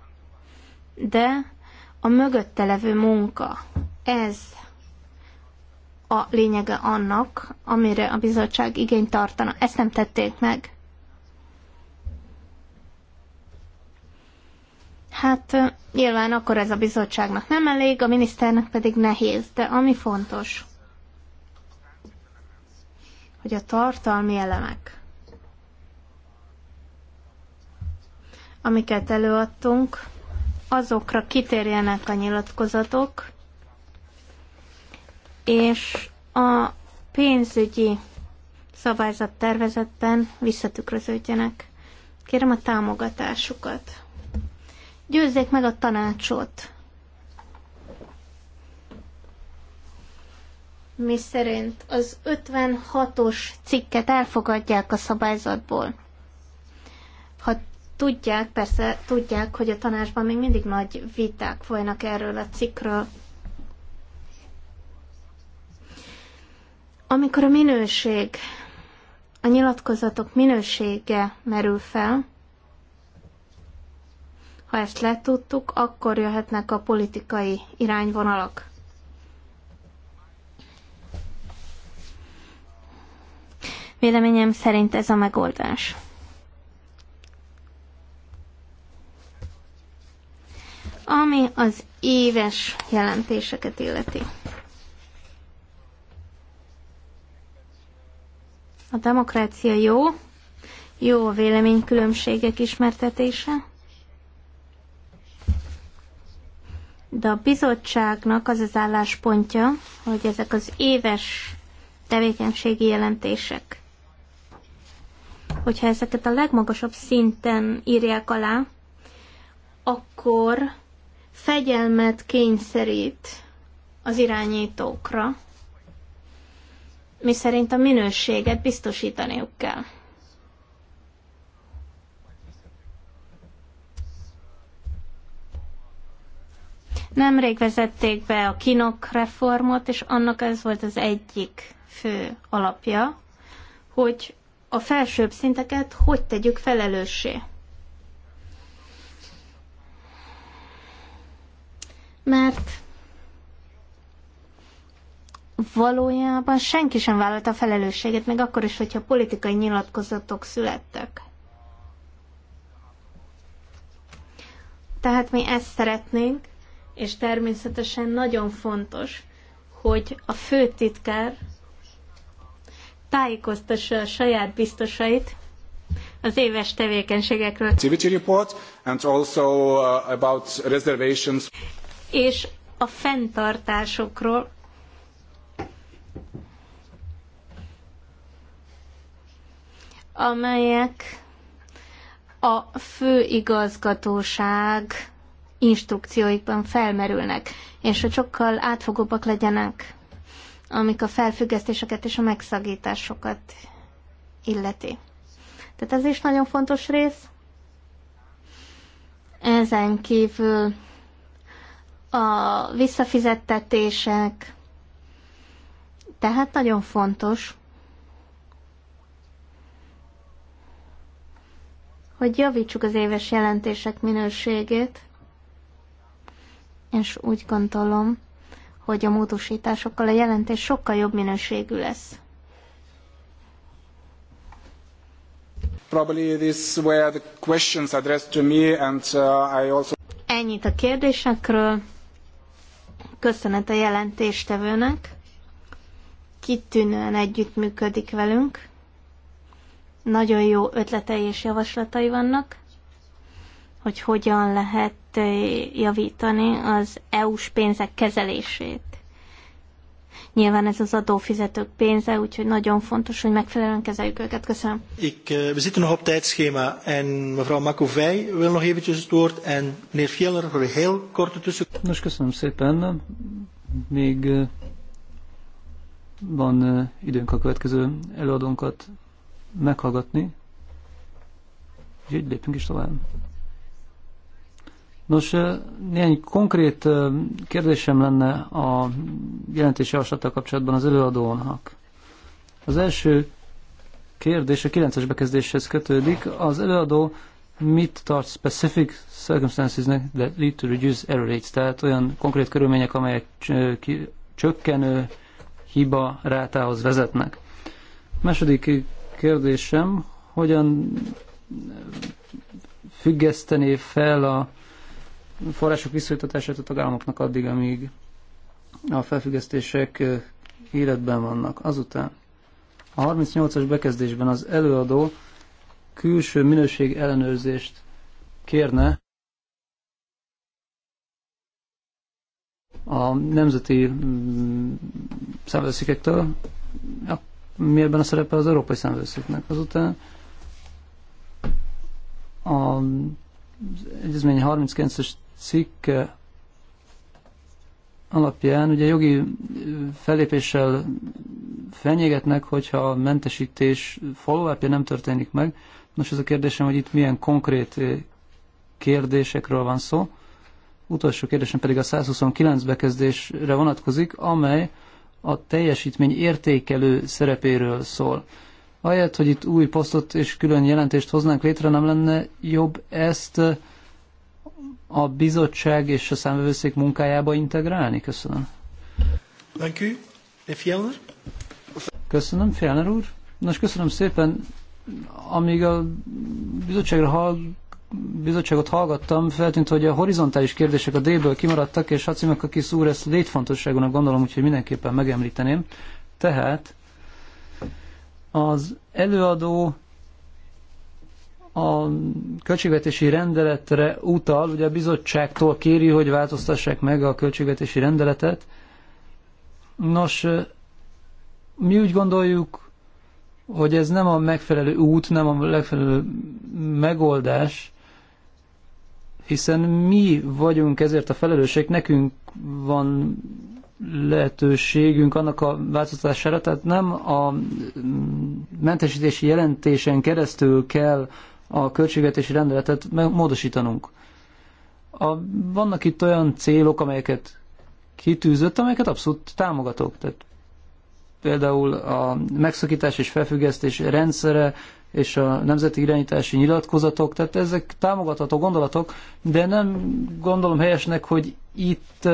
de a mögötte levő munka. Ez a lényege annak, amire a bizottság igényt tartana. Ezt nem tették meg. Hát nyilván akkor ez a bizottságnak nem elég, a miniszternek pedig nehéz, de ami fontos, hogy a tartalmi elemek, amiket előadtunk, azokra kitérjenek a nyilatkozatok, és a pénzügyi szabályzat tervezetben visszatükröződjenek. Kérem a támogatásukat. Győzzék meg a tanácsot. Mi szerint az 56-os cikket elfogadják a szabályzatból. Tudják, persze tudják, hogy a tanásban még mindig nagy viták folynak erről a cikkről. Amikor a minőség, a nyilatkozatok minősége merül fel, ha ezt letudtuk, akkor jöhetnek a politikai irányvonalak. Véleményem szerint ez a megoldás. Ami az éves jelentéseket illeti. A demokrácia jó, jó a véleménykülönbségek ismertetése, de a bizottságnak az az álláspontja, hogy ezek az éves tevékenységi jelentések, hogyha ezeket a legmagasabb szinten írják alá, akkor fegyelmet kényszerít az irányítókra, mi szerint a minőséget biztosítaniuk kell. Nemrég vezették be a kinok reformot, és annak ez volt az egyik fő alapja, hogy a felsőbb szinteket hogy tegyük felelőssé. mert valójában senki sem vállalta a felelősséget, még akkor is, hogyha politikai nyilatkozatok születtek. Tehát mi ezt szeretnénk, és természetesen nagyon fontos, hogy a főtitkár tájékoztassa a saját biztosait az éves tevékenységekről. Activity report and also uh, about reservations és a fenntartásokról. amelyek a főigazgatóság instrukcióikban felmerülnek, és hogy sokkal átfogóbbak legyenek, amik a felfüggesztéseket és a megszagításokat illeti. Tehát ez is nagyon fontos rész. Ezen kívül a visszafizettetések, tehát nagyon fontos, hogy javítsuk az éves jelentések minőségét, és úgy gondolom, hogy a módosításokkal a jelentés sokkal jobb minőségű lesz. Probably were the questions addressed to me and uh, I also Ennyit a kérdésekről köszönet a jelentéstevőnek. Kitűnően együttműködik velünk. Nagyon jó ötletei és javaslatai vannak, hogy hogyan lehet eh, javítani az EU-s pénzek kezelését. Nyilván ez az adófizetők pénze, úgyhogy nagyon fontos, hogy megfelelően kezeljük őket. Köszönöm. Ik, eh, we zitten nog op tijdschema en mevrouw Makovej wil nog eventjes het woord en meneer Fjellner voor een heel korte tussen... Nos, köszönöm szépen. Még eh, van eh, időnk a következő előadónkat meghallgatni. Úgyhogy lépünk is tovább. Nos, néhány konkrét kérdésem lenne a jelentés javaslata kapcsolatban az előadónak. Az első kérdés a 9-es bekezdéshez kötődik. Az előadó mit tart specific circumstancesnek that lead to reduce error rates, tehát olyan konkrét körülmények, amelyek csökkenő hiba rátához vezetnek. A második kérdésem, hogyan függesztené fel a források visszajutatását a tagállamoknak addig, amíg a felfüggesztések életben vannak. Azután a 38-as bekezdésben az előadó külső minőség ellenőrzést kérne a nemzeti számvevőszékektől, mi ebben a szerepe az európai szemvőszéknek. Azután a egyezmény 39-es cikk alapján ugye jogi felépéssel fenyegetnek, hogyha a mentesítés follow -ja nem történik meg. Nos, ez a kérdésem, hogy itt milyen konkrét kérdésekről van szó. Utolsó kérdésem pedig a 129 bekezdésre vonatkozik, amely a teljesítmény értékelő szerepéről szól. Ahelyett, hogy itt új posztot és külön jelentést hoznánk létre, nem lenne jobb ezt a bizottság és a számvevőszék munkájába integrálni? Köszönöm. Thank you. Fjellner? Köszönöm, Fjellner úr. Nos, köszönöm szépen. Amíg a bizottságra hall, bizottságot hallgattam, feltűnt, hogy a horizontális kérdések a D-ből kimaradtak, és Hacimakakis úr ezt létfontosságúnak gondolom, úgyhogy mindenképpen megemlíteném. Tehát az előadó a költségvetési rendeletre utal, ugye a bizottságtól kéri, hogy változtassák meg a költségvetési rendeletet. Nos, mi úgy gondoljuk, hogy ez nem a megfelelő út, nem a megfelelő megoldás, hiszen mi vagyunk ezért a felelősek, nekünk van lehetőségünk annak a változtatására, tehát nem a mm, mentesítési jelentésen keresztül kell a költségvetési rendeletet módosítanunk. A, vannak itt olyan célok, amelyeket kitűzött, amelyeket abszolút támogatok. Tehát például a megszakítás és felfüggesztés rendszere, és a nemzeti irányítási nyilatkozatok, tehát ezek támogatható gondolatok, de nem gondolom helyesnek, hogy itt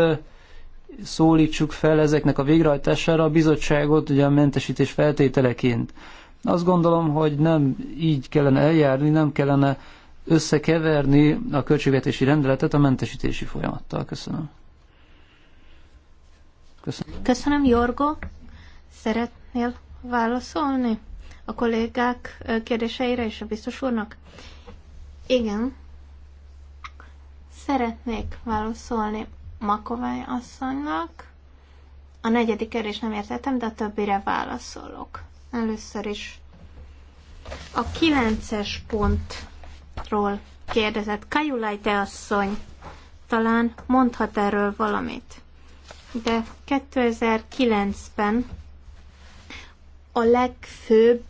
szólítsuk fel ezeknek a végrehajtására a bizottságot ugye a mentesítés feltételeként. Azt gondolom, hogy nem így kellene eljárni, nem kellene összekeverni a költségvetési rendeletet a mentesítési folyamattal. Köszönöm. Köszönöm. Köszönöm, Jorgo. Szeretnél válaszolni a kollégák kérdéseire és a biztos úrnak? Igen. Szeretnék válaszolni Makovány asszonynak. A negyedik kérdés nem értettem, de a többire válaszolok. Először is a kilences pontról kérdezett te asszony talán mondhat erről valamit. De 2009-ben a legfőbb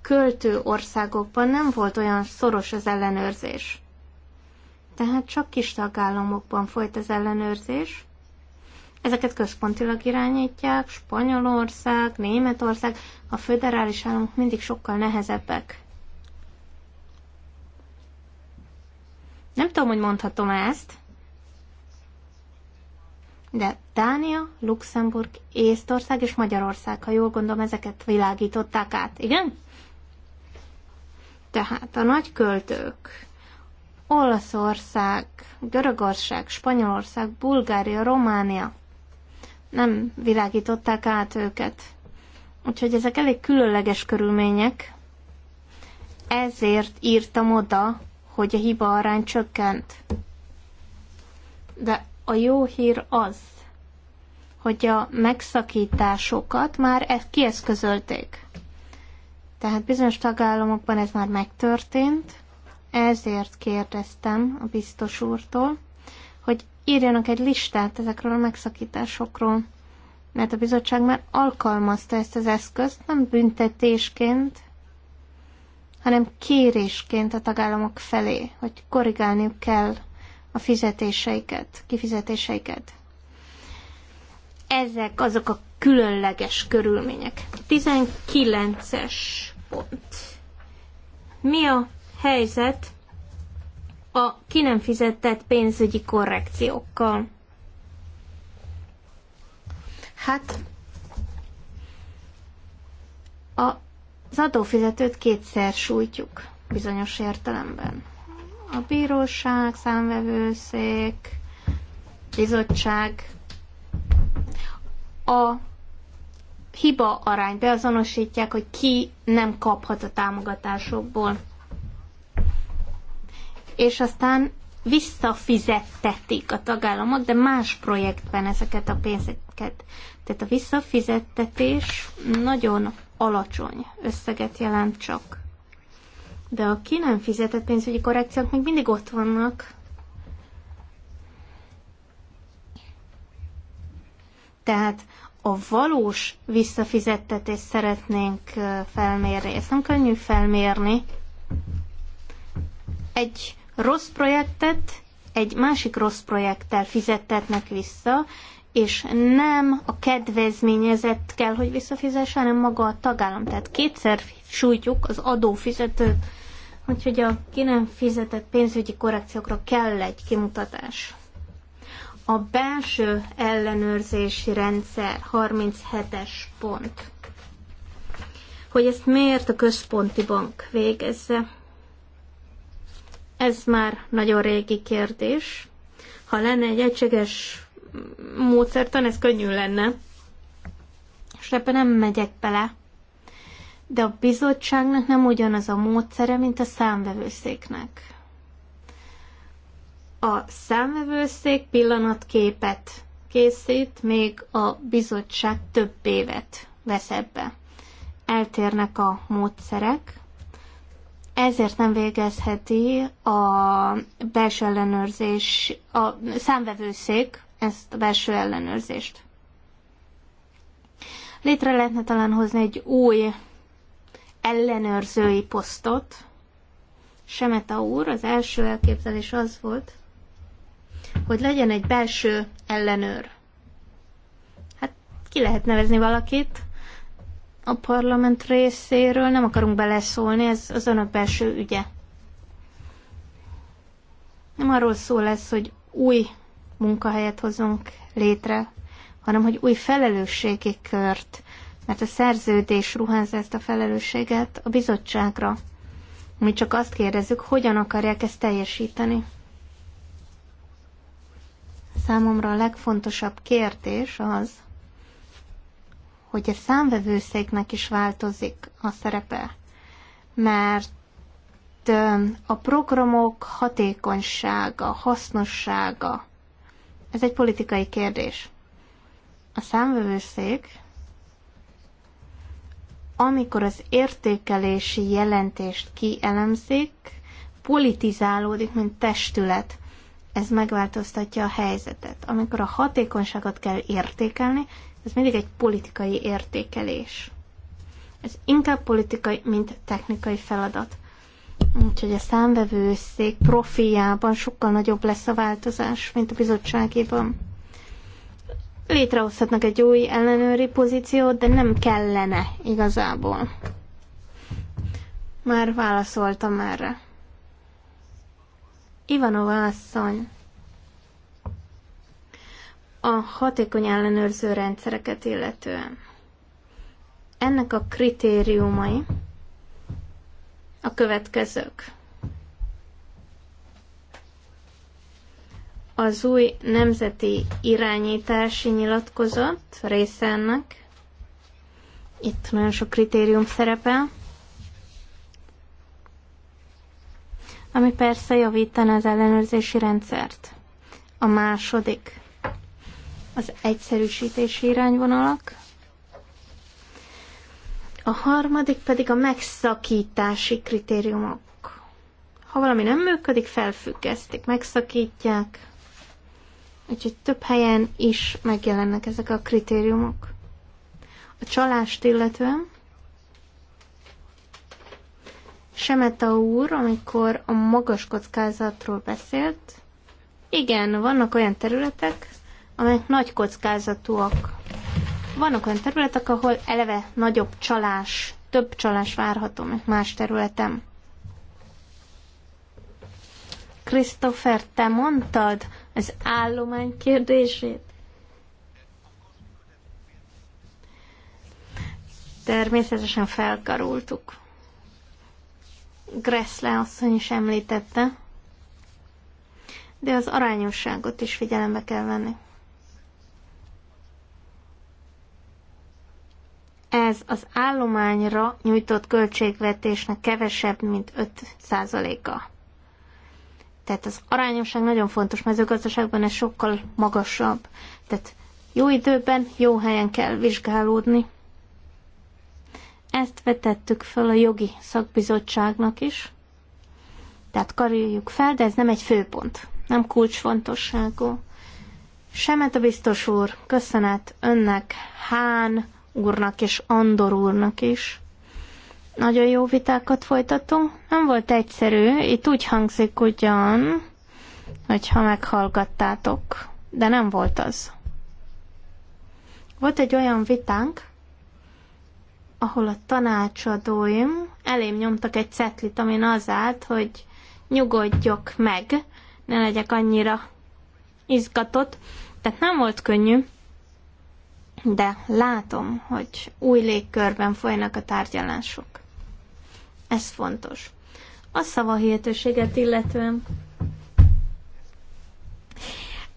költő országokban nem volt olyan szoros az ellenőrzés. Tehát csak kis tagállamokban folyt az ellenőrzés, Ezeket központilag irányítják, Spanyolország, Németország, a föderális államok mindig sokkal nehezebbek. Nem tudom, hogy mondhatom -e ezt, de Dánia, Luxemburg, Észtország és Magyarország, ha jól gondolom, ezeket világították át, igen? Tehát a nagy költők, Olaszország, Görögország, Spanyolország, Bulgária, Románia, nem világították át őket. Úgyhogy ezek elég különleges körülmények. Ezért írtam oda, hogy a hiba arány csökkent. De a jó hír az, hogy a megszakításokat már e- kieszközölték. Tehát bizonyos tagállamokban ez már megtörtént, ezért kérdeztem a biztos úrtól, hogy írjanak egy listát ezekről a megszakításokról, mert a bizottság már alkalmazta ezt az eszközt, nem büntetésként, hanem kérésként a tagállamok felé, hogy korrigálniuk kell a fizetéseiket, kifizetéseiket. Ezek azok a különleges körülmények. 19-es pont. Mi a helyzet a ki nem fizetett pénzügyi korrekciókkal. Hát a, az adófizetőt kétszer sújtjuk bizonyos értelemben. A bíróság, számvevőszék, bizottság a hiba arányt beazonosítják, hogy ki nem kaphat a támogatásokból és aztán visszafizettetik a tagállamok, de más projektben ezeket a pénzeket. Tehát a visszafizettetés nagyon alacsony összeget jelent csak. De a ki nem fizetett pénzügyi korrekciók még mindig ott vannak. Tehát a valós visszafizettetést szeretnénk felmérni. Ezt nem könnyű felmérni. Egy rossz projektet egy másik rossz projekttel fizettetnek vissza, és nem a kedvezményezett kell, hogy visszafizesse, hanem maga a tagállam. Tehát kétszer sújtjuk az adófizetőt, úgyhogy a ki nem fizetett pénzügyi korrekciókra kell egy kimutatás. A belső ellenőrzési rendszer 37-es pont. Hogy ezt miért a központi bank végezze? Ez már nagyon régi kérdés. Ha lenne egy egységes módszertan, ez könnyű lenne. És ebben nem megyek bele. De a bizottságnak nem ugyanaz a módszere, mint a számvevőszéknek. A számvevőszék pillanatképet készít, még a bizottság több évet vesz ebbe. Eltérnek a módszerek, ezért nem végezheti a belső ellenőrzés, a számvevőszék ezt a belső ellenőrzést. Létre lehetne talán hozni egy új ellenőrzői posztot. Semeta úr, az első elképzelés az volt, hogy legyen egy belső ellenőr. Hát ki lehet nevezni valakit, a parlament részéről nem akarunk beleszólni, ez az önök belső ügye. Nem arról szó lesz, hogy új munkahelyet hozunk létre, hanem hogy új felelősségi kört, mert a szerződés ruházza ezt a felelősséget a bizottságra. Mi csak azt kérdezzük, hogyan akarják ezt teljesíteni. Számomra a legfontosabb kérdés az, hogy a számvevőszéknek is változik a szerepe, mert a programok hatékonysága, hasznossága, ez egy politikai kérdés. A számvevőszék, amikor az értékelési jelentést kielemzik, politizálódik, mint testület. Ez megváltoztatja a helyzetet. Amikor a hatékonyságot kell értékelni, ez mindig egy politikai értékelés. Ez inkább politikai, mint technikai feladat. Úgyhogy a számvevőszék profiában sokkal nagyobb lesz a változás, mint a bizottságében. Létrehozhatnak egy új ellenőri pozíciót, de nem kellene igazából. Már válaszoltam erre. Ivanova asszony a hatékony ellenőrző rendszereket illetően. Ennek a kritériumai a következők. Az új nemzeti irányítási nyilatkozat része ennek. Itt nagyon sok kritérium szerepel. Ami persze javítaná az ellenőrzési rendszert. A második az egyszerűsítési irányvonalak, a harmadik pedig a megszakítási kritériumok. Ha valami nem működik, felfüggesztik, megszakítják, úgyhogy több helyen is megjelennek ezek a kritériumok. A csalást illetően Semeta úr, amikor a magas kockázatról beszélt, igen, vannak olyan területek, amelyek nagy kockázatúak. Vannak olyan területek, ahol eleve nagyobb csalás, több csalás várható, mint más területen. Christopher, te mondtad az állomány kérdését? Természetesen felkarultuk. Gressle asszony is említette, de az arányosságot is figyelembe kell venni. ez az állományra nyújtott költségvetésnek kevesebb, mint 5%-a. Tehát az arányosság nagyon fontos, mezőgazdaságban ez sokkal magasabb. Tehát jó időben, jó helyen kell vizsgálódni. Ezt vetettük fel a jogi szakbizottságnak is. Tehát karoljuk fel, de ez nem egy főpont, nem kulcsfontosságú. Semet a biztos úr, köszönet önnek, Hán, úrnak és Andor úrnak is. Nagyon jó vitákat folytatunk. Nem volt egyszerű, itt úgy hangzik ugyan, hogyha meghallgattátok, de nem volt az. Volt egy olyan vitánk, ahol a tanácsadóim elém nyomtak egy cetlit, amin az állt, hogy nyugodjak meg, ne legyek annyira izgatott. Tehát nem volt könnyű, de látom, hogy új légkörben folynak a tárgyalások. Ez fontos. A szavahihetőséget illetően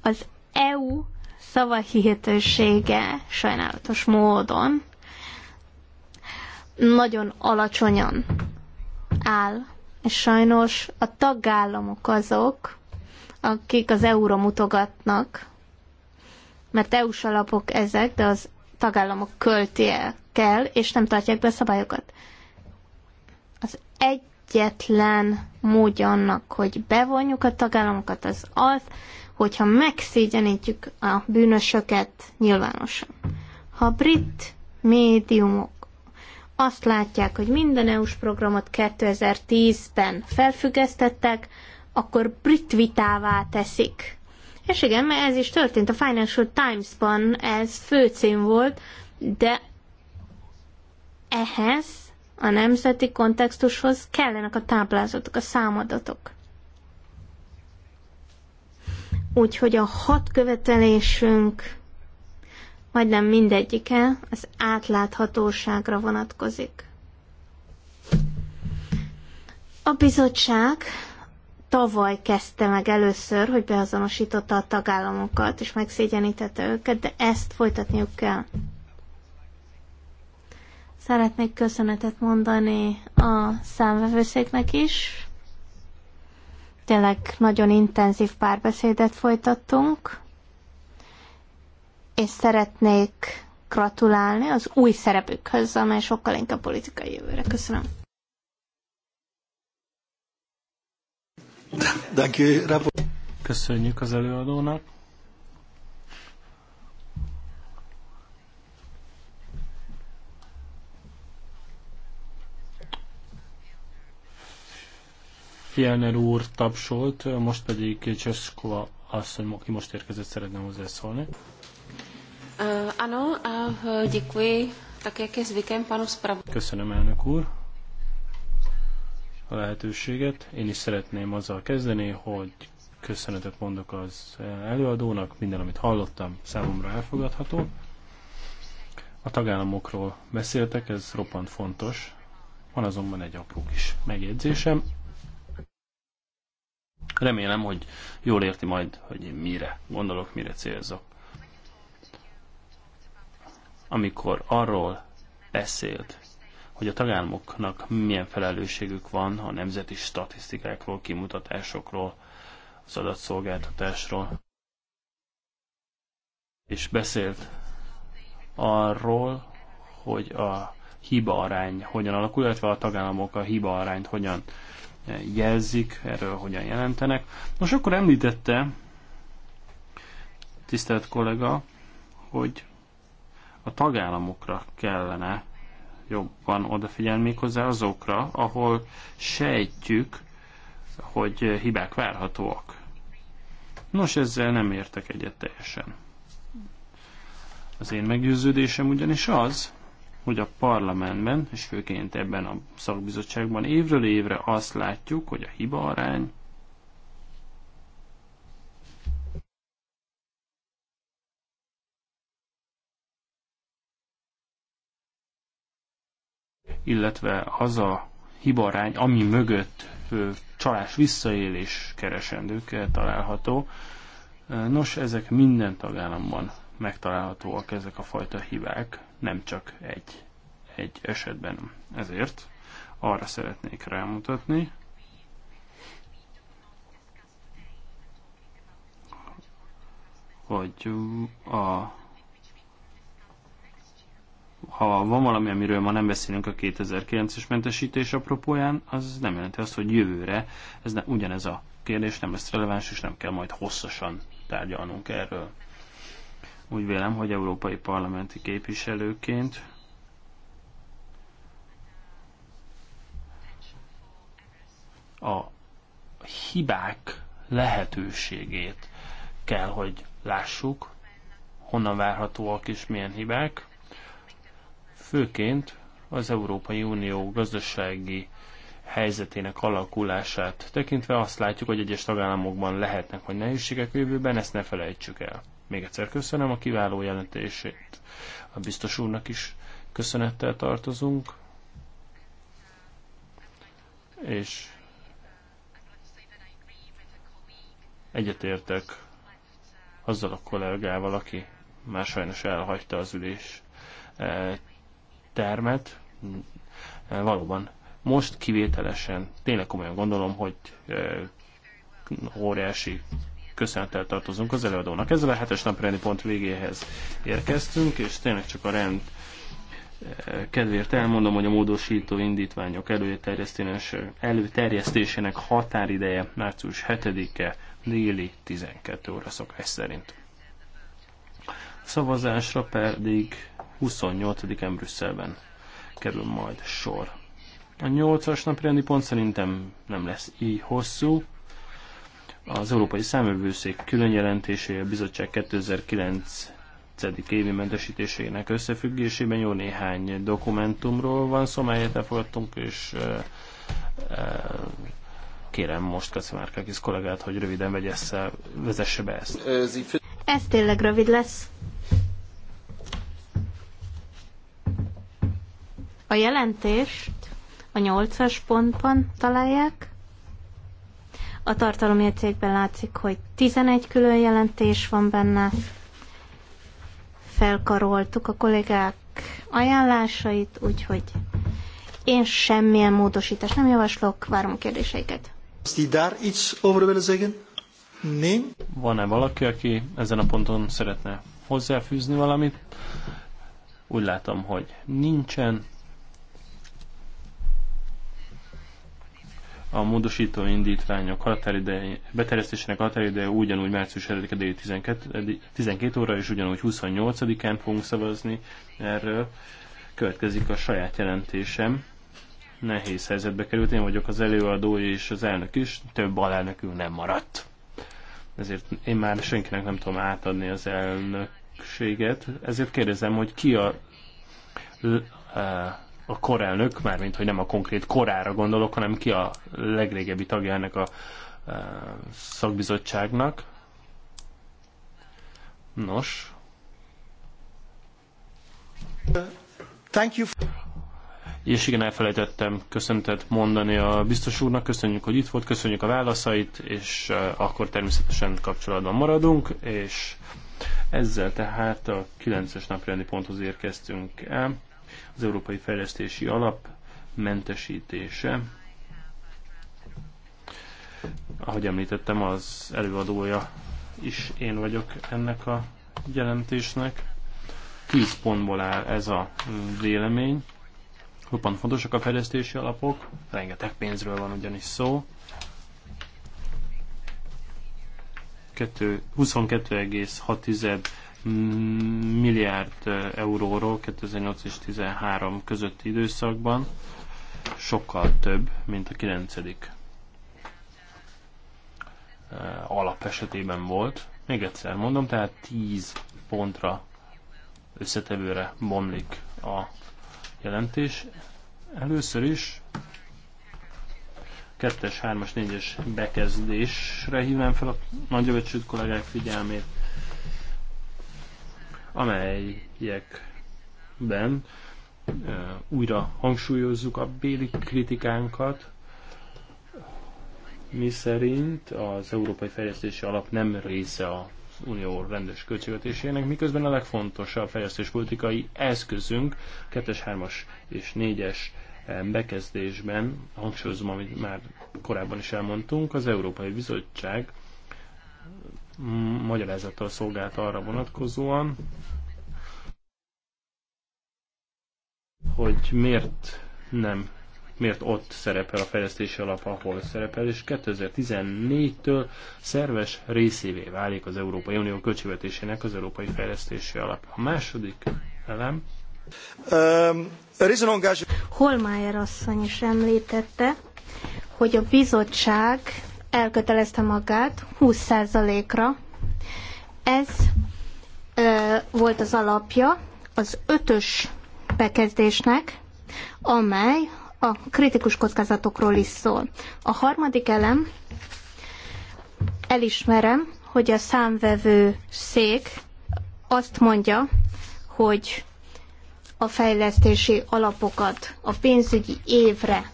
az EU szavahihetősége sajnálatos módon nagyon alacsonyan áll, és sajnos a tagállamok azok, akik az euró mutogatnak, mert EU-s alapok ezek, de az tagállamok költi el kell, és nem tartják be a szabályokat. Az egyetlen módja annak, hogy bevonjuk a tagállamokat, az az, hogyha megszégyenítjük a bűnösöket nyilvánosan. Ha a brit médiumok azt látják, hogy minden EU-s programot 2010-ben felfüggesztettek, akkor brit vitává teszik és igen, mert ez is történt. A Financial Times-ban ez főcím volt, de ehhez a nemzeti kontextushoz kellenek a táblázatok, a számadatok. Úgyhogy a hat követelésünk majdnem mindegyike az átláthatóságra vonatkozik. A bizottság tavaly kezdte meg először, hogy beazonosította a tagállamokat, és megszégyenítette őket, de ezt folytatniuk kell. Szeretnék köszönetet mondani a számvevőszéknek is. Tényleg nagyon intenzív párbeszédet folytattunk, és szeretnék gratulálni az új szerepükhöz, amely sokkal inkább politikai jövőre. Köszönöm. Köszönjük az előadónak. Fielner úr tapsolt, most pedig Cseszkova asszony, aki most érkezett, szeretne hozzászólni. Ano, eh, eh, děkuji, tak jak je zvykem, panu Köszönöm, elnök úr a lehetőséget. Én is szeretném azzal kezdeni, hogy köszönetet mondok az előadónak, minden, amit hallottam, számomra elfogadható. A tagállamokról beszéltek, ez roppant fontos. Van azonban egy apró kis megjegyzésem. Remélem, hogy jól érti majd, hogy én mire gondolok, mire célzok. Amikor arról beszélt, hogy a tagállamoknak milyen felelősségük van a nemzeti statisztikákról, kimutatásokról, az adatszolgáltatásról. És beszélt arról, hogy a hiba arány hogyan alakul, illetve a tagállamok a hiba arányt hogyan eh, jelzik, erről hogyan jelentenek. Nos, akkor említette, tisztelt kollega, hogy a tagállamokra kellene jobban odafigyelni méghozzá azokra, ahol sejtjük, hogy hibák várhatóak. Nos, ezzel nem értek egyet teljesen. Az én meggyőződésem ugyanis az, hogy a parlamentben, és főként ebben a szakbizottságban évről évre azt látjuk, hogy a hiba arány illetve az a hibarány, ami mögött csalás visszaélés keresendők található. Nos, ezek minden tagállamban megtalálhatóak ezek a fajta hibák, nem csak egy, egy esetben. Ezért arra szeretnék rámutatni, hogy a ha van valami, amiről ma nem beszélünk a 2009-es mentesítés apropóján, az nem jelenti azt, hogy jövőre ez ne, ugyanez a kérdés nem lesz releváns, és nem kell majd hosszasan tárgyalnunk erről. Úgy vélem, hogy európai parlamenti képviselőként a hibák lehetőségét kell, hogy lássuk, honnan várhatóak és milyen hibák, főként az Európai Unió gazdasági helyzetének alakulását tekintve azt látjuk, hogy egyes tagállamokban lehetnek vagy nehézségek jövőben, ezt ne felejtsük el. Még egyszer köszönöm a kiváló jelentését. A biztos úrnak is köszönettel tartozunk. És egyetértek azzal a kollégával, aki már sajnos elhagyta az ülés eh, termet. E, valóban most kivételesen tényleg komolyan gondolom, hogy e, óriási köszönettel tartozunk az előadónak. Ezzel a hetes naprendi pont végéhez érkeztünk, és tényleg csak a rend e, kedvéért elmondom, hogy a módosító indítványok előterjesztésének határideje március 7-e déli 12 óra szokás szerint. A szavazásra pedig 28-án Brüsszelben kerül majd sor. A 8-as napirendi pont szerintem nem lesz így hosszú. Az Európai Számövőszék külön jelentésé a bizottság 2009 évi mentesítésének összefüggésében jó néhány dokumentumról van szó, melyet elfogadtunk, és e, e, kérem most Kacimárkákis kollégát, hogy röviden vegyesse, vezesse be ezt. Ez tényleg rövid lesz. A jelentést a nyolcas pontban találják. A tartalomjegyzékben látszik, hogy 11 külön jelentés van benne. Felkaroltuk a kollégák ajánlásait, úgyhogy én semmilyen módosítást nem javaslok, várom a kérdéseiket. iets over willen zeggen? Van-e valaki, aki ezen a ponton szeretne hozzáfűzni valamit? Úgy látom, hogy nincsen. a módosító indítványok beterjesztésének határideje ugyanúgy március 1 12, 12 óra, és ugyanúgy 28-án fogunk szavazni erről. Következik a saját jelentésem. Nehéz helyzetbe került, én vagyok az előadó és az elnök is, több alelnökül nem maradt. Ezért én már senkinek nem tudom átadni az elnökséget, ezért kérdezem, hogy ki a a korelnök, mármint hogy nem a konkrét korára gondolok, hanem ki a legrégebbi tagja ennek a e, szakbizottságnak. Nos. Thank you. És igen, elfelejtettem köszöntet mondani a biztos úrnak, köszönjük, hogy itt volt, köszönjük a válaszait, és e, akkor természetesen kapcsolatban maradunk, és ezzel tehát a 9-es napirendi ponthoz érkeztünk el az Európai Fejlesztési Alap mentesítése. Ahogy említettem, az előadója is én vagyok ennek a jelentésnek. Tíz pontból áll ez a vélemény. Roppant fontosak a fejlesztési alapok, rengeteg pénzről van ugyanis szó milliárd euróról 2008 és 2013 közötti időszakban sokkal több, mint a 9. alap esetében volt. Még egyszer mondom, tehát 10 pontra összetevőre bomlik a jelentés. Először is 2-es, 3-as, 4-es bekezdésre hívnám fel a nagyövetsült kollégák figyelmét amelyekben újra hangsúlyozzuk a béli kritikánkat, mi szerint az Európai Fejlesztési Alap nem része a unió rendes költségvetésének, miközben a legfontosabb fejlesztéspolitikai eszközünk 2-es, 3-as és 4-es bekezdésben, hangsúlyozom, amit már korábban is elmondtunk, az Európai Bizottság magyarázattal szolgált arra vonatkozóan, hogy miért nem, miért ott szerepel a fejlesztési alap, ahol szerepel, és 2014-től szerves részévé válik az Európai Unió költségvetésének az Európai Fejlesztési Alap. A második elem. Um, Holmeier asszony is említette, hogy a bizottság elkötelezte magát 20%-ra. Ez ö, volt az alapja az ötös bekezdésnek, amely a kritikus kockázatokról is szól. A harmadik elem, elismerem, hogy a számvevő szék azt mondja, hogy a fejlesztési alapokat a pénzügyi évre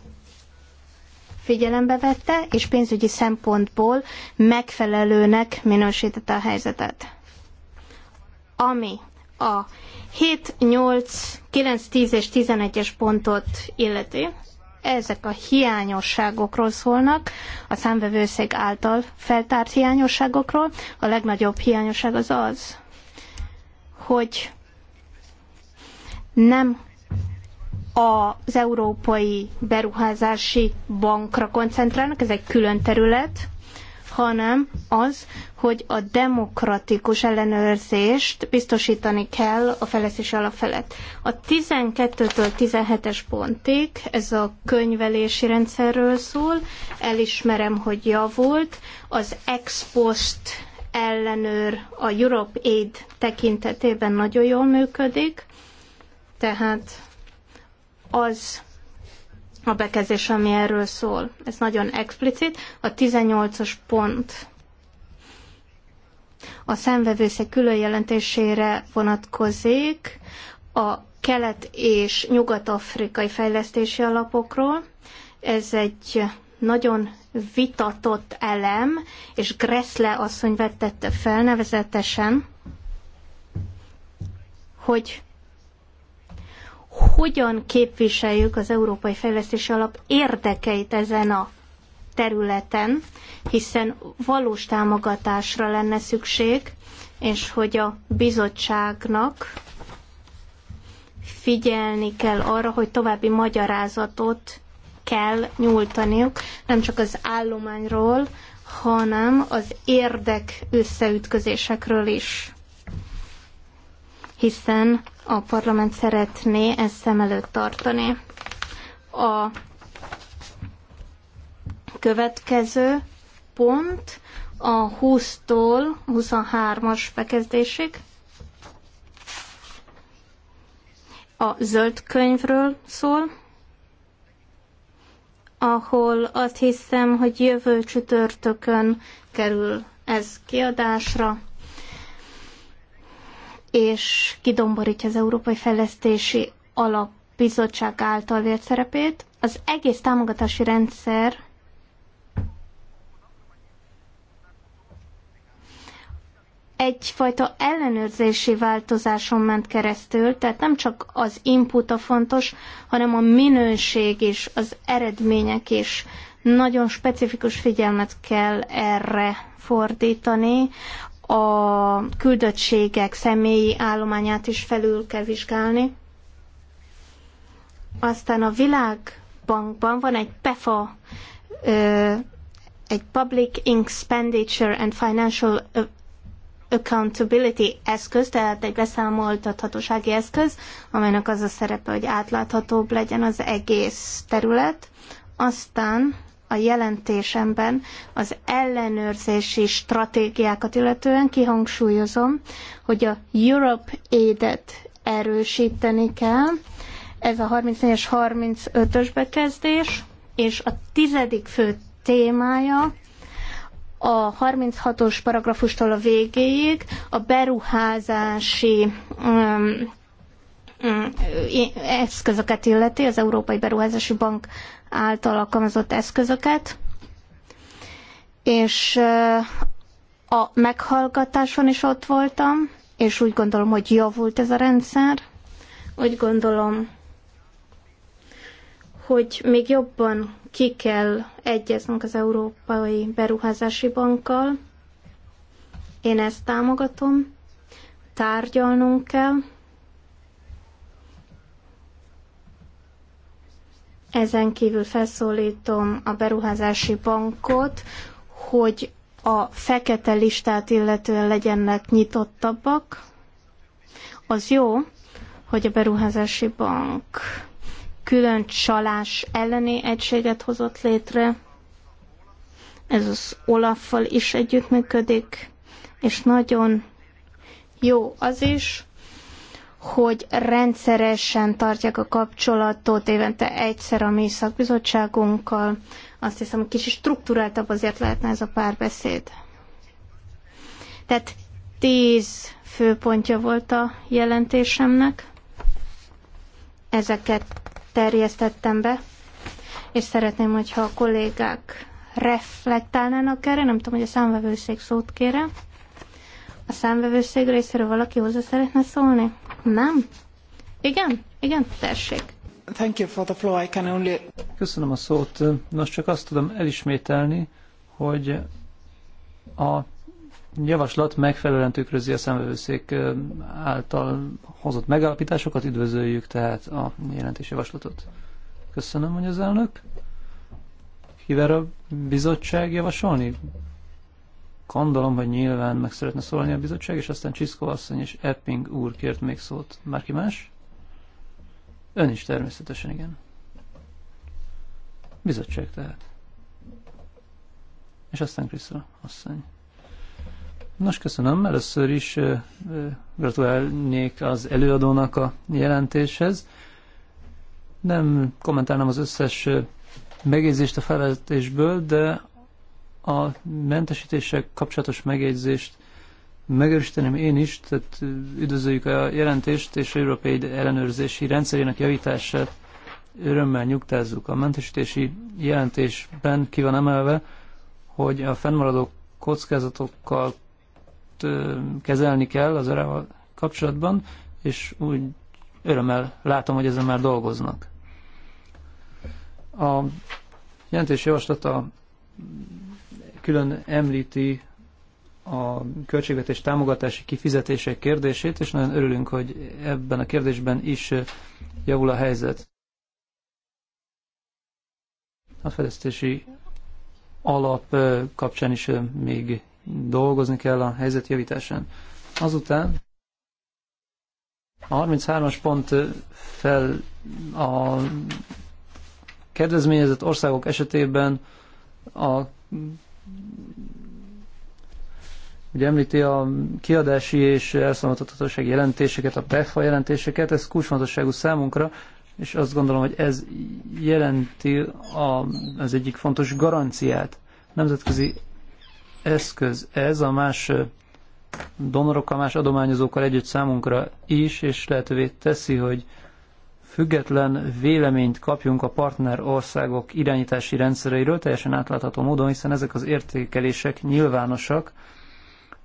figyelembe vette, és pénzügyi szempontból megfelelőnek minősítette a helyzetet. Ami a 7, 8, 9, 10 és 11-es pontot illeti, ezek a hiányosságokról szólnak, a számvevőszék által feltárt hiányosságokról. A legnagyobb hiányosság az az, hogy nem az Európai Beruházási Bankra koncentrálnak, ez egy külön terület, hanem az, hogy a demokratikus ellenőrzést biztosítani kell a fejlesztési alap felett. A 12-től 17-es pontig ez a könyvelési rendszerről szól, elismerem, hogy javult, az ex post ellenőr a Europe Aid tekintetében nagyon jól működik, tehát az a bekezdés, ami erről szól. Ez nagyon explicit. A 18 os pont a szemvevőszék külön jelentésére vonatkozik a kelet- és nyugat-afrikai fejlesztési alapokról. Ez egy nagyon vitatott elem, és Gressle asszony vettette fel nevezetesen, hogy hogyan képviseljük az Európai Fejlesztési Alap érdekeit ezen a területen, hiszen valós támogatásra lenne szükség, és hogy a bizottságnak figyelni kell arra, hogy további magyarázatot kell nyújtaniuk, nem csak az állományról, hanem az érdek összeütközésekről is. Hiszen a parlament szeretné ezt szem előtt tartani. A következő pont a 20-tól 23-as bekezdésig. A zöld könyvről szól, ahol azt hiszem, hogy jövő csütörtökön kerül ez kiadásra és kidomborítja az Európai Fejlesztési Alap Bizottság által vért szerepét. Az egész támogatási rendszer egyfajta ellenőrzési változáson ment keresztül, tehát nem csak az input a fontos, hanem a minőség is, az eredmények is. Nagyon specifikus figyelmet kell erre fordítani a küldöttségek személyi állományát is felül kell vizsgálni. Aztán a Világbankban van egy PEFA, egy Public Expenditure and Financial Accountability eszköz, tehát egy beszámoltathatósági eszköz, amelynek az a szerepe, hogy átláthatóbb legyen az egész terület. Aztán a jelentésemben az ellenőrzési stratégiákat illetően kihangsúlyozom, hogy a Europe Aid-et erősíteni kell. Ez a 34-es, 35-ös bekezdés, és a tizedik fő témája a 36-os paragrafustól a végéig a beruházási um, um, eszközöket illeti, az Európai Beruházási Bank által alkalmazott eszközöket, és a meghallgatáson is ott voltam, és úgy gondolom, hogy javult ez a rendszer. Úgy gondolom, hogy még jobban ki kell egyeznünk az Európai Beruházási Bankkal. Én ezt támogatom. Tárgyalnunk kell. Ezen kívül felszólítom a beruházási bankot, hogy a fekete listát illetően legyenek nyitottabbak. Az jó, hogy a beruházási bank külön csalás elleni egységet hozott létre. Ez az Olaffal is együttműködik, és nagyon jó az is, hogy rendszeresen tartják a kapcsolatot évente egyszer a mi szakbizottságunkkal. Azt hiszem, hogy kicsit struktúráltabb azért lehetne ez a párbeszéd. Tehát tíz főpontja volt a jelentésemnek. Ezeket terjesztettem be, és szeretném, hogyha a kollégák reflektálnának erre, nem tudom, hogy a számvevőszék szót kérem. A számvevőszék részéről valaki hozzá szeretne szólni? Nem? Igen? Igen, tessék. Thank you for the I can only... Köszönöm a szót. Nos, csak azt tudom elismételni, hogy a javaslat megfelelően tükrözi a szemvevőszék által hozott megállapításokat, üdvözöljük tehát a jelentés javaslatot. Köszönöm, hogy az elnök. Kivel a bizottság javasolni? Gondolom, hogy nyilván meg szeretne szólni a bizottság, és aztán Csiszko asszony és Epping úr kért még szót. Márki más? Ön is természetesen, igen. Bizottság tehát. És aztán Krisztó asszony. Nos, köszönöm. Először is uh, gratulálnék az előadónak a jelentéshez. Nem kommentálnám az összes megjegyzést a felvezetésből, de a mentesítések kapcsolatos megjegyzést megerősíteném én is, tehát üdvözöljük a jelentést és a európai ellenőrzési rendszerének javítását örömmel nyugtázzuk. A mentesítési jelentésben ki van emelve, hogy a fennmaradó kockázatokkal kezelni kell az erával kapcsolatban, és úgy örömmel látom, hogy ezen már dolgoznak. A jelentés javaslata külön említi a költségvetés támogatási kifizetések kérdését, és nagyon örülünk, hogy ebben a kérdésben is javul a helyzet. A fedeztési alap kapcsán is még dolgozni kell a helyzet javításán. Azután a 33-as pont fel a kedvezményezett országok esetében a ugye említi a kiadási és elszámoltathatóság jelentéseket, a PEFA jelentéseket, ez kulcsfontosságú számunkra, és azt gondolom, hogy ez jelenti a, az egyik fontos garanciát. Nemzetközi eszköz ez a más donorokkal, más adományozókkal együtt számunkra is, és lehetővé teszi, hogy független véleményt kapjunk a partner országok irányítási rendszereiről teljesen átlátható módon, hiszen ezek az értékelések nyilvánosak,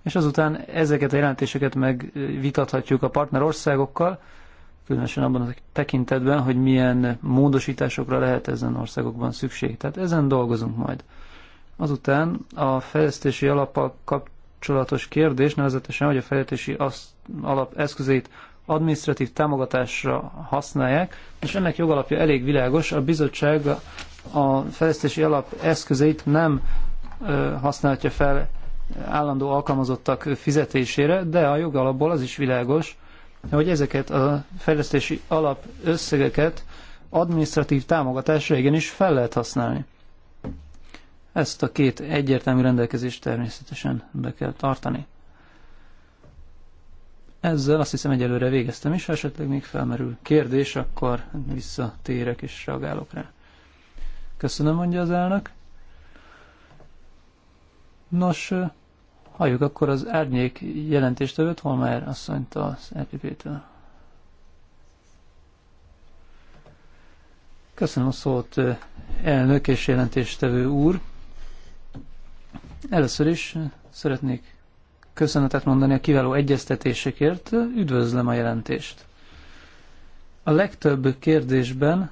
és azután ezeket a jelentéseket megvitathatjuk a partner országokkal, különösen abban a tekintetben, hogy milyen módosításokra lehet ezen országokban szükség. Tehát ezen dolgozunk majd. Azután a fejlesztési alappal kapcsolatos kérdés, nevezetesen, hogy a fejlesztési alap eszközét administratív támogatásra használják, és ennek jogalapja elég világos, a bizottság a fejlesztési alap eszközeit nem használhatja fel állandó alkalmazottak fizetésére, de a jogalapból az is világos, hogy ezeket a fejlesztési alap összegeket administratív támogatásra igenis fel lehet használni. Ezt a két egyértelmű rendelkezést természetesen be kell tartani. Ezzel azt hiszem egyelőre végeztem is, ha esetleg még felmerül kérdés, akkor visszatérek és reagálok rá. Köszönöm, mondja az elnök. Nos, halljuk akkor az árnyék jelentéstevőt, már asszonyt az EPP-től. Köszönöm a szót, elnök és jelentéstevő úr. Először is szeretnék köszönetet mondani a kiváló egyeztetésekért, üdvözlöm a jelentést. A legtöbb kérdésben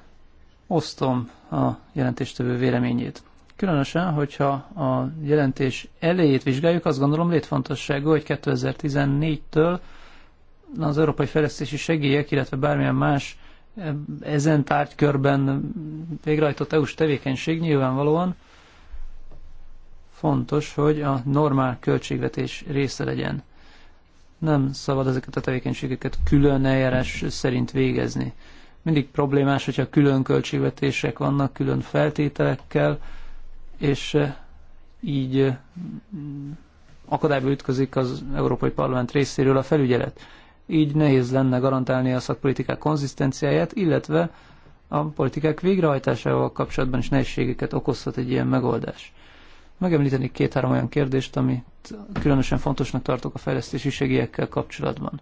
osztom a jelentéstevő véleményét. Különösen, hogyha a jelentés elejét vizsgáljuk, azt gondolom létfontosságú, hogy 2014-től az európai fejlesztési segélyek, illetve bármilyen más ehm, ezen tárgykörben végrehajtott EU-s tevékenység nyilvánvalóan fontos, hogy a normál költségvetés része legyen. Nem szabad ezeket a tevékenységeket külön eljárás szerint végezni. Mindig problémás, hogyha külön költségvetések vannak, külön feltételekkel, és eh, így eh, akadályba ütközik az Európai Parlament részéről a felügyelet. Így nehéz lenne garantálni a szakpolitikák konzisztenciáját, illetve a politikák végrehajtásával kapcsolatban is nehézségeket okozhat egy ilyen megoldás megemlíteni két-három olyan kérdést, amit különösen fontosnak tartok a fejlesztési segélyekkel kapcsolatban.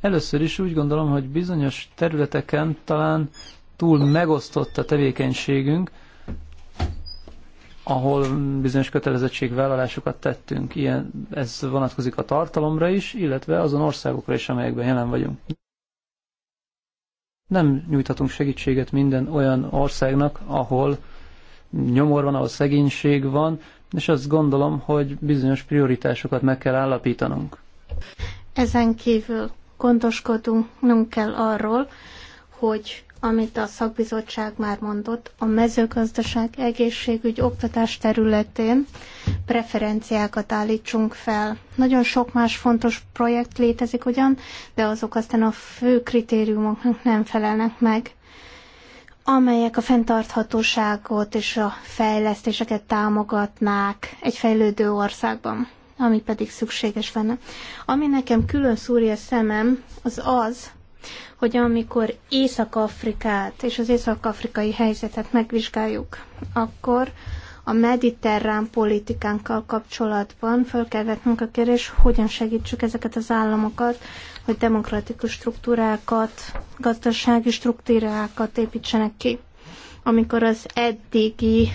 Először is úgy gondolom, hogy bizonyos területeken talán túl megosztott a tevékenységünk, ahol bizonyos kötelezettségvállalásokat tettünk. Ilyen, ez vonatkozik a tartalomra is, illetve azon országokra is, amelyekben jelen vagyunk. Nem nyújthatunk segítséget minden olyan országnak, ahol nyomor van, ahol szegénység van, és azt gondolom, hogy bizonyos prioritásokat meg kell állapítanunk. Ezen kívül gondoskodunk kell arról, hogy amit a szakbizottság már mondott, a mezőgazdaság, egészségügy, oktatás területén preferenciákat állítsunk fel. Nagyon sok más fontos projekt létezik ugyan, de azok aztán a fő kritériumoknak nem felelnek meg amelyek a fenntarthatóságot és a fejlesztéseket támogatnák egy fejlődő országban, ami pedig szükséges lenne. Ami nekem külön szúrja szemem, az az, hogy amikor Észak-Afrikát és az észak-afrikai helyzetet megvizsgáljuk, akkor a mediterrán politikánkkal kapcsolatban föl kell vetnünk a kérdés, hogyan segítsük ezeket az államokat, hogy demokratikus struktúrákat, gazdasági struktúrákat építsenek ki. Amikor az eddigi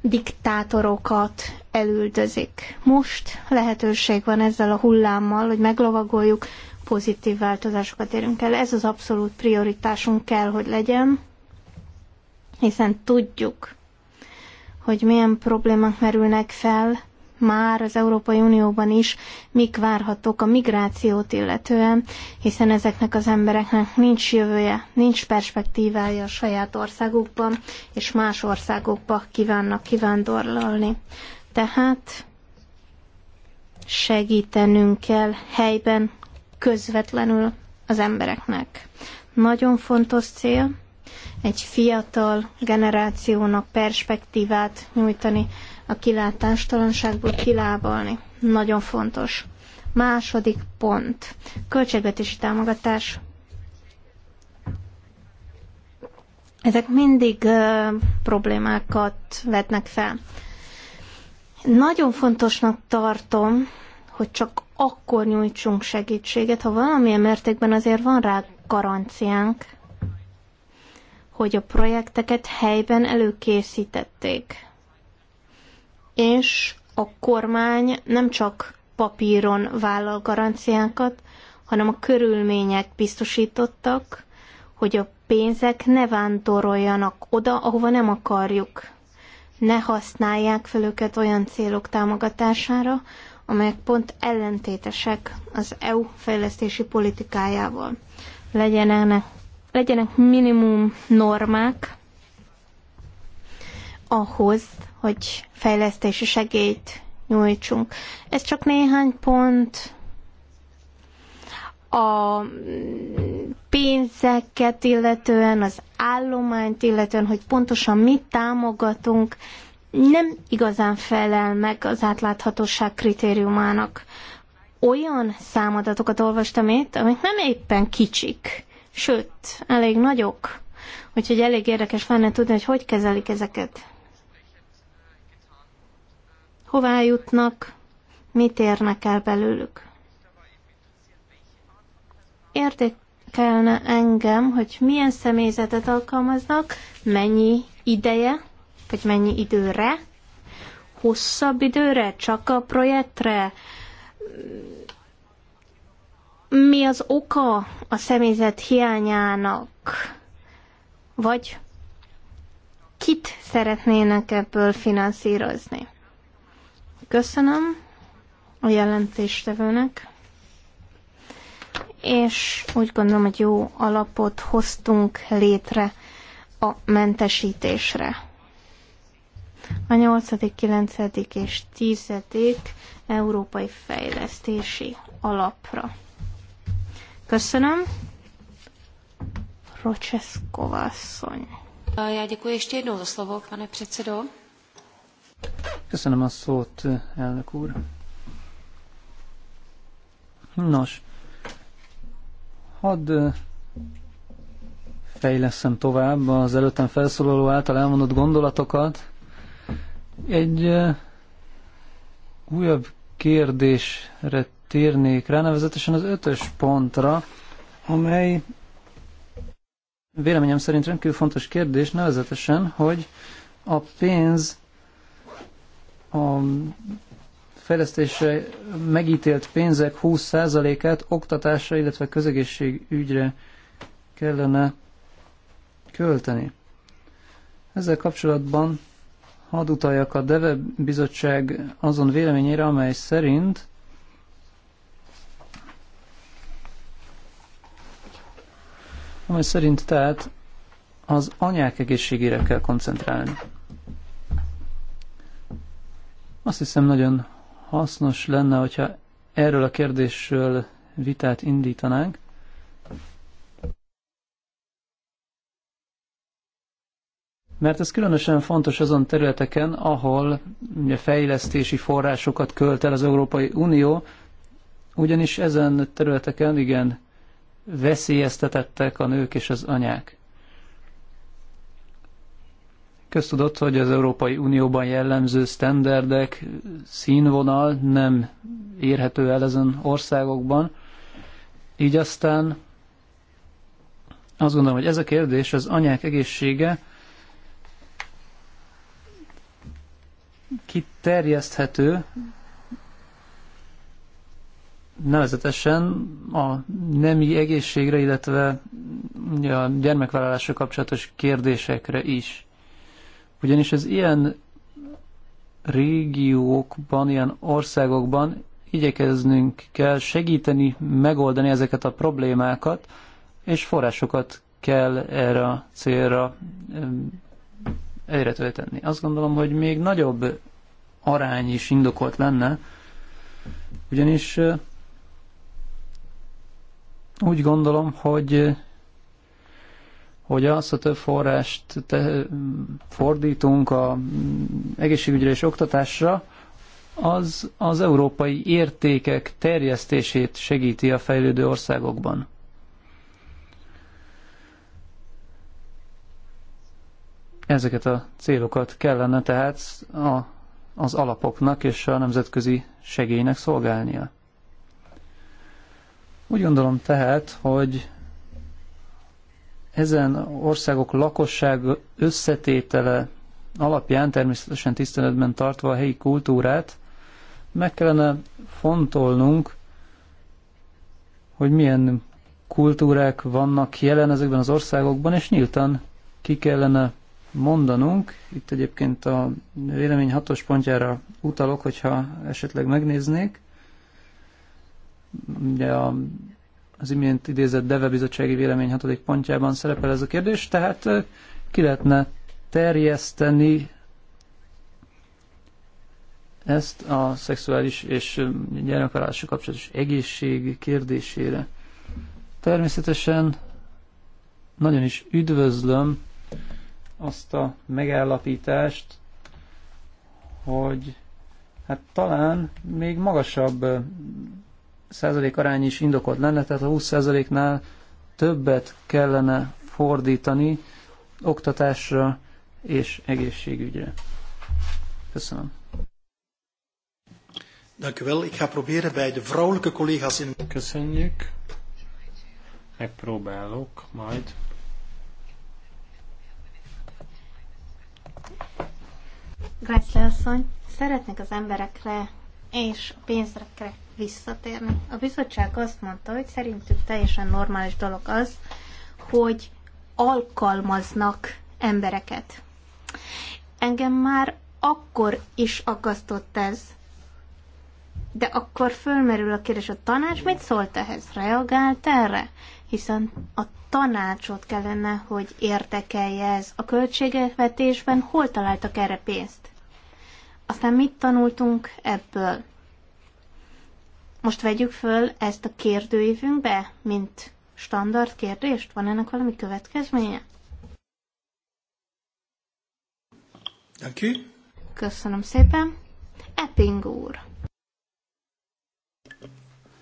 diktátorokat elüldözik. Most lehetőség van ezzel a hullámmal, hogy meglovagoljuk, pozitív változásokat érünk el. Ez az abszolút prioritásunk kell, hogy legyen, hiszen tudjuk, hogy milyen problémák merülnek fel már az Európai Unióban is, mik várhatók a migrációt illetően, hiszen ezeknek az embereknek nincs jövője, nincs perspektívája a saját országukban, és más országokba kívánnak kivándorlalni. Tehát segítenünk kell helyben, közvetlenül az embereknek. Nagyon fontos cél, egy fiatal generációnak perspektívát nyújtani, a kilátástalanságból kilábalni. Nagyon fontos. Második pont. Költségvetési támogatás. Ezek mindig uh, problémákat vetnek fel. Nagyon fontosnak tartom, hogy csak akkor nyújtsunk segítséget, ha valamilyen mértékben azért van rá garanciánk, hogy a projekteket helyben előkészítették. És a kormány nem csak papíron vállal garanciákat, hanem a körülmények biztosítottak, hogy a pénzek ne vándoroljanak oda, ahova nem akarjuk. Ne használják fel őket olyan célok támogatására, amelyek pont ellentétesek az EU fejlesztési politikájával. legyen ennek legyenek minimum normák ahhoz, hogy fejlesztési segélyt nyújtsunk. Ez csak néhány pont. A pénzeket illetően, az állományt illetően, hogy pontosan mit támogatunk, nem igazán felel meg az átláthatóság kritériumának. Olyan számadatokat olvastam itt, amik nem éppen kicsik sőt, elég nagyok, úgyhogy elég érdekes lenne tudni, hogy hogy kezelik ezeket. Hová jutnak, mit érnek el belőlük. Érdekelne engem, hogy milyen személyzetet alkalmaznak, mennyi ideje, vagy mennyi időre, hosszabb időre, csak a projektre, mi az oka a személyzet hiányának? Vagy kit szeretnének ebből finanszírozni? Köszönöm a jelentéstevőnek, és úgy gondolom, hogy jó alapot hoztunk létre a mentesítésre. A 8., 9. és 10. Európai Fejlesztési Alapra. Köszönöm. Ročesková asszony. Eh, já děkuji ještě jednou za slovo, pane předsedo. Köszönöm a szót, elnök úr. Nos, hadd eh, fejleszem tovább az előttem felszólaló által elmondott gondolatokat. Egy eh, újabb kérdésre térnék rá, nevezetesen az ötös pontra, amely véleményem szerint rendkívül fontos kérdés, nevezetesen, hogy a pénz a fejlesztésre megítélt pénzek 20%-át oktatásra, illetve közegészségügyre kellene költeni. Ezzel kapcsolatban hadd utaljak a DEVE bizottság azon véleményére, amely szerint amely szerint tehát az anyák egészségére kell koncentrálni. Azt hiszem nagyon hasznos lenne, hogyha erről a kérdésről vitát indítanánk. Mert ez különösen fontos azon területeken, ahol ugye, fejlesztési forrásokat költ el az Európai Unió, ugyanis ezen területeken igen veszélyeztetettek a nők és az anyák. Köztudott, hogy az Európai Unióban jellemző sztenderdek, színvonal nem érhető el ezen országokban, így aztán azt gondolom, hogy ez a kérdés, az anyák egészsége kiterjeszthető nevezetesen a nemi egészségre, illetve a gyermekvállalásra kapcsolatos kérdésekre is. Ugyanis az ilyen régiókban, ilyen országokban igyekeznünk kell segíteni, megoldani ezeket a problémákat, és forrásokat kell erre a célra egyre tölteni. Azt gondolom, hogy még nagyobb arány is indokolt lenne, ugyanis úgy gondolom, hogy hogy azt a több forrást te, fordítunk a egészségügyre és oktatásra, az az európai értékek terjesztését segíti a fejlődő országokban. Ezeket a célokat kellene tehát a, az alapoknak és a nemzetközi segélynek szolgálnia. Úgy gondolom tehát, hogy ezen országok lakosság összetétele alapján, természetesen tiszteletben tartva a helyi kultúrát, meg kellene fontolnunk, hogy milyen kultúrák vannak jelen ezekben az országokban, és nyíltan ki kellene mondanunk. Itt egyébként a vélemény hatos pontjára utalok, hogyha esetleg megnéznék ugye a, az imént idézett Deve bizottsági vélemény hatodik pontjában szerepel ez a kérdés, tehát ki lehetne terjeszteni ezt a szexuális és gyermekvállalási kapcsolatos egészség kérdésére. Természetesen nagyon is üdvözlöm azt a megállapítást, hogy hát talán még magasabb százalék arány is indokolt lenne, tehát a 20 százaléknál többet kellene fordítani oktatásra és egészségügyre. Köszönöm. Dank u wel. Ik ga proberen bij de vrouwelijke collega's in... Köszönjük. Megpróbálok majd. Gressle asszony, szeretnek az emberekre és a pénzre visszatérni. A bizottság azt mondta, hogy szerintük teljesen normális dolog az, hogy alkalmaznak embereket. Engem már akkor is aggasztott ez, de akkor fölmerül a kérdés, a tanács mit szólt ehhez? Reagált erre? Hiszen a tanácsot kellene, hogy értekelje ez. A költségvetésben hol találtak erre pénzt? Aztán mit tanultunk ebből? Most vegyük föl ezt a kérdőívünkbe, mint standard kérdést? Van ennek valami következménye? Aki? Köszönöm szépen. Epping úr.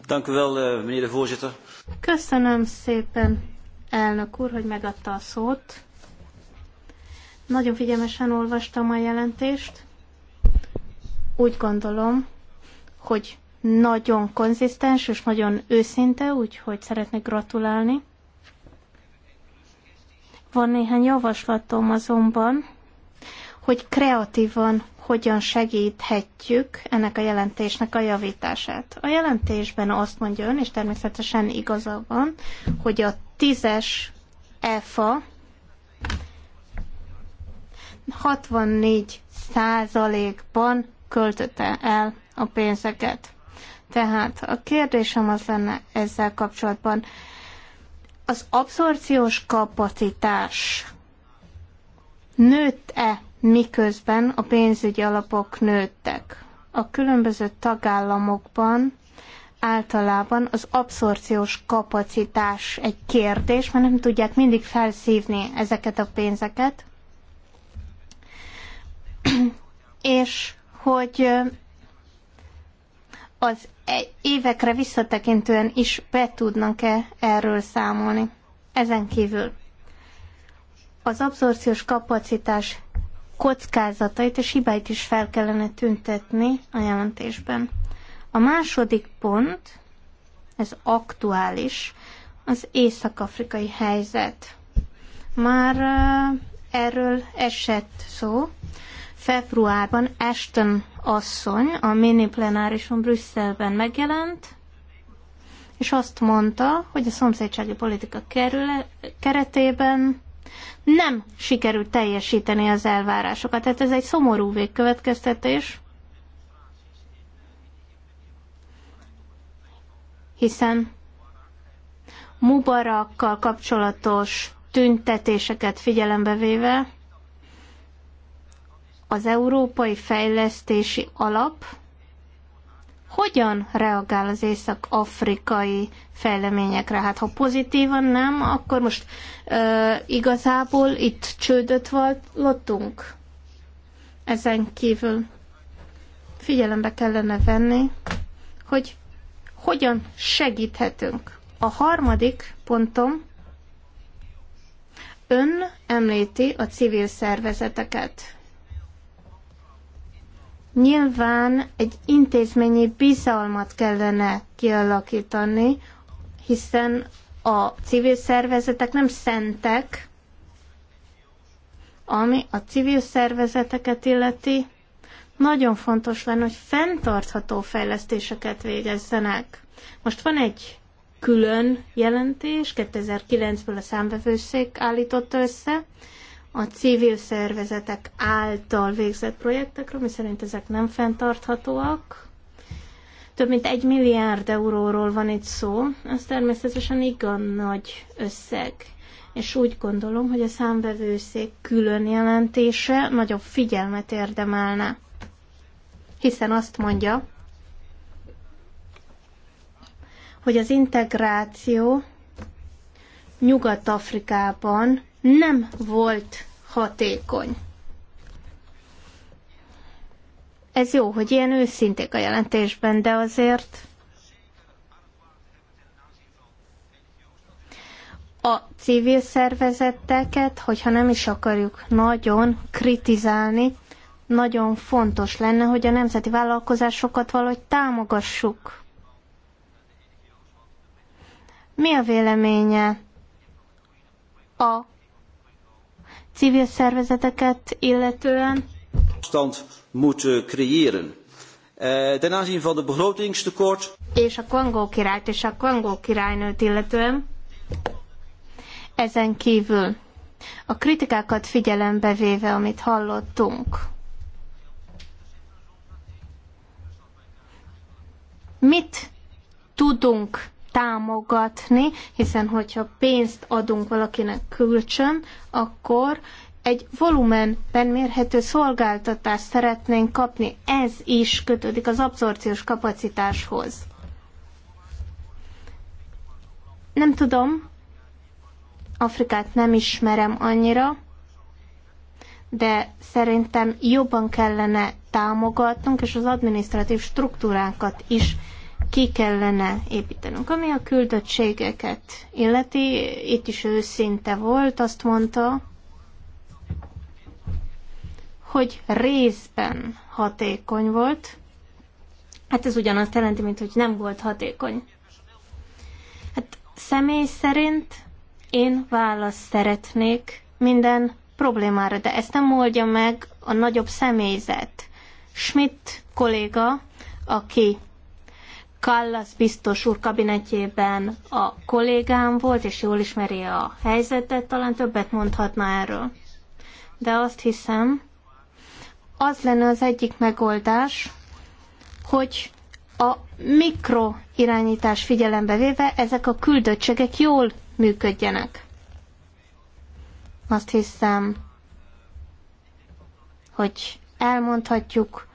Dank u wel, eh, meneer de voorzitter. Köszönöm szépen, elnök úr, hogy megadta a szót. Nagyon figyelmesen olvastam a jelentést. Úgy gondolom, hogy nagyon konzisztens és nagyon őszinte, úgyhogy szeretnék gratulálni. Van néhány javaslatom azonban, hogy kreatívan hogyan segíthetjük ennek a jelentésnek a javítását. A jelentésben azt mondja ön, és természetesen igaza van, hogy a tízes EFA 64 százalékban költötte el a pénzeket. Tehát a kérdésem az lenne ezzel kapcsolatban, az abszorciós kapacitás nőtt-e, miközben a pénzügyi alapok nőttek? A különböző tagállamokban általában az abszorciós kapacitás egy kérdés, mert nem tudják mindig felszívni ezeket a pénzeket, és hogy az e- évekre visszatekintően is be tudnak-e erről számolni. Ezen kívül az abszorciós kapacitás kockázatait és hibáit is fel kellene tüntetni a jelentésben. A második pont, ez aktuális, az észak-afrikai helyzet. Már erről esett szó, Februárban Ashton asszony a mini plenárison Brüsszelben megjelent, és azt mondta, hogy a szomszédsági politika kerüle, keretében nem sikerült teljesíteni az elvárásokat. Tehát ez egy szomorú végkövetkeztetés, hiszen Mubarakkal kapcsolatos tüntetéseket figyelembe véve az Európai Fejlesztési Alap hogyan reagál az észak-afrikai fejleményekre? Hát ha pozitívan nem, akkor most ö, igazából itt csődöt vallottunk. Ezen kívül figyelembe kellene venni, hogy hogyan segíthetünk. A harmadik pontom, ön említi a civil szervezeteket. Nyilván egy intézményi bizalmat kellene kialakítani, hiszen a civil szervezetek nem szentek, ami a civil szervezeteket illeti, nagyon fontos lenne, hogy fenntartható fejlesztéseket végezzenek. Most van egy külön jelentés, 2009-ből a számvevőszék állította össze, a civil szervezetek által végzett projektekről, mi szerint ezek nem fenntarthatóak. Több mint egy milliárd euróról van itt szó, ez természetesen igen nagy összeg. És úgy gondolom, hogy a számvevőszék külön jelentése nagyobb figyelmet érdemelne. Hiszen azt mondja, hogy az integráció Nyugat-Afrikában nem volt hatékony. Ez jó, hogy ilyen őszinték a jelentésben, de azért a civil szervezeteket, hogyha nem is akarjuk nagyon kritizálni, nagyon fontos lenne, hogy a nemzeti vállalkozásokat valahogy támogassuk. Mi a véleménye a civil szervezeteket illetően. Stand moet creëren. Eh, ten aanzien van de begrotingstekort. És a Kongó királyt és a Kongó királynőt illetően. Ezen kívül a kritikákat figyelembe véve, amit hallottunk, mit tudunk támogatni, hiszen hogyha pénzt adunk valakinek kölcsön, akkor egy volumenben mérhető szolgáltatást szeretnénk kapni. Ez is kötődik az abszorciós kapacitáshoz. Nem tudom, Afrikát nem ismerem annyira, de szerintem jobban kellene támogatnunk, és az administratív struktúránkat is ki kellene építenünk. Ami a küldöttségeket illeti, itt is őszinte volt, azt mondta, hogy részben hatékony volt. Hát ez ugyanazt jelenti, mint hogy nem volt hatékony. Hát személy szerint én választ szeretnék minden problémára, de ezt nem oldja meg a nagyobb személyzet. Schmidt kolléga, aki Kallas biztos úr kabinetjében a kollégám volt, és jól ismeri a helyzetet, talán többet mondhatna erről. De azt hiszem, az lenne az egyik megoldás, hogy a mikroirányítás figyelembe véve ezek a küldöttségek jól működjenek. Azt hiszem, hogy elmondhatjuk,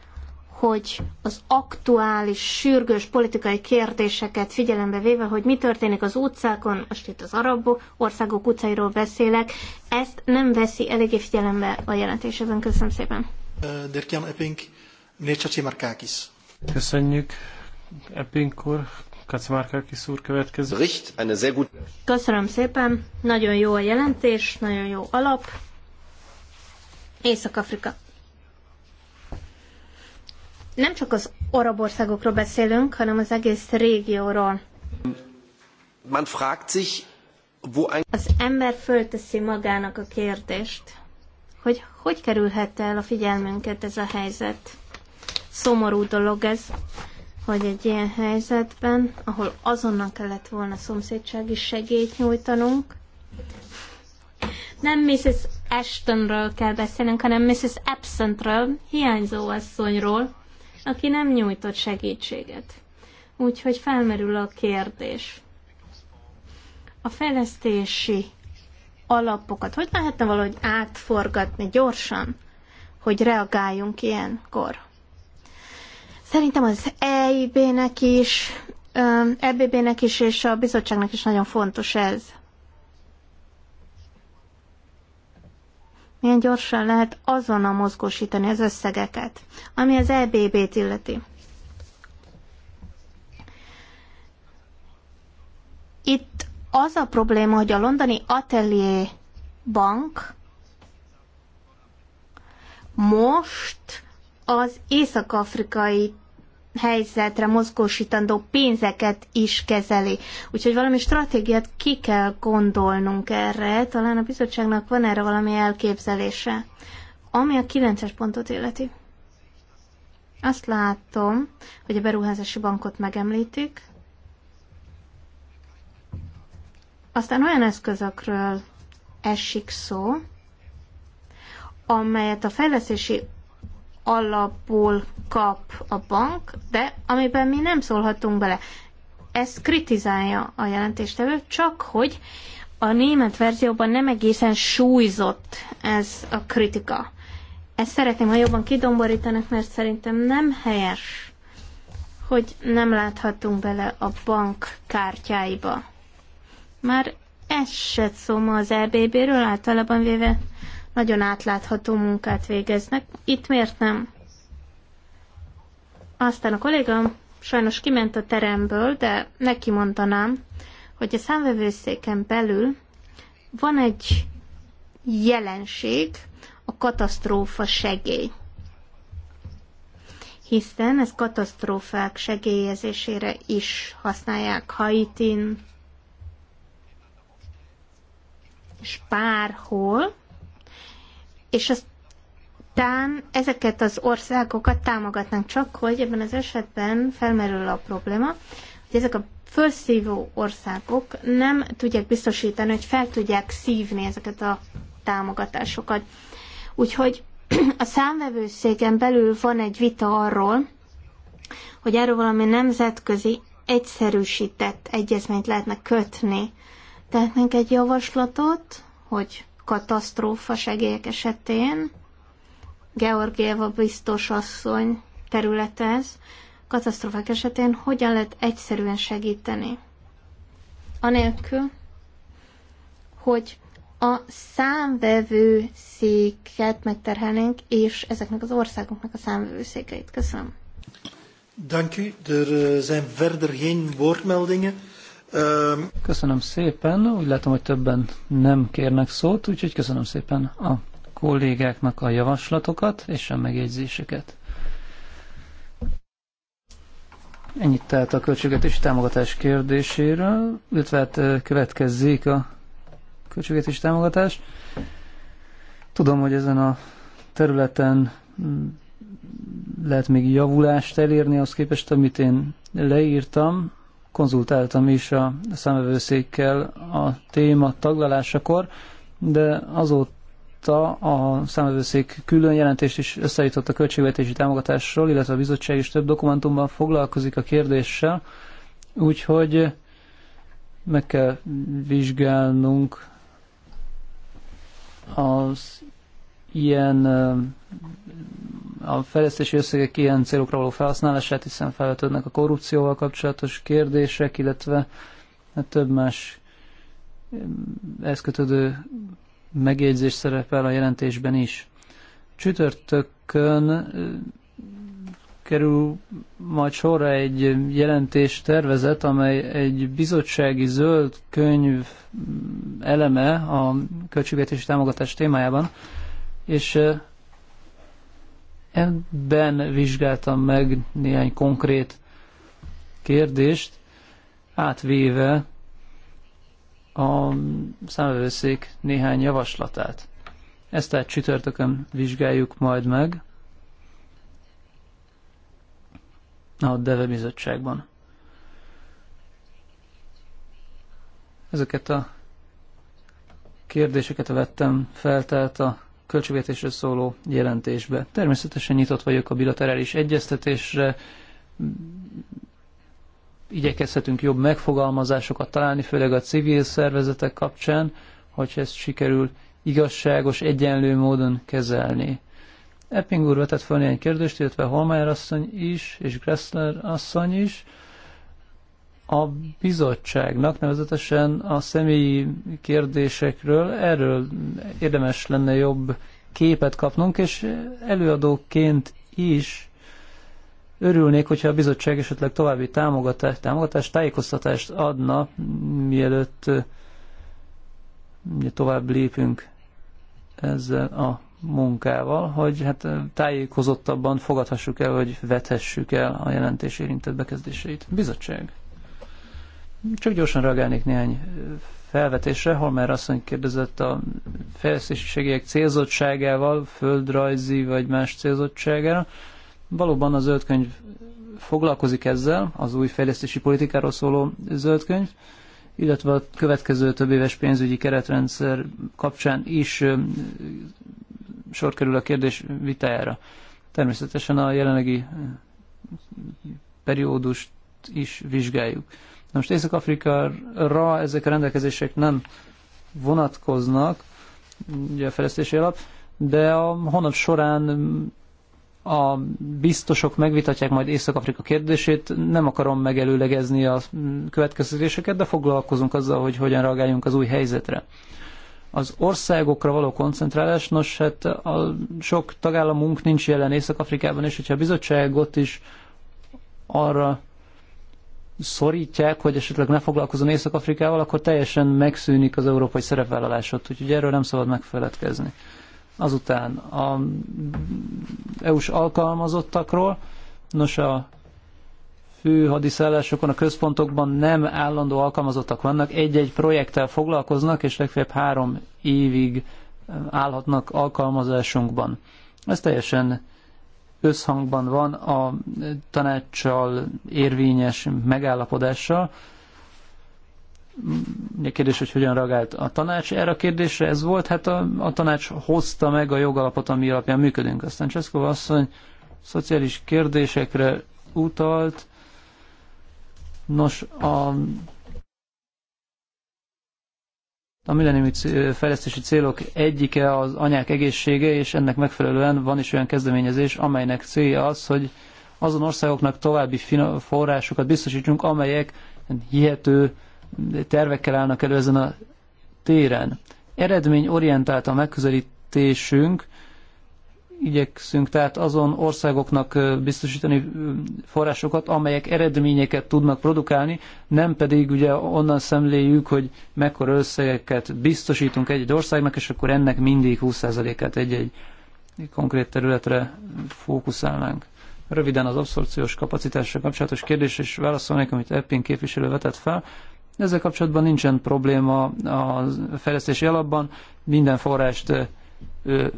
hogy az aktuális, sürgős politikai kérdéseket figyelembe véve, hogy mi történik az utcákon, most itt az arab országok utcairól beszélek, ezt nem veszi eléggé figyelembe a jelentésében. Köszönöm szépen. Eh, Dirkian Epping, Nécsacsi Markákis. Köszönjük. Epping úr, Kacimárkákis úr következő. Richt, eine sehr gut... Köszönöm szépen. Nagyon jó a jelentés, nagyon jó alap. Észak-Afrika nem csak az arab országokról beszélünk, hanem az egész régióról. Man fragt sich, wo ein... Az ember fölteszi magának a kérdést, hogy hogy kerülhet el a figyelmünket ez a helyzet. Szomorú dolog ez, hogy egy ilyen helyzetben, ahol azonnal kellett volna szomszédsági segélyt nyújtanunk, nem Mrs. Ashtonről kell beszélnünk, hanem Mrs. Absentről, hiányzó asszonyról, aki nem nyújtott segítséget. Úgyhogy felmerül a kérdés. A fejlesztési alapokat hogy lehetne valahogy átforgatni gyorsan, hogy reagáljunk ilyenkor? Szerintem az EIB-nek is, EBB-nek is és a bizottságnak is nagyon fontos ez. milyen gyorsan lehet azonnal mozgósítani az összegeket, ami az EBB-t illeti. Itt az a probléma, hogy a londoni Atelier Bank most az észak-afrikai helyzetre mozgósítandó pénzeket is kezeli. Úgyhogy valami stratégiát ki kell gondolnunk erre, talán a bizottságnak van erre valami elképzelése. Ami a 9-es pontot illeti. Azt látom, hogy a beruházási bankot megemlítik, aztán olyan eszközökről esik szó, amelyet a fejlesztési alapból kap a bank, de amiben mi nem szólhatunk bele. Ez kritizálja a jelentéstevő, csak hogy a német verzióban nem egészen súlyzott ez a kritika. Ezt szeretném, ha jobban kidomborítanak, mert szerintem nem helyes, hogy nem láthatunk bele a bank kártyáiba. Már esett szó ma az RBB-ről általában véve nagyon átlátható munkát végeznek. Itt miért nem? Aztán a kollégám sajnos kiment a teremből, de neki mondanám, hogy a számvevőszéken belül van egy jelenség, a katasztrófa segély. Hiszen ez katasztrófák segélyezésére is használják Haitin, és bárhol, és aztán ezeket az országokat támogatnánk csak, hogy ebben az esetben felmerül a probléma, hogy ezek a felszívó országok nem tudják biztosítani, hogy fel tudják szívni ezeket a támogatásokat. Úgyhogy a számvevőszéken belül van egy vita arról, hogy erről valami nemzetközi egyszerűsített egyezményt lehetne kötni. Tehetnénk egy javaslatot, hogy katasztrófa segélyek esetén, Georgieva biztos asszony terület ez, katasztrófák esetén hogyan lehet egyszerűen segíteni. Anélkül, hogy a számvevő széket megterhelnénk, és ezeknek az országoknak a számvevő székeit. Köszönöm. Dank u. Er eh, zijn verder geen woordmeldingen. Köszönöm szépen. Úgy látom, hogy többen nem kérnek szót, úgyhogy köszönöm szépen a kollégáknak a javaslatokat és a megjegyzéseket. Ennyit tehát a költségvetési támogatás kérdéséről, illetve hát következzék a költségvetési támogatás. Tudom, hogy ezen a területen mm, lehet még javulást elérni az képest, amit én leírtam, konzultáltam is a számvevőszékkel a téma taglalásakor, de azóta a számvevőszék külön jelentést is összeállított a költségvetési támogatásról, illetve a bizottság is több dokumentumban foglalkozik a kérdéssel, úgyhogy meg kell vizsgálnunk az ilyen a fejlesztési összegek ilyen célokra való felhasználását, hiszen felvetődnek a korrupcióval kapcsolatos kérdések, illetve hát több más ehhez megjegyzés szerepel a jelentésben is. Csütörtökön kerül majd sorra egy jelentés tervezet, amely egy bizottsági zöld könyv mm, eleme a költségvetési támogatás témájában és ebben vizsgáltam meg néhány konkrét kérdést, átvéve a számvevőszék néhány javaslatát. Ezt tehát csütörtökön vizsgáljuk majd meg a DEVE bizottságban. Ezeket a kérdéseket vettem fel, tehát a költségvetésről szóló jelentésbe. Természetesen nyitott vagyok a bilaterális egyeztetésre, igyekezhetünk jobb megfogalmazásokat találni, főleg a civil szervezetek kapcsán, hogy ezt sikerül igazságos, egyenlő módon kezelni. Epping úr vetett fel néhány kérdést, illetve Holmeyer asszony is, és Gressler asszony is a bizottságnak, nevezetesen a személyi kérdésekről, erről érdemes lenne jobb képet kapnunk, és előadóként is örülnék, hogyha a bizottság esetleg további támogatást, támogatást tájékoztatást adna, mielőtt ugye, tovább lépünk ezzel a munkával, hogy hát tájékozottabban fogadhassuk el, hogy vethessük el a jelentés érintett bekezdéseit. Bizottság. Csak gyorsan reagálnék néhány felvetésre. Holmer asszony kérdezett a fejlesztési segélyek célzottságával, földrajzi vagy más célzottságára. Valóban a zöldkönyv foglalkozik ezzel, az új fejlesztési politikáról szóló zöldkönyv, illetve a következő több éves pénzügyi keretrendszer kapcsán is sor kerül a kérdés vitájára. Természetesen a jelenlegi periódust is vizsgáljuk. Na most Észak-Afrikára ezek a rendelkezések nem vonatkoznak, ugye a fejlesztési alap, de a hónap során a biztosok megvitatják majd Észak-Afrika kérdését, nem akarom megelőlegezni a következtetéseket, de foglalkozunk azzal, hogy hogyan reagáljunk az új helyzetre. Az országokra való koncentrálás, nos hát a sok tagállamunk nincs jelen Észak-Afrikában, és hogyha a bizottságot is arra szorítják, hogy esetleg ne foglalkozom Észak-Afrikával, akkor teljesen megszűnik az európai szerepvállalásod, úgyhogy erről nem szabad megfeledkezni. Azután a EU-s alkalmazottakról, nos a fő hadiszállásokon, a központokban nem állandó alkalmazottak vannak, egy-egy projekttel foglalkoznak, és legfeljebb három évig állhatnak alkalmazásunkban. Ez teljesen összhangban van a tanácssal érvényes megállapodással. A kérdés, hogy hogyan reagált a tanács erre a kérdésre, ez volt, hát a, a tanács hozta meg a jogalapot, ami alapján működünk. Aztán Cseszkova asszony szociális kérdésekre utalt. Nos, a a millenniumi fejlesztési célok egyike az anyák egészsége, és ennek megfelelően van is olyan kezdeményezés, amelynek célja az, hogy azon országoknak további forrásokat biztosítsunk, amelyek hihető tervekkel állnak elő ezen a téren. Eredményorientált a megközelítésünk, igyekszünk tehát azon országoknak biztosítani forrásokat, amelyek eredményeket tudnak produkálni, nem pedig ugye onnan szemléljük, hogy mekkora összegeket biztosítunk egy-egy országnak, és akkor ennek mindig 20%-át egy-egy konkrét területre fókuszálnánk. Röviden az abszorciós kapacitásra kapcsolatos kérdés, és válaszolnék, amit Eppin képviselő vetett fel. Ezzel kapcsolatban nincsen probléma a fejlesztési alapban, minden forrást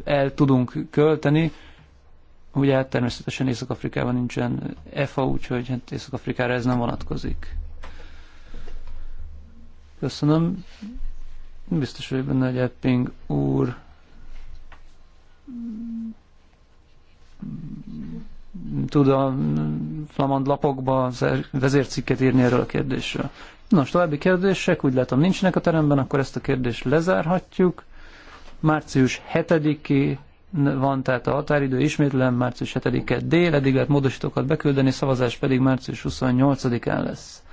el tudunk költeni. Ugye hát természetesen Észak-Afrikában nincsen EFA, úgyhogy hát Észak-Afrikára ez nem vonatkozik. Köszönöm. Biztos vagyok benne, hogy Epping úr tud a flamand lapokba vezércikket írni erről a kérdésről. Nos, további kérdések, úgy látom nincsenek a teremben, akkor ezt a kérdést lezárhatjuk. Március 7-i van tehát a határidő, ismétlen, március 7-e dél, eddig lehet módosítókat beküldeni, szavazás pedig március 28-án lesz.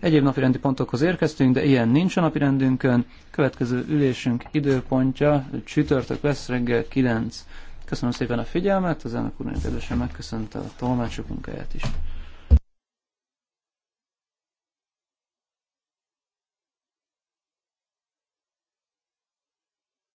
Egyéb napirendi pontokhoz érkeztünk, de ilyen nincs a napirendünkön. Következő ülésünk időpontja csütörtök lesz reggel 9. Köszönöm szépen a figyelmet, az elnök úrnak kedvesen megköszönte a tolmácsok munkáját is.